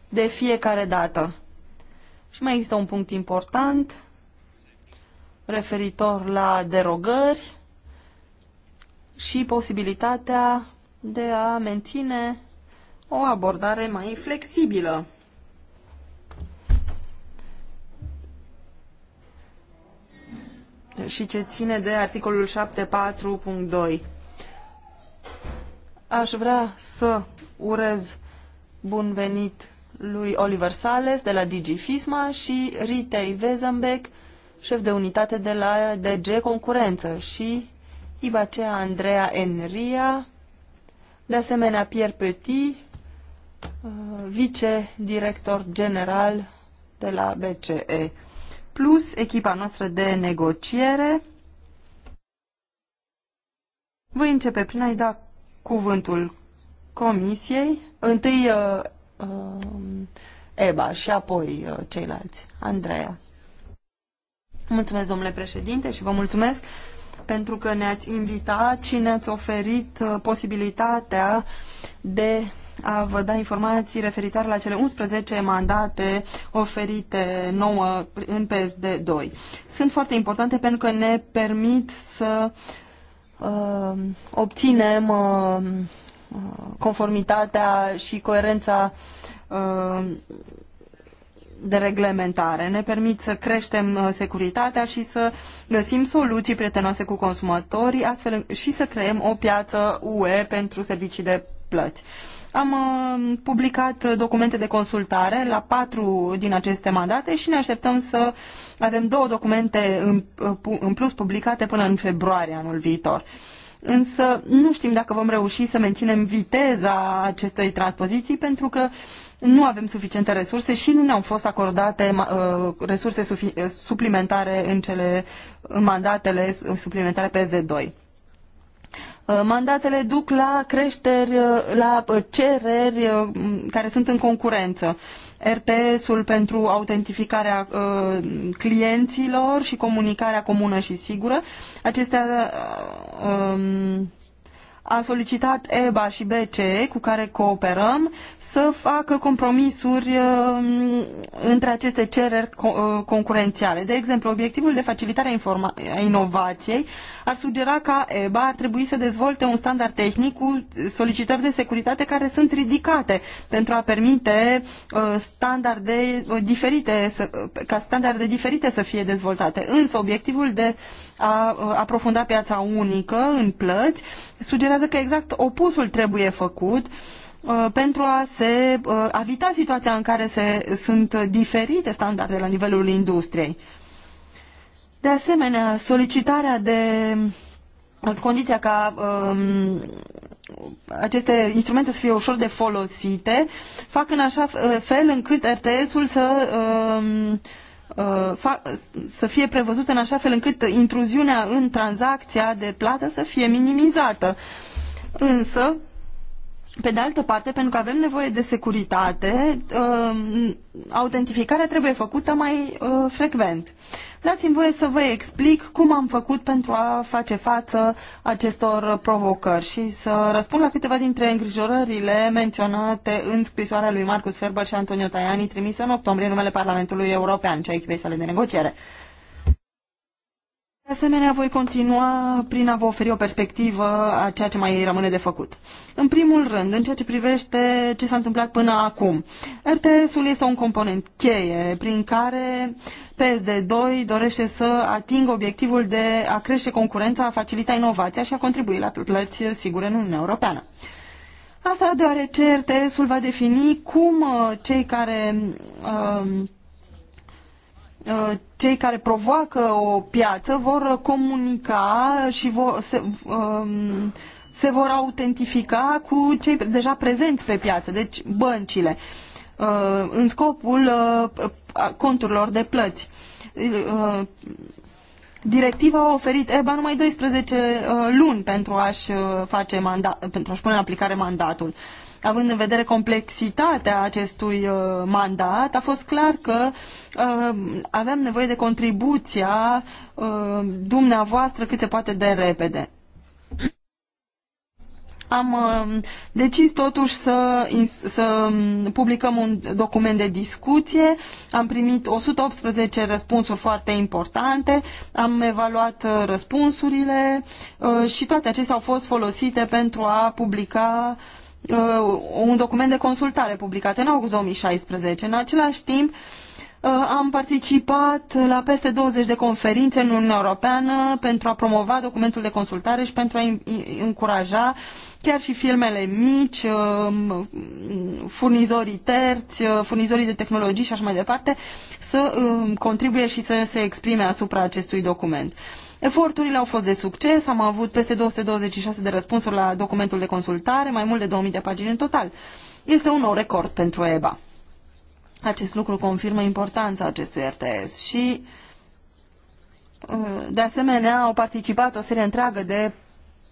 de fiecare dată. Și mai există un punct important referitor la derogări și posibilitatea de a menține o abordare mai flexibilă. și ce ține de articolul 7.4.2. Aș vrea să urez bun venit lui Oliver Sales de la DigiFisma și Ritei Vezenbeck, șef de unitate de la DG Concurență și Ibacea Andreea Enria, de asemenea Pierre Petit, uh, vicedirector general de la BCE plus echipa noastră de negociere. Voi începe prin a-i da cuvântul comisiei, întâi uh, uh, Eba și apoi uh, ceilalți. Andreea. Mulțumesc, domnule președinte, și vă mulțumesc pentru că ne-ați invitat și ne-ați oferit uh, posibilitatea de a vă da informații referitoare la cele 11 mandate oferite nouă în PSD2. Sunt foarte importante pentru că ne permit să uh, obținem uh, conformitatea și coerența uh, de reglementare. Ne permit să creștem uh, securitatea și să găsim soluții prietenoase cu consumatorii astfel și să creăm o piață UE pentru servicii de plăți. Uh, am uh, publicat documente de consultare la patru din aceste mandate și ne așteptăm să avem două documente uh, în plus publicate până în februarie anul viitor însă nu știm dacă vom reuși să menținem viteza acestei transpoziții pentru că nu avem suficiente resurse și nu ne-au fost acordate uh, resurse suplimentare în cele în mandatele suplimentare PSD2. Uh, mandatele duc la creșteri, uh, la uh, cereri care sunt în concurență. RTS-ul pentru autentificarea uh, clienților și comunicarea comună și sigură. Acestea uh, um, a solicitat EBA și BCE, cu care cooperăm, să facă compromisuri um, între aceste cereri uh, concurențiale. De exemplu, obiectivul de facilitare a inovației ar sugera ca EBA ar trebui să dezvolte un standard tehnic cu solicitări de securitate care sunt ridicate pentru a permite uh, standarde uh, diferite, ca standarde diferite să fie dezvoltate. Însă, obiectivul de a aprofunda piața unică în plăți sugerează că exact opusul trebuie făcut uh, pentru a se uh, avita evita situația în care se, sunt diferite standarde la nivelul industriei. De asemenea, solicitarea de condiția ca um, aceste instrumente să fie ușor de folosite fac în așa uh, fel încât RTS-ul să um, Uh, să fie prevăzute în așa fel încât intruziunea în tranzacția de plată să fie minimizată. Însă, pe de altă parte, pentru că avem nevoie de securitate, um, autentificarea trebuie făcută mai uh, frecvent. Dați-mi voie să vă explic cum am făcut pentru a face față acestor provocări și să răspund la câteva dintre îngrijorările menționate în scrisoarea lui Marcus Ferber și Antonio Tajani trimisă în octombrie în numele Parlamentului European, cea echipei sale de negociere. De asemenea, voi continua prin a vă oferi o perspectivă a ceea ce mai rămâne de făcut. În primul rând, în ceea ce privește ce s-a întâmplat până acum, RTS-ul este un component cheie prin care PSD2 dorește să atingă obiectivul de a crește concurența, a facilita inovația și a contribui la plăți sigure în Uniunea Europeană. Asta deoarece RTS-ul va defini cum uh, cei care Uh, Uh, cei care provoacă o piață vor comunica și vor, se, um, se vor autentifica cu cei deja prezenți pe piață, deci băncile, uh, în scopul uh, conturilor de plăți. Uh, Directiva a oferit EBA numai 12 uh, luni pentru a-și uh, face mandat, pentru a-și pune în aplicare mandatul. Uh, având în vedere complexitatea acestui uh, mandat, a fost clar că uh, avem nevoie de contribuția uh, dumneavoastră cât se poate de repede am decis totuși să, să um, publicăm un document de discuție, am primit 118 răspunsuri foarte importante, am evaluat răspunsurile și toate acestea au fost folosite pentru a publica Uh, un document de consultare publicat în august 2016. În același timp, uh, am participat la peste 20 de conferințe în Uniunea Europeană pentru a promova documentul de consultare și pentru a încuraja chiar și firmele mici, uh, furnizorii terți, furnizorii de tehnologii și așa mai departe, să contribuie și să se exprime asupra acestui document. Eforturile au fost de succes, am avut peste 226 de răspunsuri la documentul de consultare, mai mult de 2000 de pagini în total. Este un nou record pentru EBA. Acest lucru confirmă importanța acestui RTS și, uh, de asemenea, au participat o serie întreagă de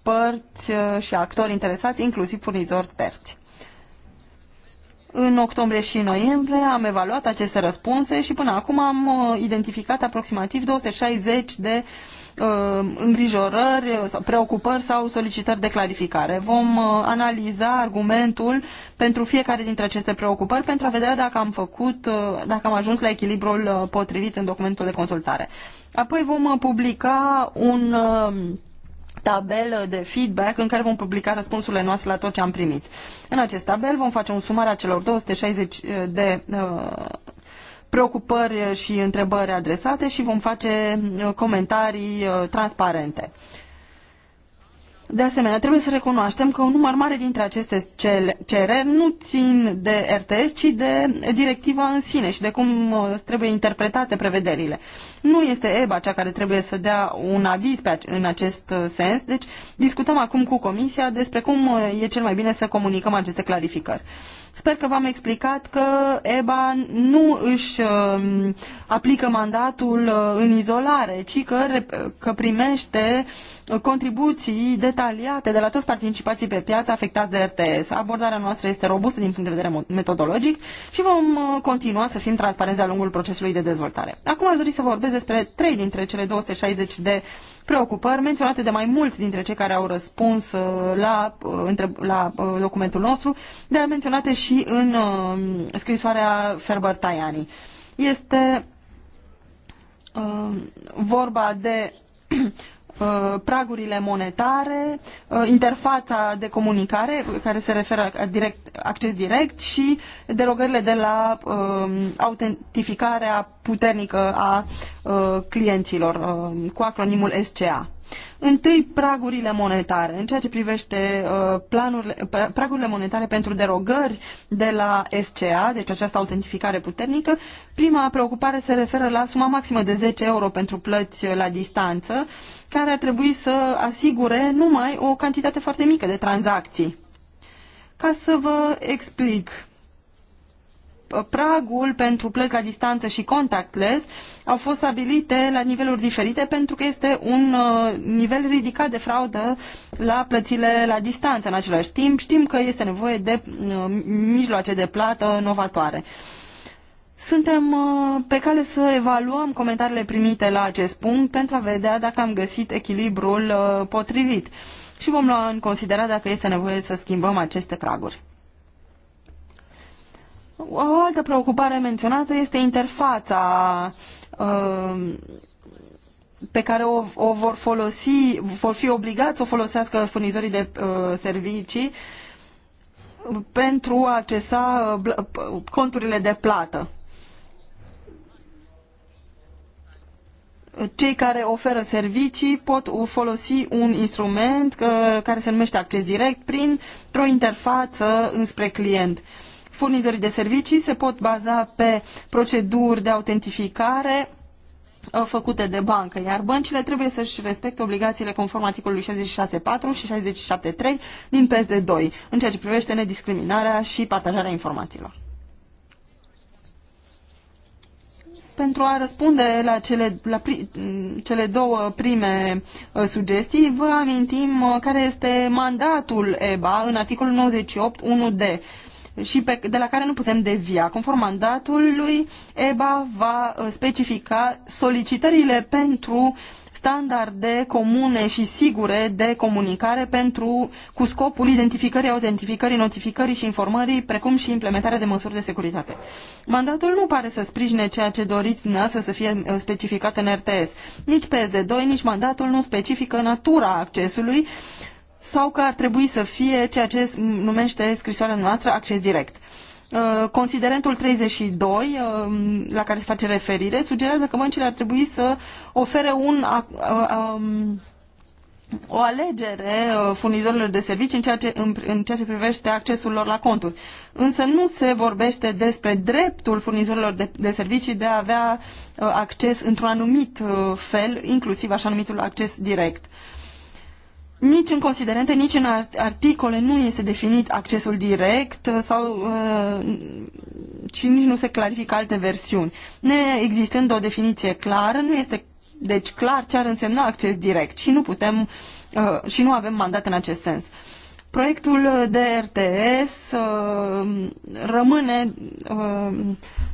părți uh, și actori interesați, inclusiv furnizori terți. În octombrie și noiembrie am evaluat aceste răspunse și până acum am uh, identificat aproximativ 260 de uh, Uh, îngrijorări, preocupări sau solicitări de clarificare. Vom uh, analiza argumentul pentru fiecare dintre aceste preocupări pentru a vedea dacă am făcut, uh, dacă am ajuns la echilibrul potrivit în documentul de consultare. Apoi vom publica un tabel de feedback în care vom publica răspunsurile noastre la tot ce am primit. În acest tabel vom face un sumar a celor 260 de uh, preocupări și întrebări adresate și vom face uh, comentarii uh, transparente. De asemenea, trebuie să recunoaștem că un număr mare dintre aceste cereri nu țin de RTS, ci de directiva în sine și de cum uh, trebuie interpretate prevederile. Nu este EBA cea care trebuie să dea un aviz pe în acest sens, deci discutăm acum cu Comisia despre cum e cel mai bine să comunicăm aceste clarificări. Sper că v-am explicat că EBA nu își um, aplică mandatul uh, în izolare, ci că, că primește uh, contribuții detaliate de la toți participații pe piață afectați de RTS. Abordarea noastră este robustă din punct de vedere metodologic și vom uh, continua să fim transparenți de-a lungul procesului de dezvoltare. Acum aș dori să vorbesc despre trei dintre cele 260 de preocupări menționate de mai mulți dintre cei care au răspuns uh, la, uh, la uh, documentul nostru, dar menționate și în scrisoarea Ferber-Tajani. Este vorba de Uh, pragurile monetare, uh, interfața de comunicare care se referă direct, acces direct și derogările de la um, autentificarea puternică a uh, clienților um, cu acronimul SCA. Întâi, pragurile monetare. În ceea ce privește uh, planurile, pragurile monetare pentru derogări de la SCA, deci această autentificare puternică, prima preocupare se referă la suma maximă de 10 euro pentru plăți la distanță, care ar trebui să asigure numai o cantitate foarte mică de tranzacții. Ca să vă explic, pragul pentru plăți la distanță și contactless au fost stabilite la niveluri diferite pentru că este un uh, nivel ridicat de fraudă la plățile la distanță. În același timp știm că este nevoie de uh, mijloace de plată novatoare. Suntem uh, pe cale să evaluăm comentariile primite la acest punct pentru a vedea dacă am găsit echilibrul potrivit și vom lua în considerare dacă este nevoie să schimbăm aceste praguri. O altă preocupare menționată este interfața uh, pe care o, o vor folosi, vor fi obligați să o folosească furnizorii de uh, servicii pentru a accesa uh, conturile de plată. Cei care oferă servicii pot folosi un instrument uh, care se numește acces direct printr-o interfață înspre client. Uh, furnizorii de servicii se pot baza pe proceduri de autentificare uh, făcute de bancă, iar băncile trebuie să-și respecte obligațiile conform articolului 66.4 și 67.3 din PSD2, în ceea ce privește nediscriminarea și partajarea informațiilor. Pentru a răspunde la cele, la pri, cele două prime uh, sugestii, vă amintim uh, care este mandatul EBA în articolul 98.1d și pe, de la care nu putem devia. Conform mandatului, EBA va uh, specifica solicitările pentru standarde comune și sigure de comunicare pentru, cu scopul identificării, autentificării, notificării și informării, precum și implementarea de măsuri de securitate. Mandatul nu pare să sprijine ceea ce doriți dumneavoastră să fie uh, specificat în RTS. Nici PSD2, nici mandatul nu specifică natura accesului sau că ar trebui să fie ceea ce numește scrisoarea noastră acces direct. Uh, considerentul 32, uh, la care se face referire, sugerează că băncile ar trebui să ofere un, uh, um, o alegere furnizorilor de servicii în ceea, ce, în, în ceea ce privește accesul lor la conturi. Însă nu se vorbește despre dreptul furnizorilor de, de servicii de a avea acces într-un anumit fel, inclusiv așa numitul acces direct nici în considerente, nici în articole nu este definit accesul direct sau și uh, nici nu se clarifică alte versiuni. Ne existând o definiție clară, nu este deci clar ce ar însemna acces direct și nu putem uh, și nu avem mandat în acest sens. Proiectul de RTS uh, rămâne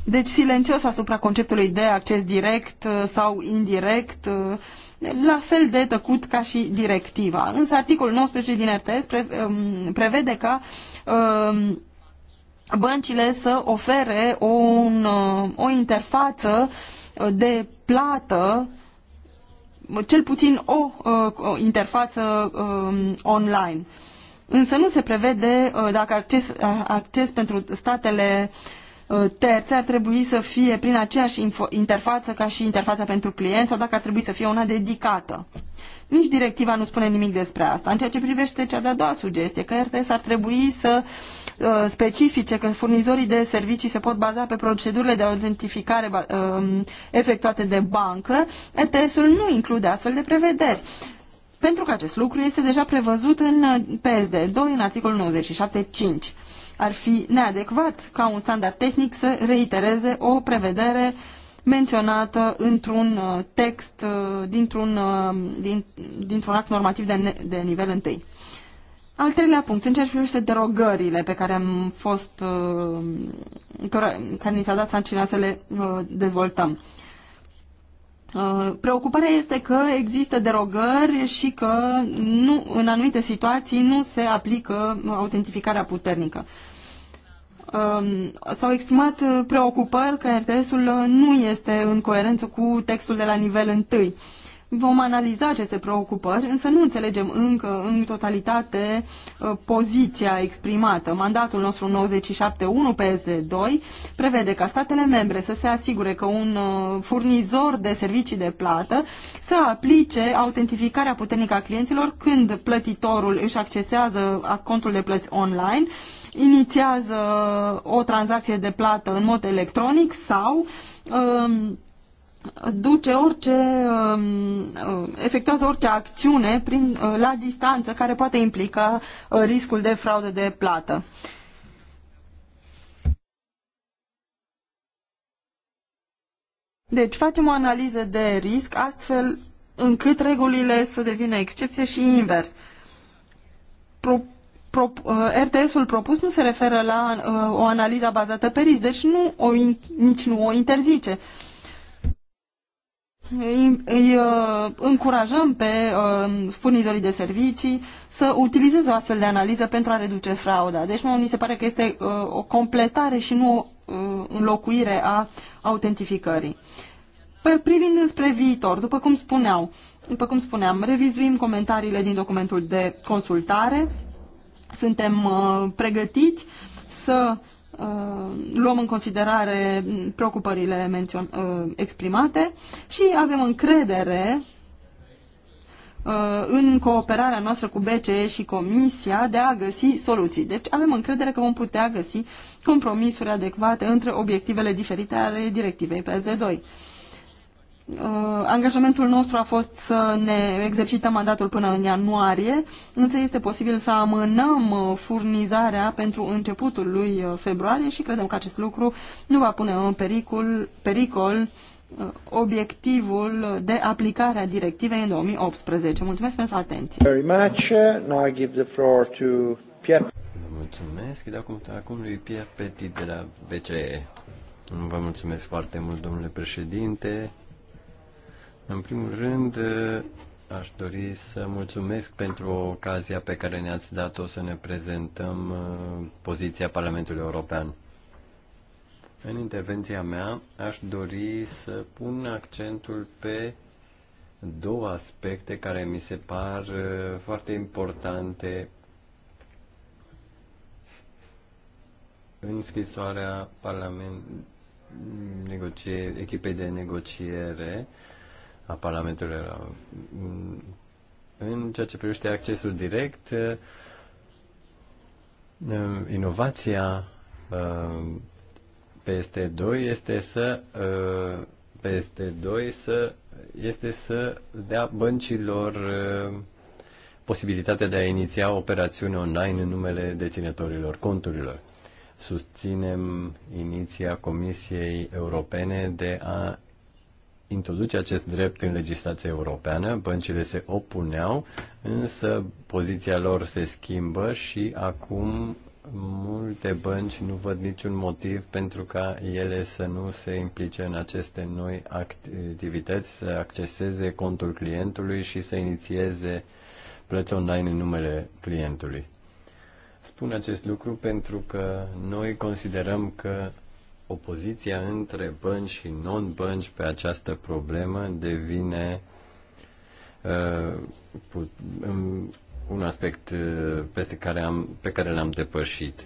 deci silențios asupra conceptului de acces direct sau indirect la fel de tăcut ca și directiva. Însă articolul 19 din RTS pre, um, prevede ca um, băncile să ofere un, uh, o interfață uh, de plată cel puțin o, uh, o interfață um, online. Însă nu se prevede dacă acces, acces pentru statele uh, Uh, terțe ar trebui să fie prin aceeași interfață ca și interfața pentru client sau dacă ar trebui să fie una dedicată. Nici directiva nu spune nimic despre asta. În ceea ce privește cea de-a doua sugestie, că RTS ar trebui să uh, specifice că furnizorii de servicii se pot baza pe procedurile de autentificare um, efectuate de bancă, RTS-ul nu include astfel de prevederi. Pentru că acest lucru este deja prevăzut în uh, PSD 2, în articolul 97.5 ar fi neadecvat ca un standard tehnic să reitereze o prevedere menționată într-un uh, text, uh, dintr-un, uh, din, dintr-un act normativ de, de nivel întâi. Al treilea punct, în ceea ce privește derogările pe care am fost, care, care ni s-a dat sancțiunea să le dezvoltăm. Preocuparea este că există derogări și că nu, în anumite situații nu se aplică autentificarea puternică. Um, s-au exprimat uh, preocupări că RTS-ul uh, nu este în coerență cu textul de la nivel întâi. Vom analiza aceste preocupări, însă nu înțelegem încă în totalitate uh, poziția exprimată. Mandatul nostru 97.1 PSD2 prevede ca statele membre să se asigure că un furnizor de servicii de plată să aplice autentificarea puternică a clienților când plătitorul își accesează contul de plăți online inițiază o tranzacție de plată în mod electronic sau um, duce orice, um, uh, efectuează orice acțiune prin, uh, la distanță care poate implica uh, riscul de fraudă de plată. Deci facem o analiză de risc astfel încât regulile să devină excepție și invers. Pro RTS-ul uh, propus nu se referă la uh, o analiză bazată pe risc, deci nu o in, nici nu o interzice. Îi, îi uh, încurajăm pe uh, furnizorii de servicii să utilizeze o astfel de analiză pentru a reduce frauda. Deci nu mi se pare că este uh, o completare și nu o uh, înlocuire a autentificării. Pe, păi, privind spre viitor, după cum spuneau, după cum spuneam, revizuim comentariile din documentul de consultare, suntem uh, pregătiți să uh, luăm în considerare preocupările uh, exprimate și avem încredere în cooperarea noastră cu BCE și Comisia de a găsi soluții. Deci avem încredere că vom putea găsi compromisuri adecvate între obiectivele diferite ale directivei PSD2. Uh, angajamentul nostru a fost să ne exercităm mandatul până în ianuarie, însă este posibil să amânăm uh, furnizarea pentru începutul lui uh, februarie și credem că acest lucru nu va pune în pericol, pericol obiectivul de aplicare a directivei în 2018. Mulțumesc pentru atenție. Very much. Now I give the floor to Pierre. Mulțumesc. Dau cuvântul acum lui Pierre Petit de la BCE. Vă mulțumesc foarte mult, domnule președinte. În primul rând, aș dori să mulțumesc pentru ocazia pe care ne-ați dat-o să ne prezentăm uh, poziția Parlamentului European. În intervenția mea, aș dori să pun accentul pe două aspecte care mi se par uh, foarte importante în scrisoarea Parlament, negocie, echipei de negociere a Parlamentului. În ceea ce privește accesul direct, uh, inovația uh, peste 2 este să uh, peste 2 să este să dea băncilor posibilitatea de a iniția operațiune online în numele deținătorilor conturilor. Susținem iniția Comisiei Europene de a introduce acest drept în legislația europeană, băncile se opuneau, însă poziția lor se schimbă și acum multe bănci nu văd niciun motiv pentru ca ele să nu se implice în aceste noi activități, să acceseze contul clientului și să inițieze plăți online în numele clientului. Spun acest lucru pentru că noi considerăm că opoziția între bănci și non-bănci pe această problemă devine uh, um, un aspect uh, peste care am, pe care l-am depășit.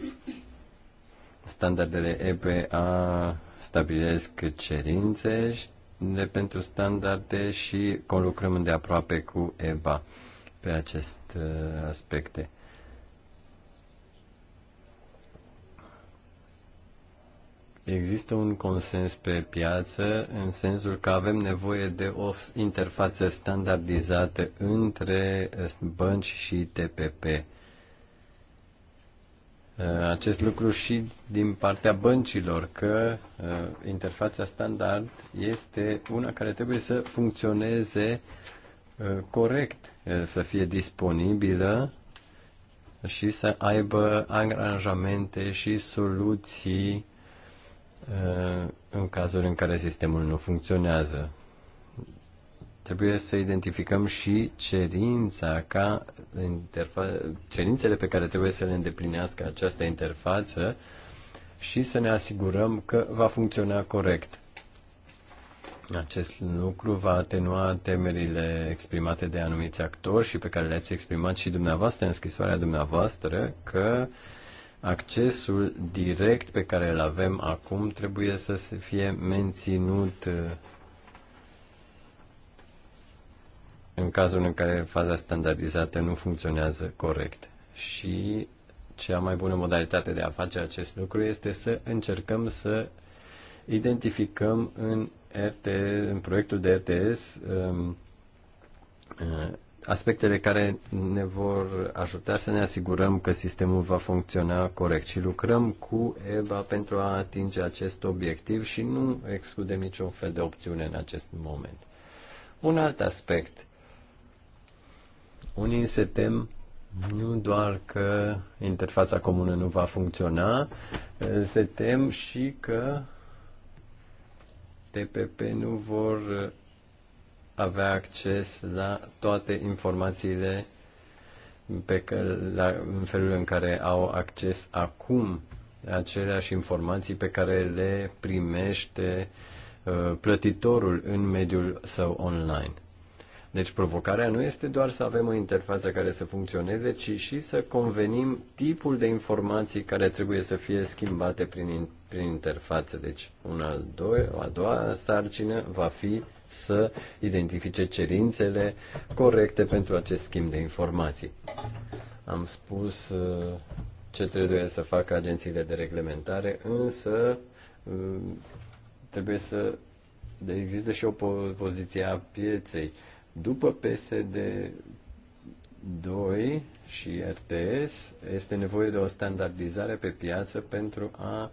Standardele EPA stabilesc cerințe de pentru standarde și conlucrăm îndeaproape cu EBA pe aceste uh, aspecte. există un consens pe piață în sensul că avem nevoie de o interfață standardizată între eh, bănci și TPP. Eh, acest lucru și din partea băncilor, că eh, interfața standard este una care trebuie să funcționeze corect, să fie disponibilă și să aibă angajamente și soluții Uh, în cazul în care sistemul nu funcționează. Trebuie să identificăm și cerința ca interfa- cerințele pe care trebuie să le îndeplinească această interfață și să ne asigurăm că va funcționa corect. Acest lucru va atenua temerile exprimate de anumiți actori și pe care le-ați exprimat și dumneavoastră în scrisoarea dumneavoastră că uh, accesul direct pe care îl avem acum trebuie să fie menținut uh, în cazul în care faza standardizată nu funcționează corect. Și cea mai bună modalitate de a face acest lucru este să încercăm să identificăm în, RTS, în proiectul de RTS um, uh, aspectele care ne vor ajuta să ne asigurăm că sistemul va funcționa corect și lucrăm cu EBA pentru a atinge acest obiectiv și nu excludem niciun fel de opțiune în acest moment. Un alt aspect. Unii se tem nu doar că interfața comună nu va funcționa, se tem și că TPP nu vor avea acces la toate informațiile pe care, la, în felul în care au acces acum aceleași informații pe care le primește uh, plătitorul în mediul său online. Deci provocarea nu este doar să avem o interfață care să funcționeze, ci și să convenim tipul de informații care trebuie să fie schimbate prin, prin interfață. Deci una al doi, a doua sarcină va fi să identifice cerințele corecte pentru acest schimb de informații. Am spus uh, ce trebuie să facă agențiile de reglementare, însă uh, trebuie să există și o poziție a pieței. După PSD 2 și RTS este nevoie de o standardizare pe piață pentru a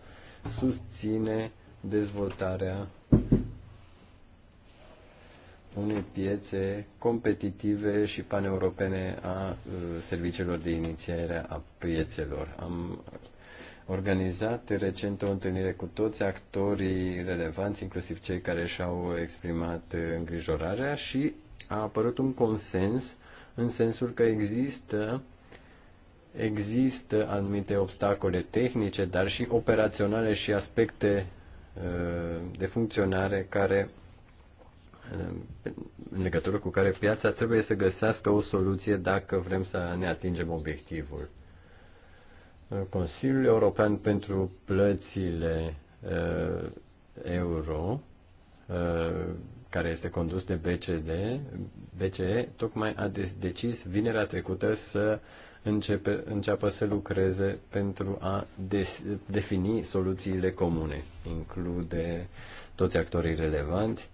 susține dezvoltarea unei piețe competitive și paneuropene a uh, serviciilor de inițiere a piețelor. Am organizat recent o întâlnire cu toți actorii relevanți, inclusiv cei care și-au exprimat uh, îngrijorarea și a apărut un consens în sensul că există există anumite obstacole tehnice, dar și operaționale și aspecte uh, de funcționare care în legătură cu care piața trebuie să găsească o soluție dacă vrem să ne atingem obiectivul. Consiliul European pentru plățile uh, euro, uh, care este condus de BCD, BCE, tocmai a de- decis vinerea trecută să începe, înceapă să lucreze pentru a des- defini soluțiile comune. Include toți actorii relevanti,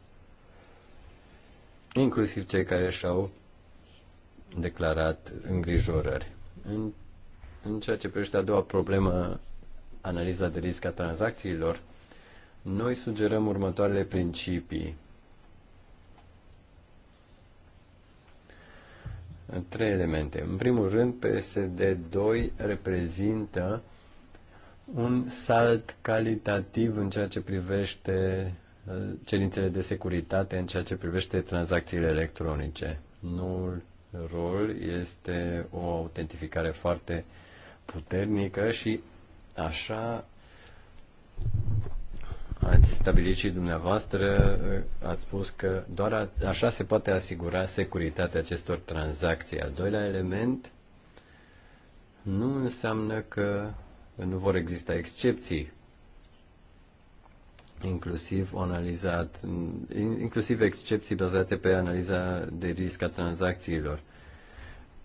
inclusiv cei care și-au declarat îngrijorări. În, în ceea ce privește a doua problemă, analiza de risc a tranzacțiilor, noi sugerăm următoarele principii. Trei elemente. În primul rând, PSD2 reprezintă un salt calitativ în ceea ce privește cerințele de securitate în ceea ce privește tranzacțiile electronice. Noul rol este o autentificare foarte puternică și așa ați stabilit și dumneavoastră, ați spus că doar așa se poate asigura securitatea acestor tranzacții. Al doilea element nu înseamnă că nu vor exista excepții inclusiv o analiză, inclusiv excepții bazate pe analiza de risc a tranzacțiilor.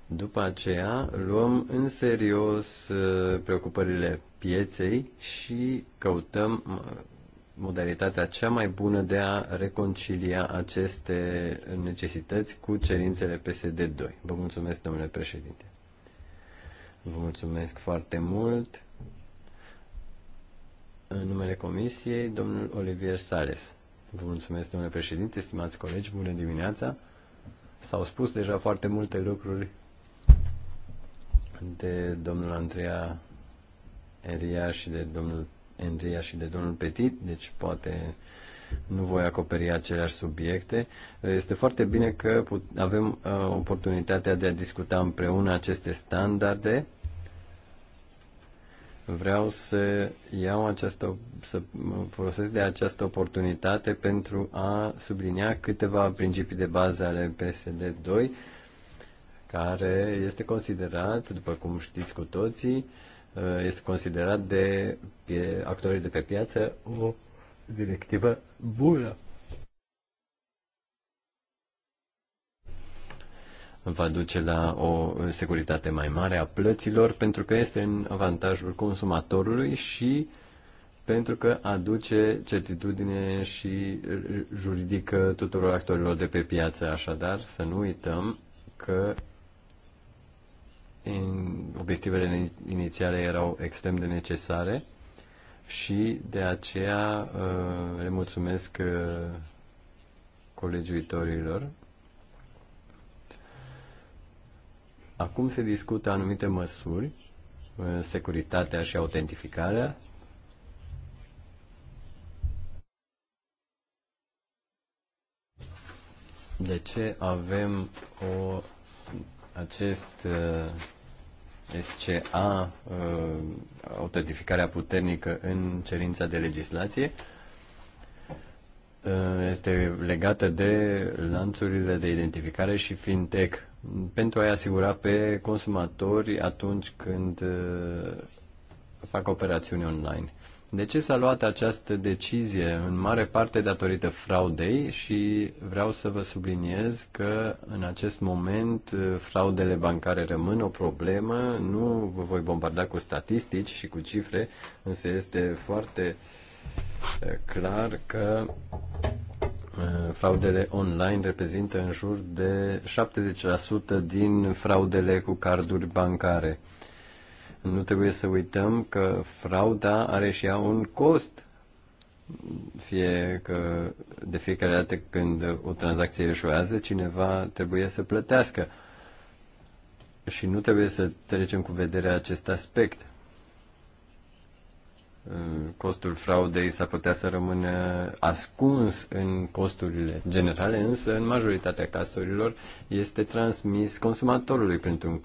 După aceea, luăm în serios uh, preocupările pieței și căutăm uh, modalitatea cea mai bună de a reconcilia aceste necesități cu cerințele PSD2. Vă mulțumesc, domnule președinte. Vă mulțumesc foarte mult. În numele Comisiei, domnul Olivier Sales. Vă mulțumesc, domnule președinte, stimați colegi, bună dimineața. S-au spus deja foarte multe lucruri de domnul Andreea Eria și de domnul Enria și de domnul Petit, deci poate nu voi acoperi aceleași subiecte. Este foarte bine că avem uh, oportunitatea de a discuta împreună aceste standarde vreau să iau această, să folosesc de această oportunitate pentru a sublinia câteva principii de bază ale PSD 2, care este considerat, după cum știți cu toții, uh, este considerat de actorii de pe piață o directivă bună. va duce la o securitate mai mare a plăților pentru că este în avantajul consumatorului și pentru că aduce certitudine și juridică tuturor actorilor de pe piață. Așadar, să nu uităm că obiectivele inițiale erau extrem de necesare și de aceea uh, le mulțumesc uh, colegiuitorilor Acum se discută anumite măsuri, uh, securitatea și autentificarea. De ce avem o, acest uh, SCA, uh, autentificarea puternică în cerința de legislație? Uh, este legată de lanțurile de identificare și fintech pentru a-i asigura pe consumatori atunci când uh, fac operațiuni online. De ce s-a luat această decizie? În mare parte datorită fraudei și vreau să vă subliniez că în acest moment uh, fraudele bancare rămân o problemă. Nu vă voi bombarda cu statistici și cu cifre, însă este foarte uh, clar că fraudele online reprezintă în jur de 70% din fraudele cu carduri bancare. Nu trebuie să uităm că frauda are și ea un cost. Fie că de fiecare dată când o tranzacție eșuează, cineva trebuie să plătească. Și nu trebuie să trecem cu vederea acest aspect costul fraudei s-ar putea să rămână ascuns în costurile generale, însă în majoritatea casurilor este transmis consumatorului printr-un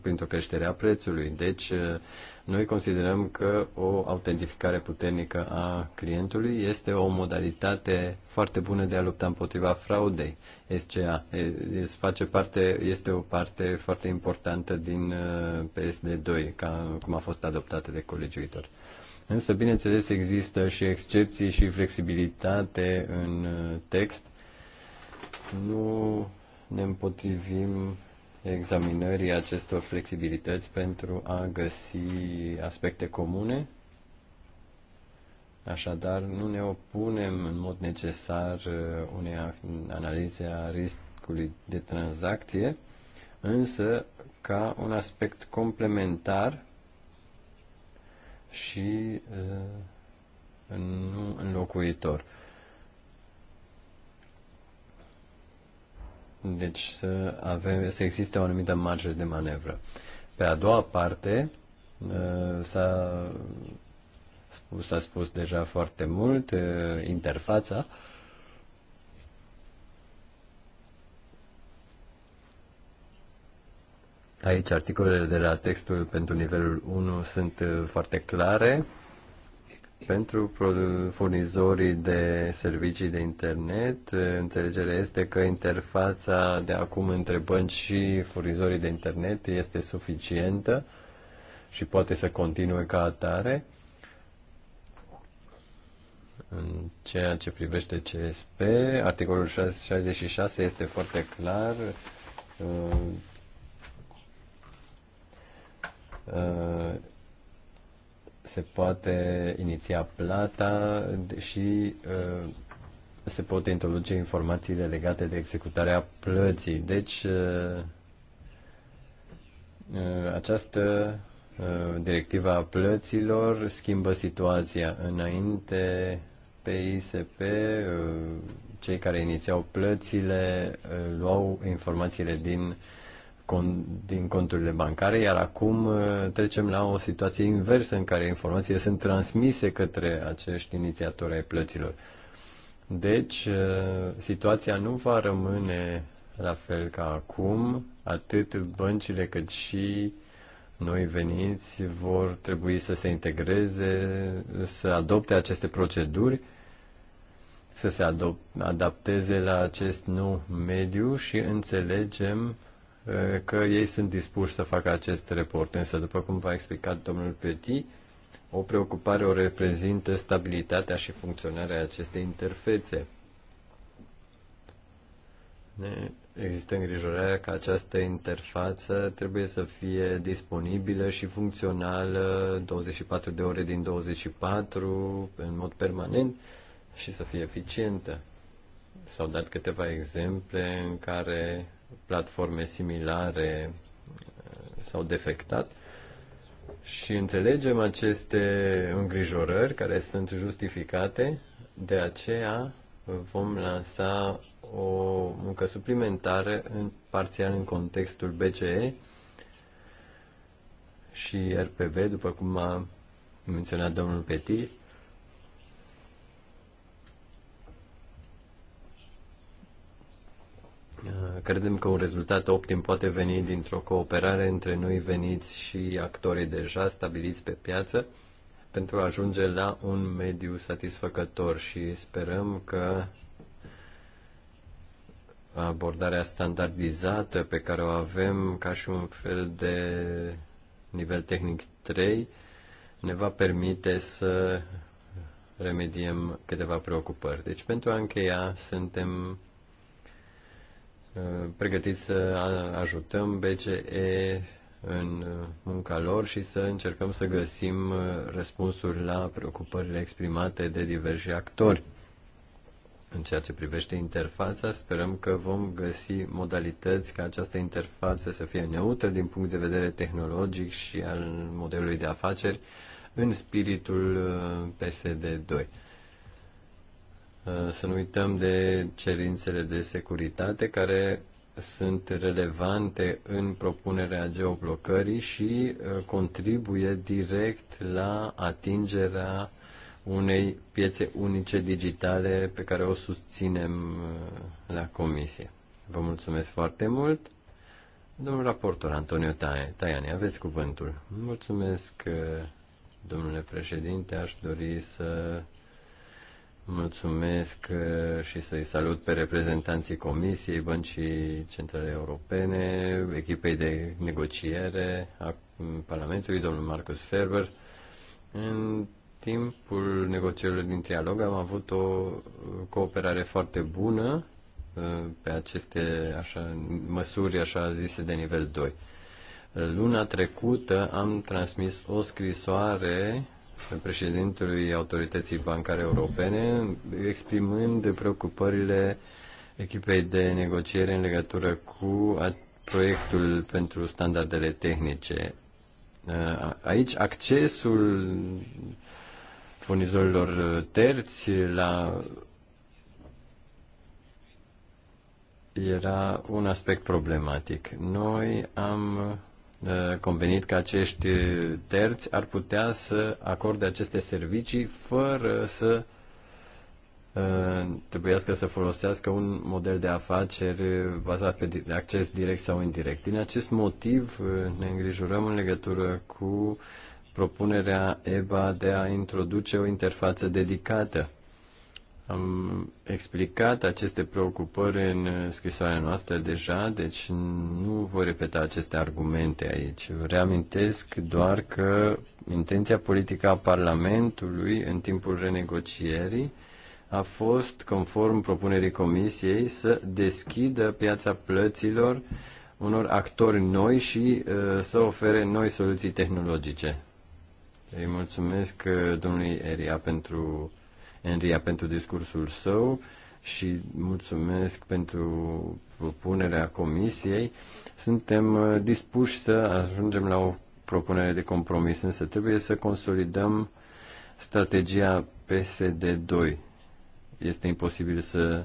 printr-o creștere a prețului. Deci uh, noi considerăm că o autentificare puternică a clientului este o modalitate foarte bună de a lupta împotriva fraudei. SCA face parte, este o parte foarte importantă din uh, PSD2, ca, cum a fost adoptată de colegiuitor. Însă, bineînțeles, există și excepții și flexibilitate în uh, text. Nu ne împotrivim examinării acestor flexibilități pentru a găsi aspecte comune. Așadar, nu ne opunem în mod necesar uh, unei analize a riscului de tranzacție, însă ca un aspect complementar și nu înlocuitor. Deci să, avem, să existe o anumită marge de manevră. Pe a doua parte, s-a spus, s-a spus deja foarte mult, interfața, Aici articolele de la textul pentru nivelul 1 sunt uh, foarte clare. Pentru furnizorii de servicii de internet, uh, înțelegerea este că interfața de acum între bănci și furnizorii de internet este suficientă și poate să continue ca atare. În ceea ce privește CSP, articolul 66 este foarte clar uh, Uh, se poate iniția plata și uh, se pot introduce informațiile legate de executarea plății. Deci, uh, această directiva a plăților schimbă situația. Înainte, pe ISP, cei care inițiau plățile luau informațiile din uh, din conturile bancare, iar acum uh, trecem la o situație inversă în care informațiile sunt transmise către acești inițiatori ai plăților. Deci, uh, situația nu va rămâne la fel ca acum, atât băncile cât și noi veniți vor trebui să se integreze, să adopte aceste proceduri, să se adapteze la acest nou mediu și înțelegem Eh, că ei sunt dispuși să facă acest report. Însă, după cum v-a explicat domnul Petit, o preocupare o reprezintă stabilitatea și funcționarea acestei interfețe. Există îngrijorarea că această interfață trebuie să fie disponibilă și funcțională 24 de ore din 24 în mod permanent și să fie eficientă. S-au dat câteva exemple în care platforme similare uh, s-au defectat și înțelegem aceste îngrijorări care sunt justificate, de aceea vom lansa o muncă suplimentară în, parțial în contextul BCE și RPV, după cum a menționat domnul Petit, Eh, credem că un rezultat optim poate veni dintr-o cooperare între noi veniți și actorii deja stabiliți pe piață pentru a ajunge la un mediu satisfăcător și sperăm că abordarea standardizată pe care o avem ca și un fel de nivel tehnic 3 ne va permite să remediem câteva preocupări. Deci pentru a încheia, suntem Uh, pregătiți să ajutăm BCE în uh, munca lor și să încercăm să găsim uh, răspunsuri la preocupările exprimate de diversi actori. În ceea ce privește interfața, sperăm că vom găsi modalități ca această interfață să fie neutră din punct de vedere tehnologic și al modelului de afaceri în spiritul PSD 2. Eh, să nu uităm de cerințele de securitate care sunt relevante în propunerea geoblocării și eh, contribuie direct la atingerea unei piețe unice digitale pe care o susținem eh, la comisie. Vă mulțumesc foarte mult. Domnul raportor Antonio Taiani, aveți cuvântul. Mulțumesc, domnule președinte, aș dori să Mulțumesc uh, și să-i salut pe reprezentanții Comisiei, Băncii Centrale Europene, echipei de negociere a Parlamentului, domnul Marcus Ferber. În timpul negocierilor din trialog am avut o cooperare foarte bună uh, pe aceste așa, măsuri așa zise de nivel 2. Luna trecută am transmis o scrisoare președintelui Autorității Bancare Europene, exprimând preocupările echipei de negociere în legătură cu proiectul pentru standardele tehnice. Aici accesul furnizorilor terți la era un aspect problematic. Noi am Eh, convenit că acești eh, terți ar putea să acorde aceste servicii fără să eh, trebuiască să folosească un model de afaceri bazat pe acces direct sau indirect. Din acest motiv ne îngrijorăm în legătură cu propunerea EBA de a introduce o interfață dedicată am explicat aceste preocupări în scrisoarea noastră deja, deci nu voi repeta aceste argumente aici. Reamintesc doar că intenția politică a Parlamentului în timpul renegocierii a fost, conform propunerii Comisiei, să deschidă piața plăților unor actori noi și uh, să ofere noi soluții tehnologice. Îi mulțumesc uh, domnului Eria pentru Enria pentru discursul său și mulțumesc pentru propunerea comisiei. Suntem uh, dispuși să ajungem la o propunere de compromis, însă trebuie să consolidăm strategia PSD2. Este imposibil să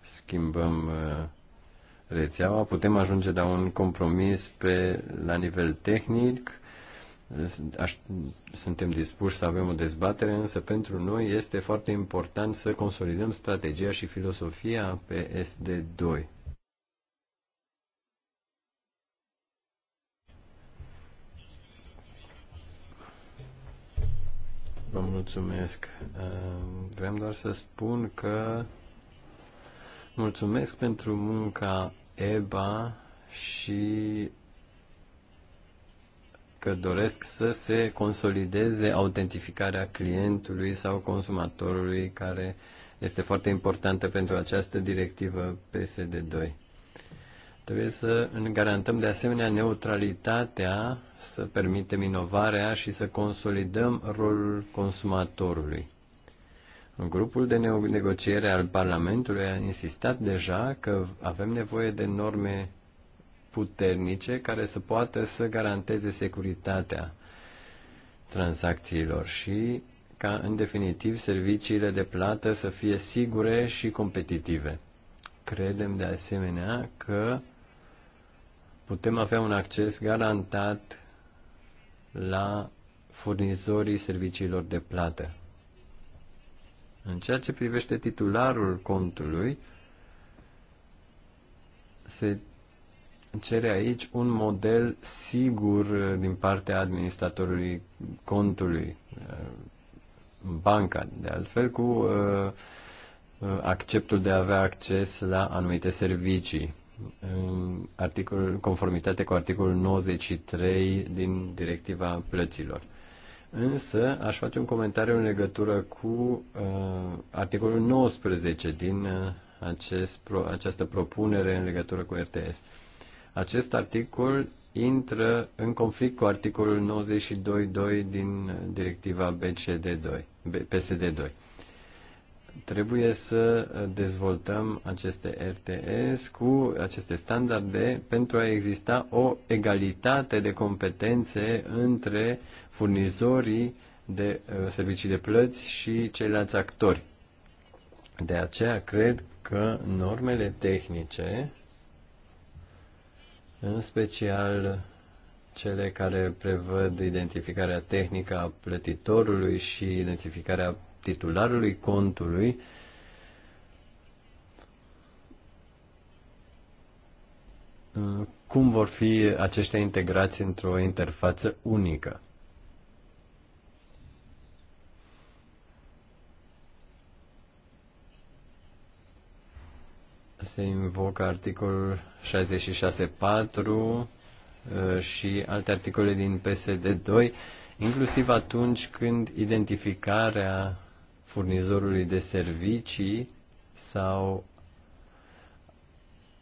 schimbăm uh, rețeaua. Putem ajunge la un compromis pe, la nivel tehnic suntem dispuși să avem o dezbatere, însă pentru noi este foarte important să consolidăm strategia și filosofia PSD2. Vă mulțumesc. Vreau doar să spun că mulțumesc pentru munca EBA și că doresc să se consolideze autentificarea clientului sau consumatorului, care este foarte importantă pentru această directivă PSD2. Trebuie să garantăm de asemenea neutralitatea, să permitem inovarea și să consolidăm rolul consumatorului. Grupul de negociere al Parlamentului a insistat deja că avem nevoie de norme puternice care să poată să garanteze securitatea tranzacțiilor și ca, în definitiv, serviciile de plată să fie sigure și competitive. Credem, de asemenea, că putem avea un acces garantat la furnizorii serviciilor de plată. În ceea ce privește titularul contului, se cere aici un model sigur uh, din partea administratorului contului, uh, banca, de altfel cu uh, acceptul de a avea acces la anumite servicii. Um, articol, conformitate cu articolul 93 din directiva plăților. Însă aș face un comentariu în legătură cu uh, articolul 19 din uh, acest pro, această propunere în legătură cu RTS. Uh, acest articol intră în conflict cu articolul 92.2 din directiva BCD2, PSD2. Trebuie să dezvoltăm aceste RTS cu aceste standarde pentru a exista o egalitate de competențe între furnizorii de uh, servicii de plăți și ceilalți actori. De aceea cred că normele tehnice în special cele care prevăd identificarea tehnică a plătitorului și identificarea titularului contului, cum vor fi aceștia integrați într-o interfață unică. se invocă articolul 66.4 uh, și alte articole din PSD 2, inclusiv atunci când identificarea furnizorului de servicii sau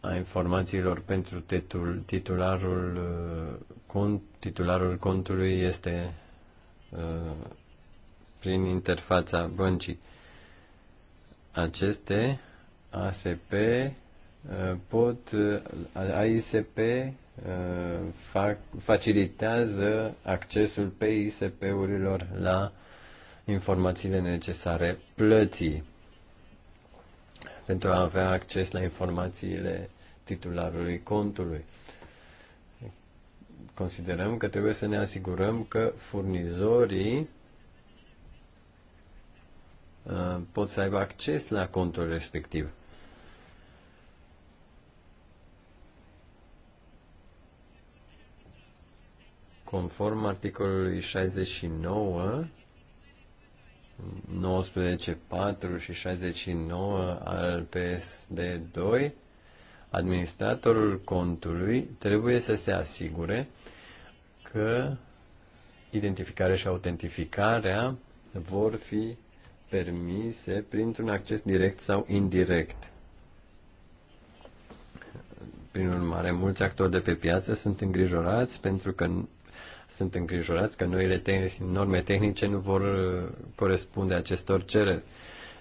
a informațiilor pentru titul, titularul, uh, cont, titularul contului este uh, prin interfața băncii. Aceste ASP uh, pot, uh, AISP uh, fac, facilitează accesul pe ISP-urilor la informațiile necesare plății pentru a avea acces la informațiile titularului contului. Considerăm că trebuie să ne asigurăm că furnizorii pot să aibă acces la contul respectiv. Conform articolului 69, 4 și 69 al PSD2, administratorul contului trebuie să se asigure că identificarea și autentificarea vor fi permise printr-un acces direct sau indirect. Prin urmare, mulți actori de pe piață sunt îngrijorați pentru că sunt îngrijorați că noile te- norme tehnice nu vor uh, corespunde acestor cereri.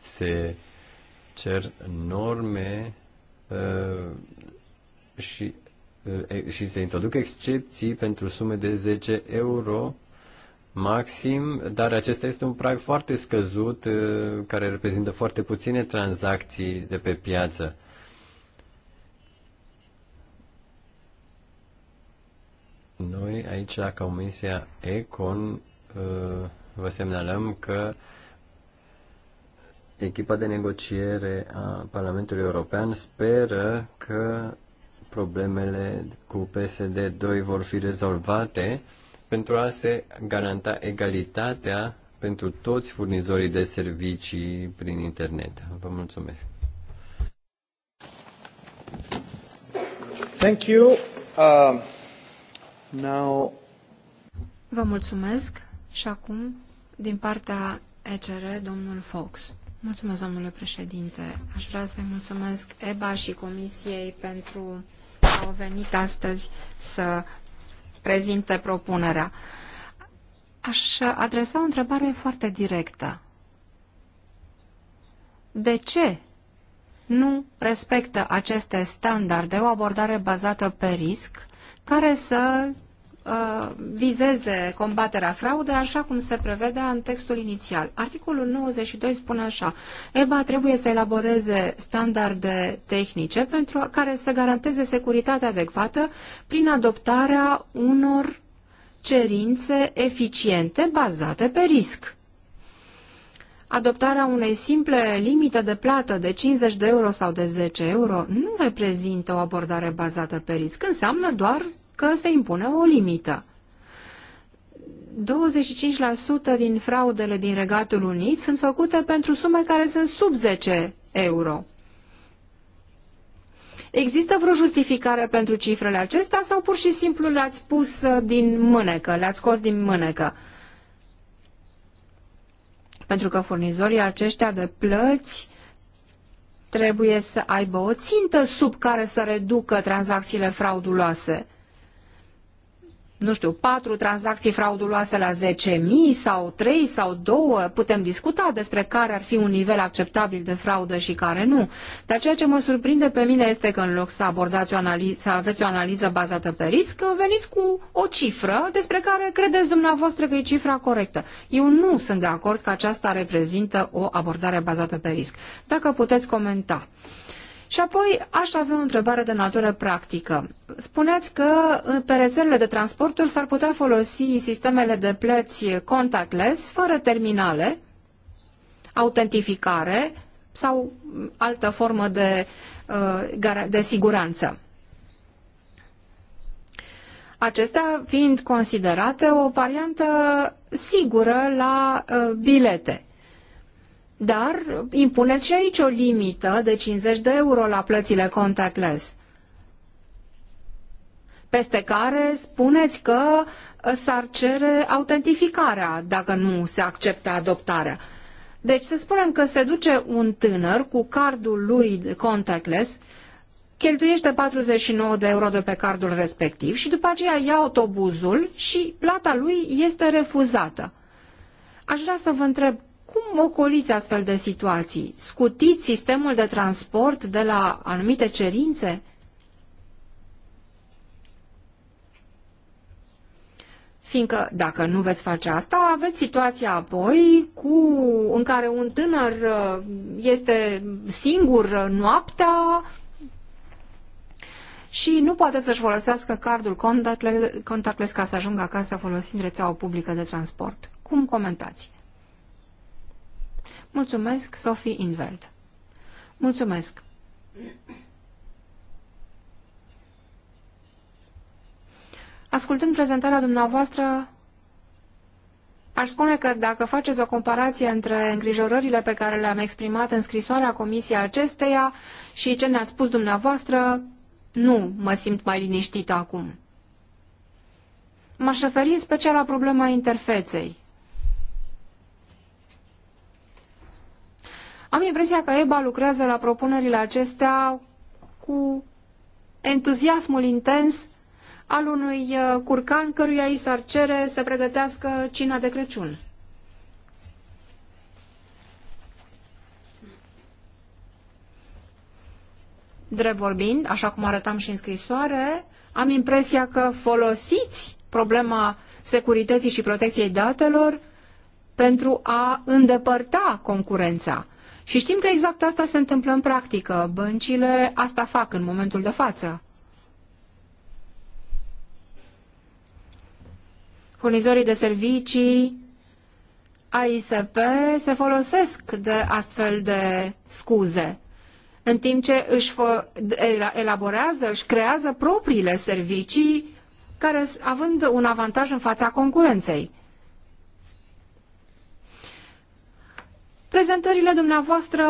Se cer norme uh, și, uh, și se introduc excepții pentru sume de 10 euro maxim, dar acesta este un prag foarte scăzut uh, care reprezintă foarte puține tranzacții de pe piață. Noi aici la Comisia Econ uh, vă semnalăm că echipa de negociere a Parlamentului European speră că problemele cu PSD2 vor fi rezolvate pentru a se garanta egalitatea pentru toți furnizorii de servicii prin internet. Vă mulțumesc. Thank you. Uh... Now... Vă mulțumesc și acum, din partea ECR, domnul Fox. Mulțumesc, domnule președinte. Aș vrea să-i mulțumesc EBA și Comisiei pentru că au venit astăzi să prezinte propunerea. Aș adresa o întrebare foarte directă. De ce nu respectă aceste standarde o abordare bazată pe risc care să uh, vizeze combaterea fraudei așa cum se prevedea în textul inițial. Articolul 92 spune așa, EBA trebuie să elaboreze standarde tehnice pentru care să garanteze securitatea adecvată prin adoptarea unor cerințe eficiente bazate pe risc adoptarea unei simple limite de plată de 50 de euro sau de 10 euro nu reprezintă o abordare bazată pe risc, înseamnă doar că se impune o limită. 25% din fraudele din Regatul Unit sunt făcute pentru sume care sunt sub 10 euro. Există vreo justificare pentru cifrele acestea sau pur și simplu le-ați pus uh, din mânecă, le-ați scos din mânecă? pentru că furnizorii aceștia de plăți trebuie să aibă o țintă sub care să reducă tranzacțiile frauduloase nu știu, patru tranzacții frauduloase la 10.000 sau 3 sau 2, putem discuta despre care ar fi un nivel acceptabil de fraudă și care nu. Dar ceea ce mă surprinde pe mine este că în loc să abordați o analiză, să aveți o analiză bazată pe risc, veniți cu o cifră despre care credeți dumneavoastră că e cifra corectă. Eu nu sunt de acord că aceasta reprezintă o abordare bazată pe risc. Dacă puteți comenta. Uh, și apoi aș avea o întrebare de natură practică. Spuneați că uh, pe rețelele de transporturi s-ar putea folosi sistemele de plăți contactless, fără terminale, autentificare sau mm, altă formă de, uh, de siguranță acestea fiind considerate o variantă sigură la uh, bilete dar impuneți și aici o limită de 50 de euro la plățile contactless peste care spuneți că s-ar cere autentificarea dacă nu se acceptă adoptarea. Deci să spunem că se duce un tânăr cu cardul lui contactless, cheltuiește 49 de euro de pe cardul respectiv și după aceea ia autobuzul și plata lui este refuzată. Aș vrea să vă întreb cum ocoliți astfel de situații? Scutiți sistemul de transport de la anumite cerințe? Fiindcă dacă nu veți face asta, aveți situația apoi cu, în care un tânăr uh, este singur noaptea și nu poate să-și folosească cardul contactless ca să ajungă acasă folosind rețeaua publică de transport. Cum comentați? Mulțumesc, Sophie Invert. Mulțumesc. Ascultând prezentarea dumneavoastră, aș spune că dacă faceți o comparație între îngrijorările pe care le-am exprimat în scrisoarea comisiei acesteia și ce ne-ați spus dumneavoastră, nu mă simt mai liniștită acum. M-aș referi în special la problema interfeței. Am impresia că EBA lucrează la propunerile acestea cu entuziasmul intens al unui uh, curcan căruia i s-ar cere să pregătească cina de Crăciun. Drept vorbind, așa cum arătam și în scrisoare, am impresia că folosiți problema securității și protecției datelor pentru a îndepărta concurența. Și știm că exact asta se întâmplă în practică. Băncile asta fac în momentul de față. Furnizorii de servicii, AISP, se folosesc de astfel de scuze în timp ce își fă, elaborează, își creează propriile servicii, care având un avantaj în fața concurenței. Prezentările dumneavoastră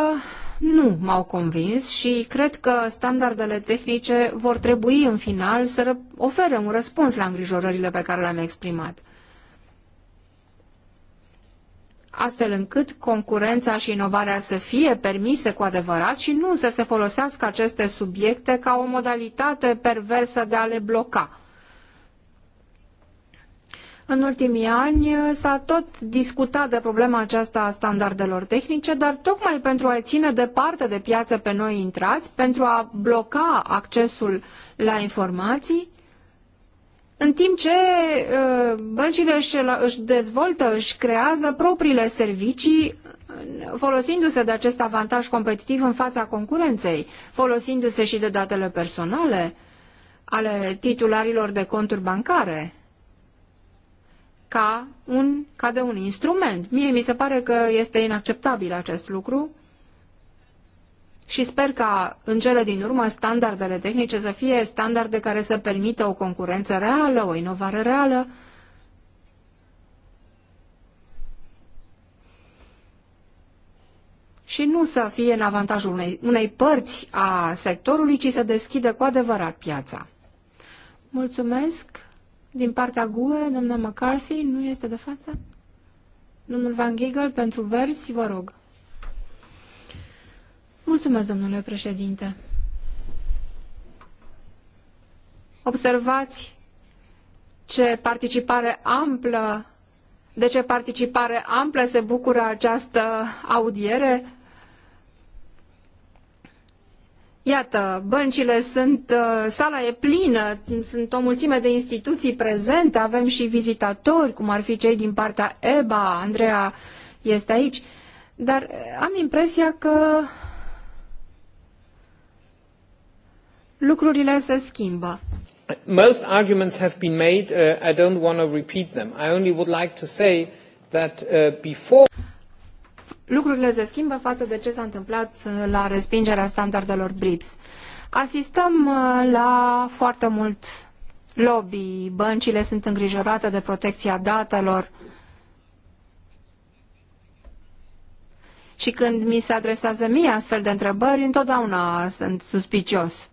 nu m-au convins și cred că standardele tehnice vor trebui în final să ofere un răspuns la îngrijorările pe care le-am exprimat. Astfel încât concurența și inovarea să fie permise cu adevărat și nu să se folosească aceste subiecte ca o modalitate perversă de a le bloca. În ultimii ani s-a tot discutat de problema aceasta a standardelor tehnice, dar tocmai pentru a ține departe de piață pe noi intrați, pentru a bloca accesul la informații, în timp ce uh, băncile își dezvoltă, își creează propriile servicii folosindu-se de acest avantaj competitiv în fața concurenței, folosindu-se și de datele personale ale titularilor de conturi bancare ca, un, ca de un instrument. Mie mi se pare că este inacceptabil acest lucru și sper ca în cele din urmă standardele tehnice să fie standarde care să permită o concurență reală, o inovare reală, și nu să fie în avantajul unei, unei părți a sectorului, ci să deschidă cu adevărat piața. Mulțumesc! Din partea GUE, domnul McCarthy nu este de față? Domnul Van Giegel, pentru versi, vă rog. Mulțumesc, domnule președinte. Observați ce participare amplă, de ce participare amplă se bucură această audiere? Iată, băncile sunt, uh, sala e plină, sunt o mulțime de instituții prezente, avem și vizitatori, cum ar fi cei din partea EBA, Andreea este aici, dar uh, am impresia că lucrurile se schimbă. Most arguments have been made, uh, I don't want to repeat them. I only would like to say that uh, before lucrurile se schimbă față de ce s-a întâmplat uh, la respingerea standardelor BRIPS. Asistăm uh, la foarte mult lobby, băncile sunt îngrijorate de protecția datelor, Și când mi se adresează mie astfel de întrebări, întotdeauna sunt suspicios.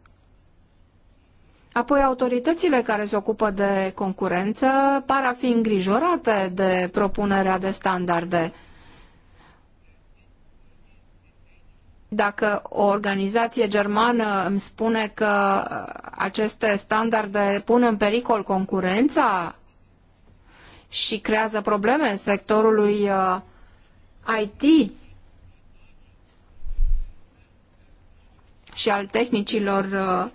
Apoi, autoritățile care se ocupă de concurență par a fi îngrijorate de propunerea de standarde. Dacă o organizație germană îmi spune că aceste standarde pun în pericol concurența și creează probleme sectorului uh, IT și al tehnicilor uh,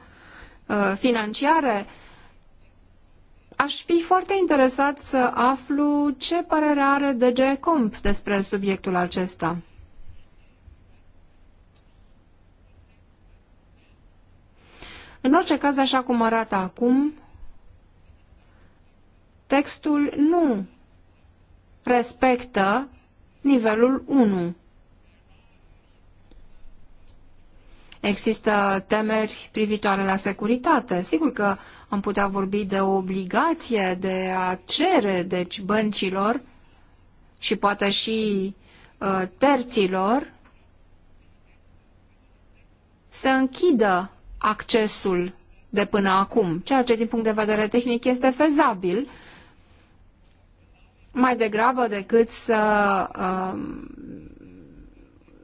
uh, financiare, Aș fi foarte interesat să aflu ce părere are DG Comp despre subiectul acesta. În orice caz, așa cum arată acum, textul nu respectă nivelul 1. Există temeri privitoare la securitate. Sigur că am putea vorbi de o obligație de a cere, deci, băncilor și poate și uh, terților să închidă accesul de până acum, ceea ce din punct de vedere tehnic este fezabil, mai degrabă decât să uh,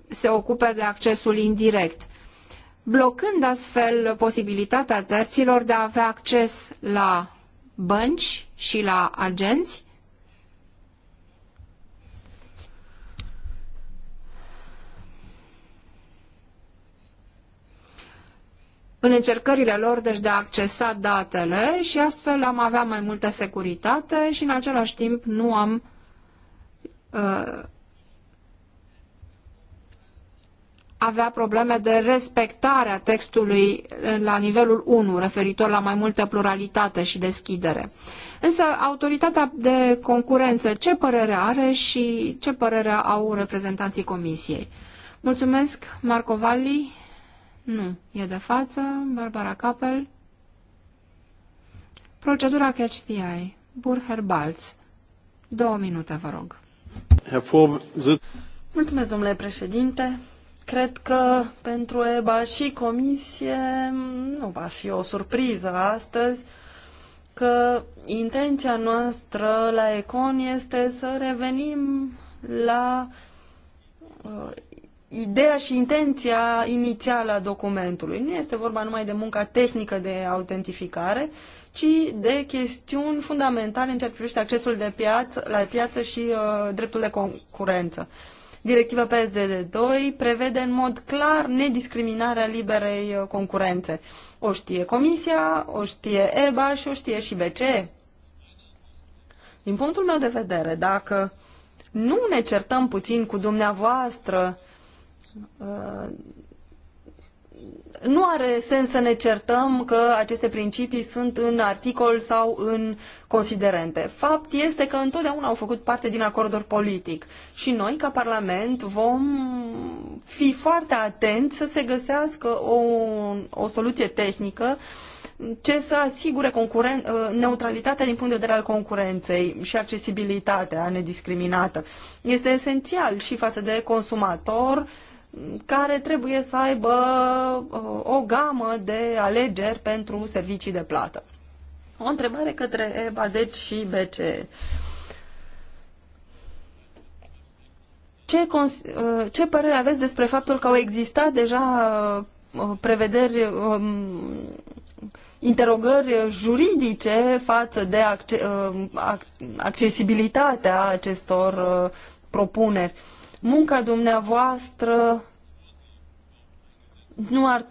se ocupe de accesul indirect, blocând astfel posibilitatea terților de a avea acces la bănci și la agenți, în încercările lor deci, de a accesa datele și astfel am avea mai multă securitate și în același timp nu am uh, avea probleme de respectare a textului la nivelul 1, referitor la mai multă pluralitate și deschidere. Însă, autoritatea de concurență, ce părere are și ce părere au reprezentanții Comisiei? Mulțumesc, Marco Valli. Nu. E de față. Barbara Capel. Procedura Catch the Eye. Burher Balz. Două minute, vă rog. Mulțumesc, domnule președinte. Cred că pentru EBA și Comisie nu va fi o surpriză astăzi că intenția noastră la Econ este să revenim la uh, ideea și intenția inițială a documentului. Nu este vorba numai de munca tehnică de autentificare, ci de chestiuni fundamentale în ceea ce privește accesul de piață, la piață și uh, dreptul de concurență. Directiva PSD2 prevede în mod clar nediscriminarea liberei uh, concurențe. O știe Comisia, o știe EBA și o știe și BCE. Din punctul meu de vedere, dacă nu ne certăm puțin cu dumneavoastră Uh, nu are sens să ne certăm că aceste principii sunt în articol sau în considerente. Fapt este că întotdeauna au făcut parte din acordul politic și noi, ca Parlament, vom fi foarte atenți să se găsească o, o soluție tehnică ce să asigure concuren- uh, neutralitatea din punct de vedere al concurenței și accesibilitatea nediscriminată. Este esențial și față de consumator, uh, care trebuie să aibă uh, o gamă de alegeri pentru servicii de plată. O întrebare către EBA, deci și BCE. Ce, uh, ce părere aveți despre faptul că au existat deja uh, prevederi, um, interogări juridice față de acce, accesibilitatea acestor propuneri? munca dumneavoastră nu ar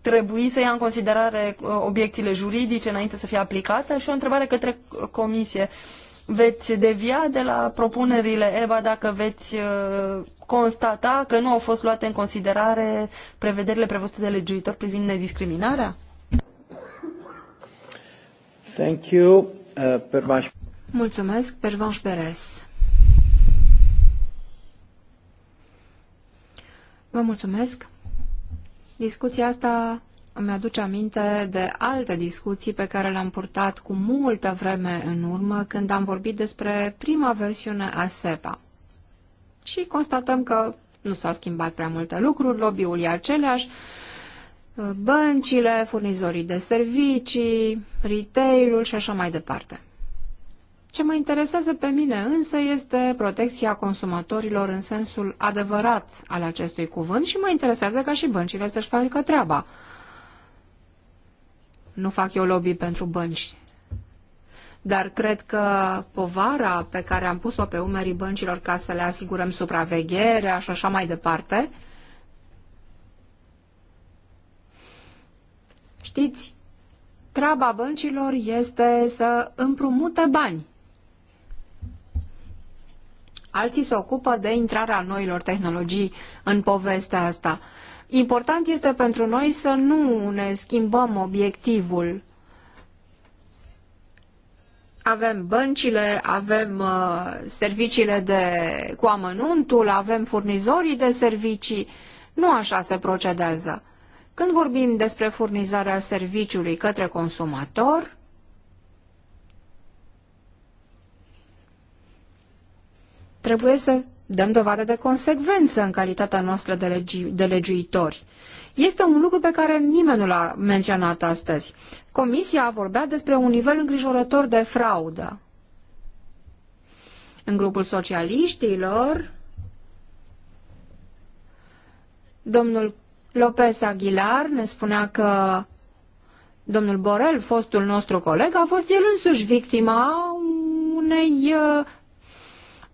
trebui să ia în considerare uh, obiecțiile juridice înainte să fie aplicată? Și o întrebare către comisie. Veți devia de la propunerile EVA dacă veți uh, constata că nu au fost luate în considerare prevederile prevăzute de legiuitor privind nediscriminarea? Thank you, uh, Mulțumesc, Pervanș Beres. Vă mulțumesc. Discuția asta îmi aduce aminte de alte discuții pe care le-am purtat cu multă vreme în urmă când am vorbit despre prima versiune a SEPA. Și constatăm că nu s-au schimbat prea multe lucruri, lobby-ul e aceleași, băncile, furnizorii de servicii, retail-ul și așa mai departe. Ce mă interesează pe mine însă este protecția consumatorilor în sensul adevărat al acestui cuvânt și mă interesează ca și băncile să-și facă treaba. Nu fac eu lobby pentru bănci, dar cred că povara pe care am pus-o pe umerii băncilor ca să le asigurăm supravegherea și așa mai departe, știți, treaba băncilor este să împrumute bani alții se ocupă de intrarea noilor tehnologii în povestea asta. Important este pentru noi să nu ne schimbăm obiectivul. Avem băncile, avem uh, serviciile de, cu amănuntul, avem furnizorii de servicii. Nu așa se procedează. Când vorbim despre furnizarea serviciului către consumator, trebuie să dăm dovadă de consecvență în calitatea noastră de, legi, de legiuitori. Este un lucru pe care nimeni nu l-a menționat astăzi. Comisia a vorbit despre un nivel îngrijorător de fraudă. În grupul socialiștilor, domnul Lopez Aguilar ne spunea că domnul Borel, fostul nostru coleg, a fost el însuși victima unei uh,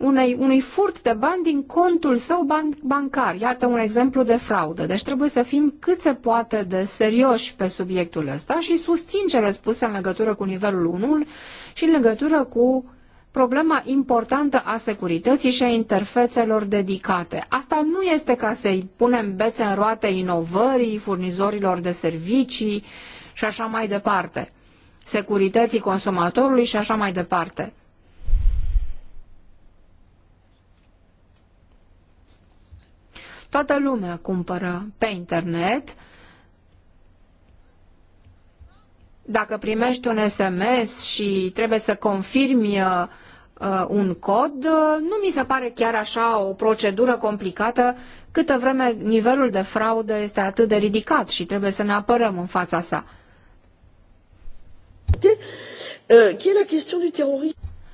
unei, unui furt de bani din contul său ban- bancar. Iată un exemplu de fraudă. Deci trebuie să fim cât se poate de serioși pe subiectul ăsta și susțin cele spuse în legătură cu nivelul 1 și în legătură cu problema importantă a securității și a interfețelor dedicate. Asta nu este ca să-i punem bețe în roate inovării, furnizorilor de servicii și așa mai departe, securității consumatorului și așa mai departe. Toată lumea cumpără pe internet. Dacă primești un SMS și trebuie să confirmi uh, uh, un cod, uh, nu mi se pare chiar așa o procedură complicată câtă vreme nivelul de fraudă este atât de ridicat și trebuie să ne apărăm în fața sa.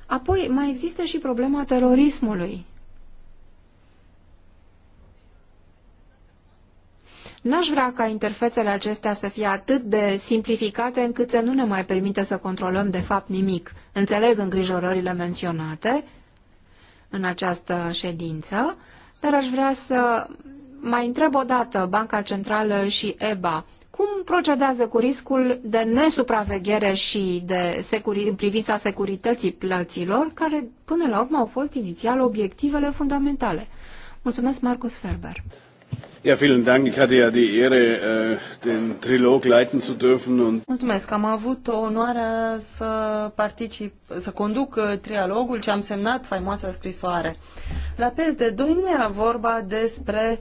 Apoi mai există și problema terorismului. N-aș vrea ca interfețele acestea să fie atât de simplificate încât să nu ne mai permită să controlăm de fapt nimic. Înțeleg îngrijorările menționate în această ședință, dar aș vrea să mai întreb o dată Banca Centrală și EBA cum procedează cu riscul de nesupraveghere și de securi- în privința securității plăților, care până la urmă au fost inițial obiectivele fundamentale. Mulțumesc, Marcus Ferber. Ja, vielen Dank. Ich hatte ja die Ehre, äh, den Trilog leiten zu dürfen. Und Mulțumesc. Am avut onoarea să particip, să conduc uh, trialogul ce am semnat faimoasa scrisoare. La psd doi nu era vorba despre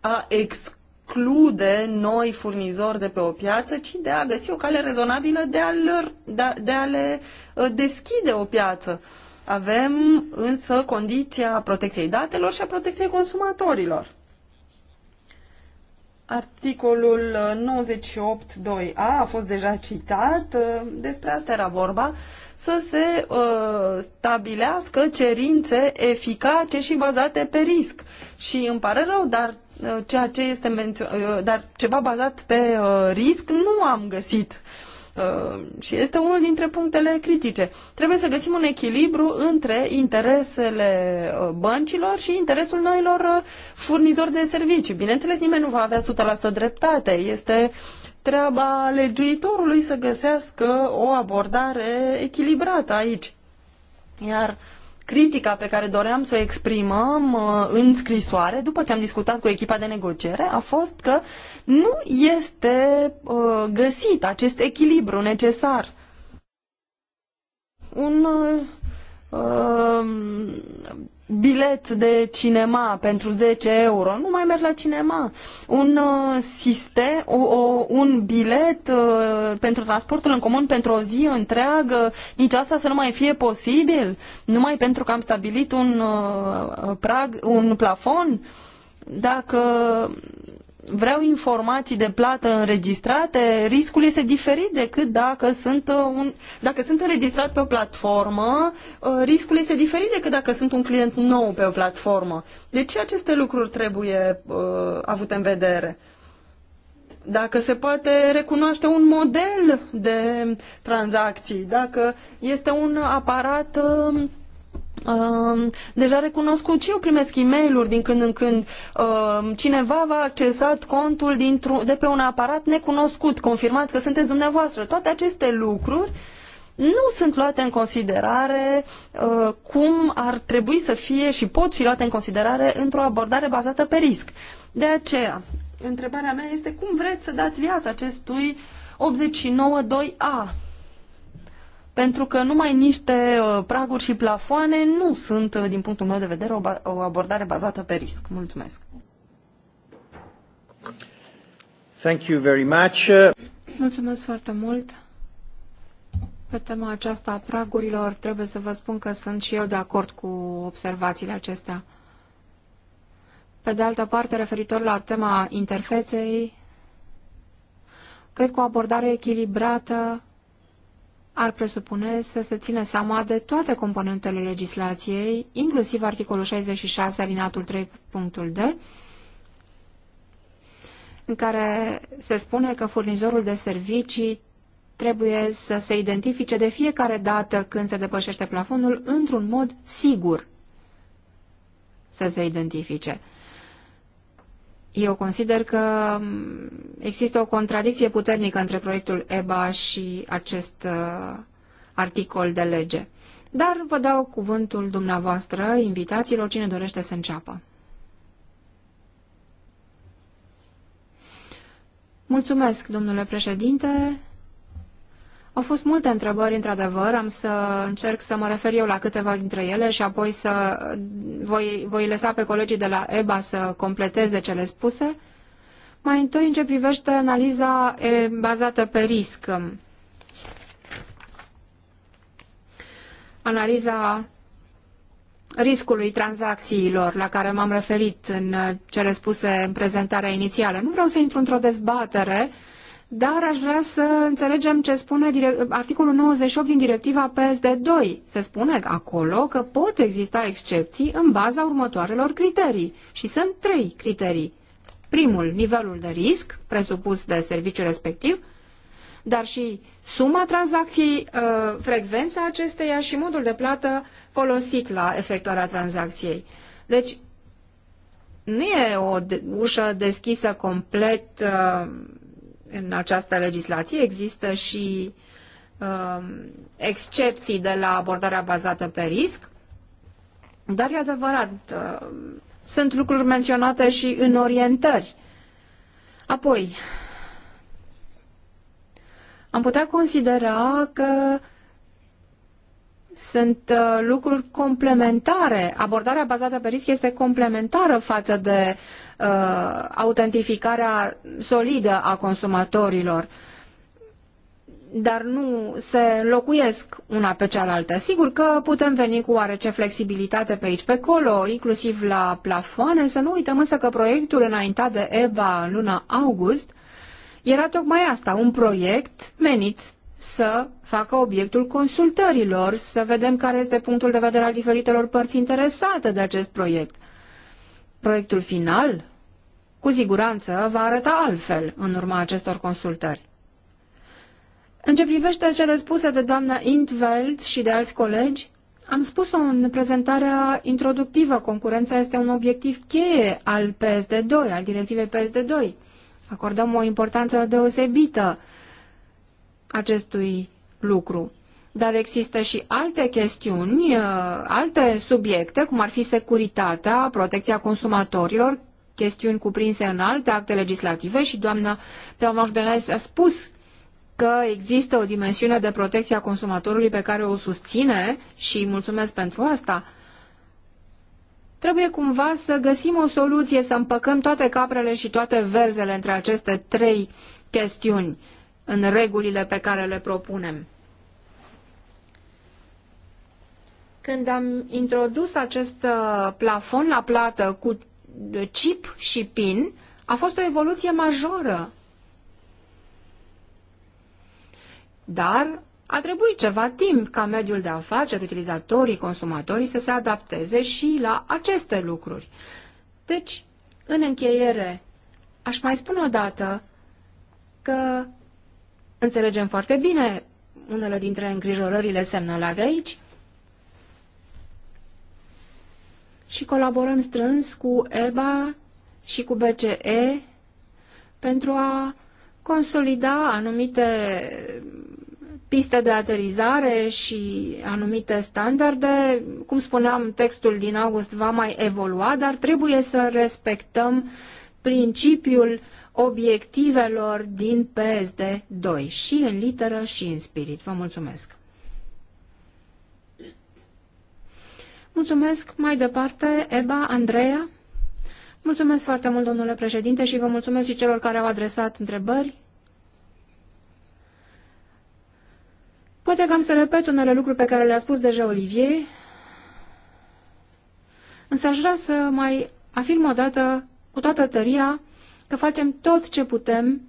a exclude noi furnizori de pe o piață, ci de a găsi o cale rezonabilă de a, lor, de a, de a le uh, deschide o piață. Avem însă condiția protecției datelor și a protecției consumatorilor. Articolul 98.2a uh, a fost deja citat, uh, despre asta era vorba, să se uh, stabilească cerințe eficace și bazate pe risc. Și îmi pare rău, dar uh, ceea ce este menționat, dar ceva bazat pe uh, risc nu am găsit. Uh, Uh, și este unul dintre punctele critice. Trebuie să găsim un echilibru între interesele uh, băncilor și interesul noilor uh, furnizori de servicii. Bineînțeles, nimeni nu va avea 100% dreptate. Este treaba legiuitorului să găsească o abordare echilibrată aici. Iar uh, critica pe care doream să o exprimăm uh, în scrisoare, după ce am discutat cu echipa de negociere, a fost că nu este uh, găsit acest echilibru necesar. Un uh, bilet de cinema pentru 10 euro, nu mai merg la cinema. Un uh, sistem, o, o, un bilet uh, pentru transportul în comun pentru o zi întreagă, nici asta să nu mai fie posibil, numai pentru că am stabilit un uh, prag, un plafon. Dacă vreau informații de plată înregistrate, riscul este diferit decât dacă sunt, uh, un, dacă sunt înregistrat pe o platformă, uh, riscul este diferit decât dacă sunt un client nou pe o platformă. ce deci aceste lucruri trebuie uh, avute în vedere dacă se poate recunoaște un model de tranzacții, dacă este un aparat uh, deja recunoscut și eu primesc e mail din când în când. Uh, cineva v-a accesat contul de pe un aparat necunoscut, confirmați că sunteți dumneavoastră. Toate aceste lucruri nu sunt luate în considerare uh, cum ar trebui să fie și pot fi luate în considerare într-o abordare bazată pe risc. De aceea, întrebarea mea este cum vreți să dați viață acestui 89.2a? pentru că numai niște uh, praguri și plafoane nu sunt, uh, din punctul meu de vedere, o, o abordare bazată pe risc. Mulțumesc! Thank you very much. Mulțumesc foarte mult! Pe tema aceasta a pragurilor, trebuie să vă spun că sunt și eu de acord cu observațiile acestea. Pe de altă parte, referitor la tema interfeței, cred că o abordare echilibrată ar presupune să se țină seama de toate componentele legislației, inclusiv articolul 66 alineatul 3 punctul D, în care se spune că furnizorul de servicii trebuie să se identifice de fiecare dată când se depășește plafonul într-un mod sigur să se identifice. Eu consider că mm, există o contradicție puternică între proiectul EBA și acest uh, articol de lege. Dar vă dau cuvântul dumneavoastră, invitațiilor, cine dorește să înceapă. Mulțumesc, domnule președinte. Au fost multe întrebări, într-adevăr, am să încerc să mă refer eu la câteva dintre ele și apoi să voi, voi lăsa pe colegii de la EBA să completeze cele spuse. Mai întâi, în ce privește analiza bazată pe risc. Analiza riscului tranzacțiilor la care m-am referit în cele spuse în prezentarea inițială. Nu vreau să intru într-o dezbatere uh, dar aș vrea să înțelegem ce spune direct, articolul 98 din directiva PSD2. Se spune acolo că pot exista excepții în baza următoarelor criterii și sunt trei criterii. Primul, nivelul de risc presupus de serviciul respectiv, dar și suma tranzacției, uh, frecvența acesteia și modul de plată folosit la efectuarea tranzacției. Deci, nu e o ușă deschisă complet uh, în această legislație există și uh, excepții de la abordarea bazată pe risc, dar e adevărat, uh, sunt lucruri menționate și în orientări. Apoi, am putea considera că sunt uh, lucruri complementare. Abordarea bazată pe risc este complementară față de uh, autentificarea solidă a consumatorilor, dar nu se locuiesc una pe cealaltă. Sigur că putem veni cu oarece flexibilitate pe aici, pe acolo, inclusiv la plafoane. Să nu uităm însă că proiectul înaintat de EBA în luna august era tocmai asta, un proiect menit să facă obiectul consultărilor, să vedem care este punctul de vedere al diferitelor părți interesate de acest proiect. Proiectul final, cu siguranță, va arăta altfel în urma acestor consultări. În ce privește cele spuse de doamna Intveld și de alți colegi, am spus-o în prezentarea introductivă, concurența este un obiectiv cheie al PSD2, al directivei PSD2. Acordăm o importanță deosebită acestui lucru. Dar există și alte chestiuni, uh, alte subiecte, cum ar fi securitatea, protecția consumatorilor, chestiuni cuprinse în alte acte legislative și doamna Permanș Berez a spus că există o dimensiune de protecție a consumatorului pe care o susține și mulțumesc pentru asta. Trebuie cumva să găsim o soluție, să împăcăm toate caprele și toate verzele între aceste trei chestiuni în regulile pe care le propunem. Când am introdus acest uh, plafon la plată cu uh, chip și PIN, a fost o evoluție majoră. Dar a trebuit ceva timp ca mediul de afaceri, utilizatorii, consumatorii să se adapteze și la aceste lucruri. Deci, în încheiere, aș mai spune o dată că Înțelegem foarte bine unele dintre îngrijorările semnalate aici și colaborăm strâns cu EBA și cu BCE pentru a consolida anumite piste de aterizare și anumite standarde. Cum spuneam, textul din august va mai evolua, dar trebuie să respectăm principiul uh, obiectivelor din PSD 2 și în literă și în spirit. Vă mulțumesc! Mulțumesc mai departe, Eba, Andreea. Mulțumesc foarte mult, domnule președinte, și vă mulțumesc și celor care au adresat întrebări. Poate că am să repet unele lucruri pe care le-a spus deja Olivier, însă aș vrea să mai afirm o dată cu toată tăria că facem tot ce putem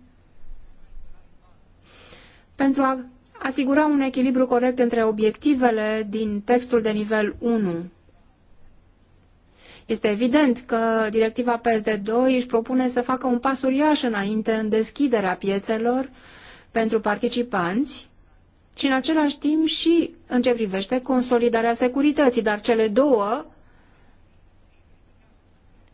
pentru a asigura un echilibru corect între obiectivele din textul de nivel 1. Este evident că directiva PSD2 își propune să facă un pas uriaș înainte în deschiderea piețelor pentru participanți și în același timp și în ce privește consolidarea securității, dar cele două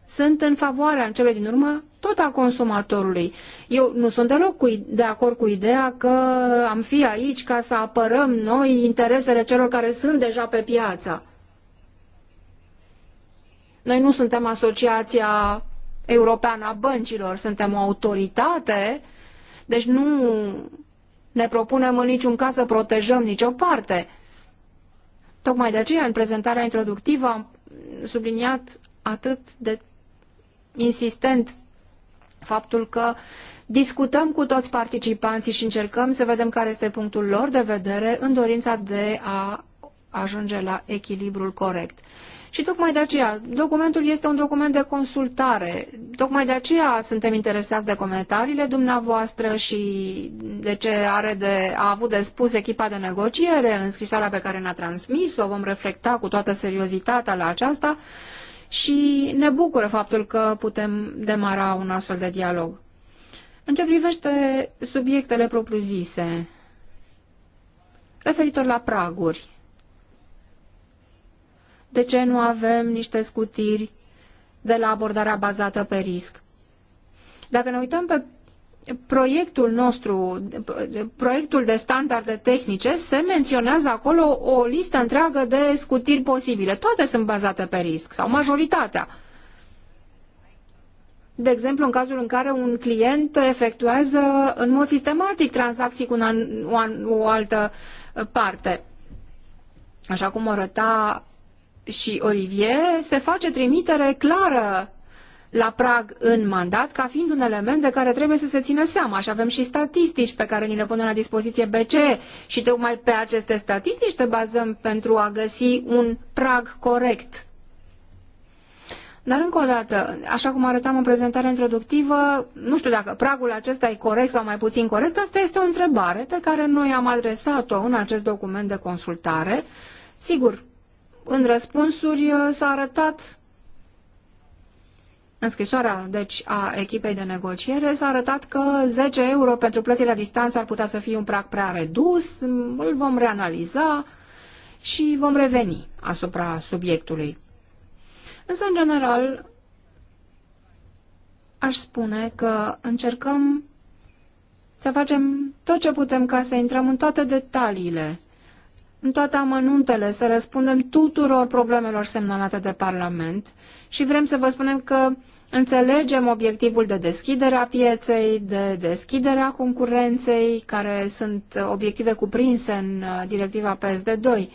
sunt în favoarea în cele din urmă tot a consumatorului. Eu nu sunt deloc cu, de acord cu ideea că am fi aici ca să apărăm noi interesele celor care sunt deja pe piață. Noi nu suntem asociația europeană a băncilor, suntem o autoritate, deci nu ne propunem în niciun caz să protejăm nicio parte. Tocmai de aceea, în prezentarea introductivă, am subliniat atât de insistent faptul că discutăm cu toți participanții și încercăm să vedem care este punctul lor de vedere în dorința de a ajunge la echilibrul corect. Și tocmai de aceea, documentul este un document de consultare. Tocmai de aceea suntem interesați de comentariile dumneavoastră și de ce are de, a avut de spus echipa de negociere în scrisoarea pe care ne-a transmis-o. Vom reflecta cu toată seriozitatea la aceasta și ne bucură faptul că putem demara un astfel de dialog. În ce privește subiectele propriu-zise, referitor la praguri, de ce nu avem niște scutiri de la abordarea bazată pe risc? Dacă ne uităm pe proiectul nostru, proiectul de standarde tehnice, se menționează acolo o listă întreagă de scutiri posibile. Toate sunt bazate pe risc, sau majoritatea. De exemplu, în cazul în care un client efectuează în mod sistematic tranzacții cu o altă parte. Așa cum arăta și Olivier, se face trimitere clară la prag în mandat ca fiind un element de care trebuie să se țină seama și avem și statistici pe care ni le pune la dispoziție BCE și tocmai pe aceste statistici te bazăm pentru a găsi un prag corect. Dar încă o dată, așa cum arătam în prezentarea introductivă, nu știu dacă pragul acesta e corect sau mai puțin corect, asta este o întrebare pe care noi am adresat-o în acest document de consultare. Sigur, în răspunsuri uh, s-a arătat în scrisoarea deci, a echipei de negociere s-a arătat că 10 euro pentru plățile la distanță ar putea să fie un prag prea redus, îl vom reanaliza și vom reveni asupra subiectului. Însă, în general, aș spune că încercăm să facem tot ce putem ca să intrăm în toate detaliile în toate amănuntele, să răspundem tuturor problemelor semnalate de Parlament și vrem să vă spunem că înțelegem obiectivul de deschidere a pieței, de deschidere a concurenței, care sunt obiective cuprinse în uh, directiva PSD2.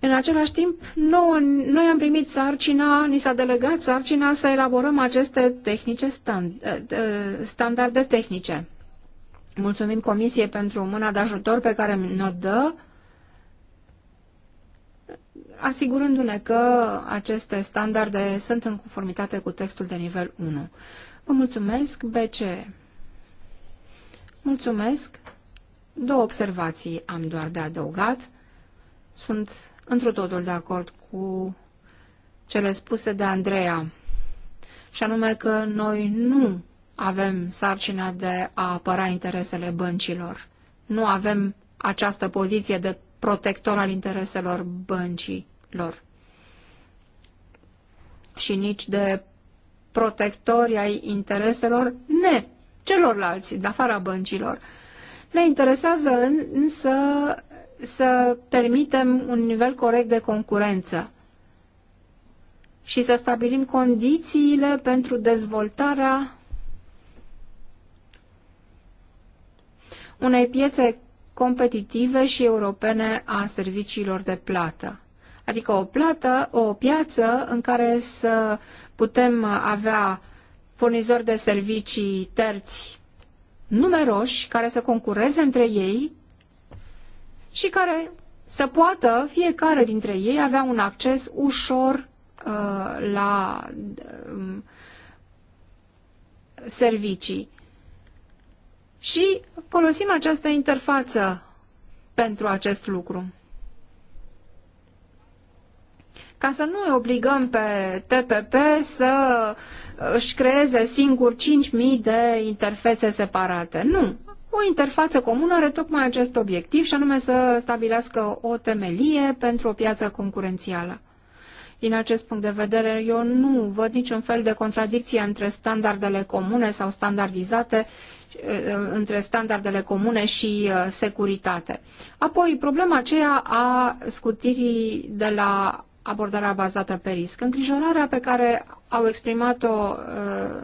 În același timp, noi am primit sarcina, ni s-a delegat sarcina să elaborăm aceste tehnice stand, uh, uh, standarde tehnice. Mulțumim Comisiei pentru mâna de ajutor pe care ne-o dă, asigurându-ne că aceste standarde sunt în conformitate cu textul de nivel 1. Vă mulțumesc, BC. Mulțumesc. Două observații am doar de adăugat. Sunt într totul de acord cu cele spuse de Andreea, și anume că noi nu avem sarcina de a apăra interesele băncilor. Nu avem această poziție de protector al intereselor băncilor și nici de protectori ai intereselor ne, celorlalți, de afara băncilor. Ne interesează însă să permitem un nivel corect de concurență și să stabilim condițiile pentru dezvoltarea unei piețe competitive și europene a serviciilor de plată. Adică o plată, o piață în care să putem avea furnizori de servicii terți numeroși care să concureze între ei și care să poată fiecare dintre ei avea un acces ușor uh, la uh, servicii și folosim această interfață pentru acest lucru. Ca să nu îi obligăm pe TPP să uh, își creeze singur 5.000 de interfețe separate. Nu. O interfață comună are tocmai acest obiectiv și anume să stabilească o temelie pentru o piață concurențială. Din acest punct de vedere, eu nu văd niciun fel de contradicție între standardele comune sau standardizate eh, între standardele comune și eh, securitate. Apoi, problema aceea a scutirii de la abordarea bazată pe risc. Îngrijorarea pe care au exprimat-o eh,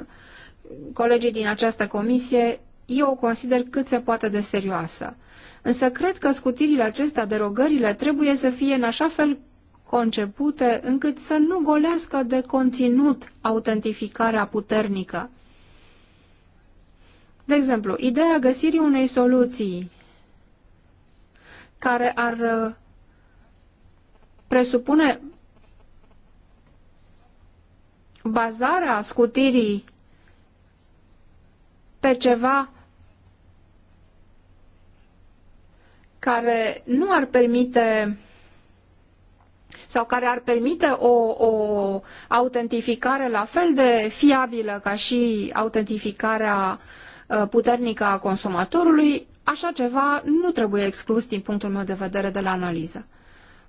colegii din această comisie, eu o consider cât se poate de serioasă. Însă cred că scutirile acestea, derogările, trebuie să fie în așa fel concepute încât să nu golească de conținut autentificarea puternică. De exemplu, ideea găsirii unei soluții care ar uh, presupune bazarea scutirii pe ceva care nu ar permite sau care ar permite o, o autentificare la fel de fiabilă ca și autentificarea uh, puternică a consumatorului, așa ceva nu trebuie exclus din punctul meu de vedere de la analiză.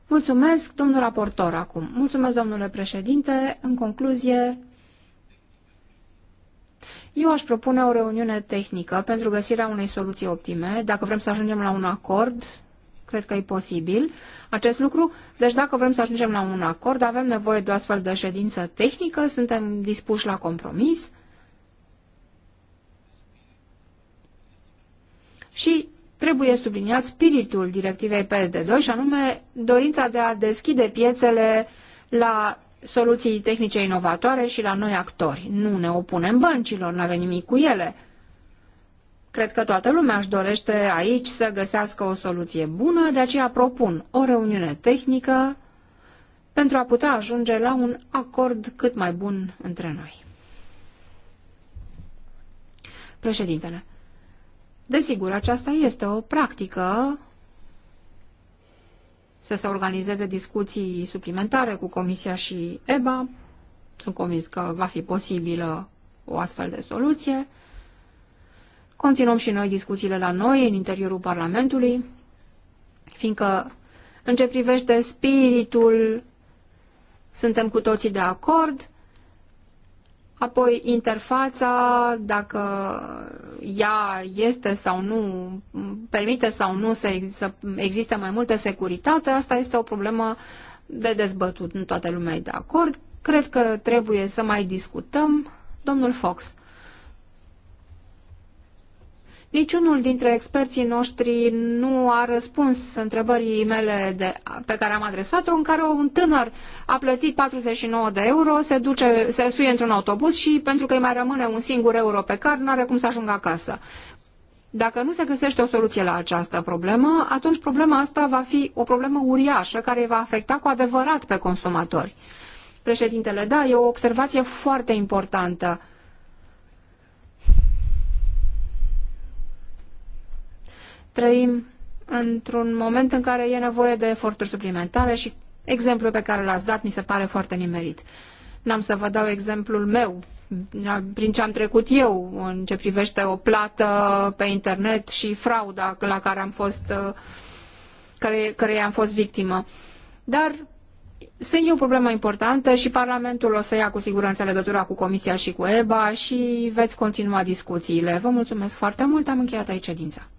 Mulțumesc, domnul raportor, acum. Mulțumesc, domnule președinte. În concluzie, eu aș propune o reuniune tehnică pentru găsirea unei soluții optime. Dacă vrem să ajungem la un acord, Cred că e posibil acest lucru. Deci dacă vrem să ajungem la un acord, avem nevoie de o astfel de ședință tehnică, suntem dispuși la compromis. Și trebuie subliniat spiritul directivei PSD2 și anume dorința de a deschide piețele la soluții tehnice inovatoare și la noi actori. Nu ne opunem băncilor, nu avem nimic cu ele. Cred că toată lumea își dorește aici să găsească o soluție bună, de aceea propun o reuniune tehnică pentru a putea ajunge la un acord cât mai bun între noi. Președintele, desigur, aceasta este o practică să se organizeze discuții suplimentare cu Comisia și EBA. Sunt convins că va fi posibilă o astfel de soluție. Continuăm și noi discuțiile la noi, în interiorul Parlamentului, fiindcă în ce privește spiritul, suntem cu toții de acord, apoi interfața, dacă ea este sau nu, permite sau nu să, ex- să existe mai multă securitate, asta este o problemă de dezbătut, nu toată lumea e de acord. Cred că trebuie să mai discutăm. Domnul Fox, Niciunul dintre experții noștri nu a răspuns întrebării mele de, pe care am adresat-o, în care un tânăr a plătit 49 de euro, se, duce, se suie într-un autobuz și pentru că îi mai rămâne un singur euro pe card, nu are cum să ajungă acasă. Dacă nu se găsește o soluție la această problemă, atunci problema asta va fi o problemă uriașă care va afecta cu adevărat pe consumatori. Președintele, da, e o observație foarte importantă. Trăim într-un moment în care e nevoie de eforturi suplimentare și exemplul pe care l-ați dat mi se pare foarte nimerit. N-am să vă dau exemplul meu, prin ce am trecut eu în ce privește o plată pe internet și frauda la care am fost, care, care am fost victimă. Dar sunt o problemă importantă și Parlamentul o să ia cu siguranță legătura cu Comisia și cu EBA și veți continua discuțiile. Vă mulțumesc foarte mult, am încheiat aici ședința.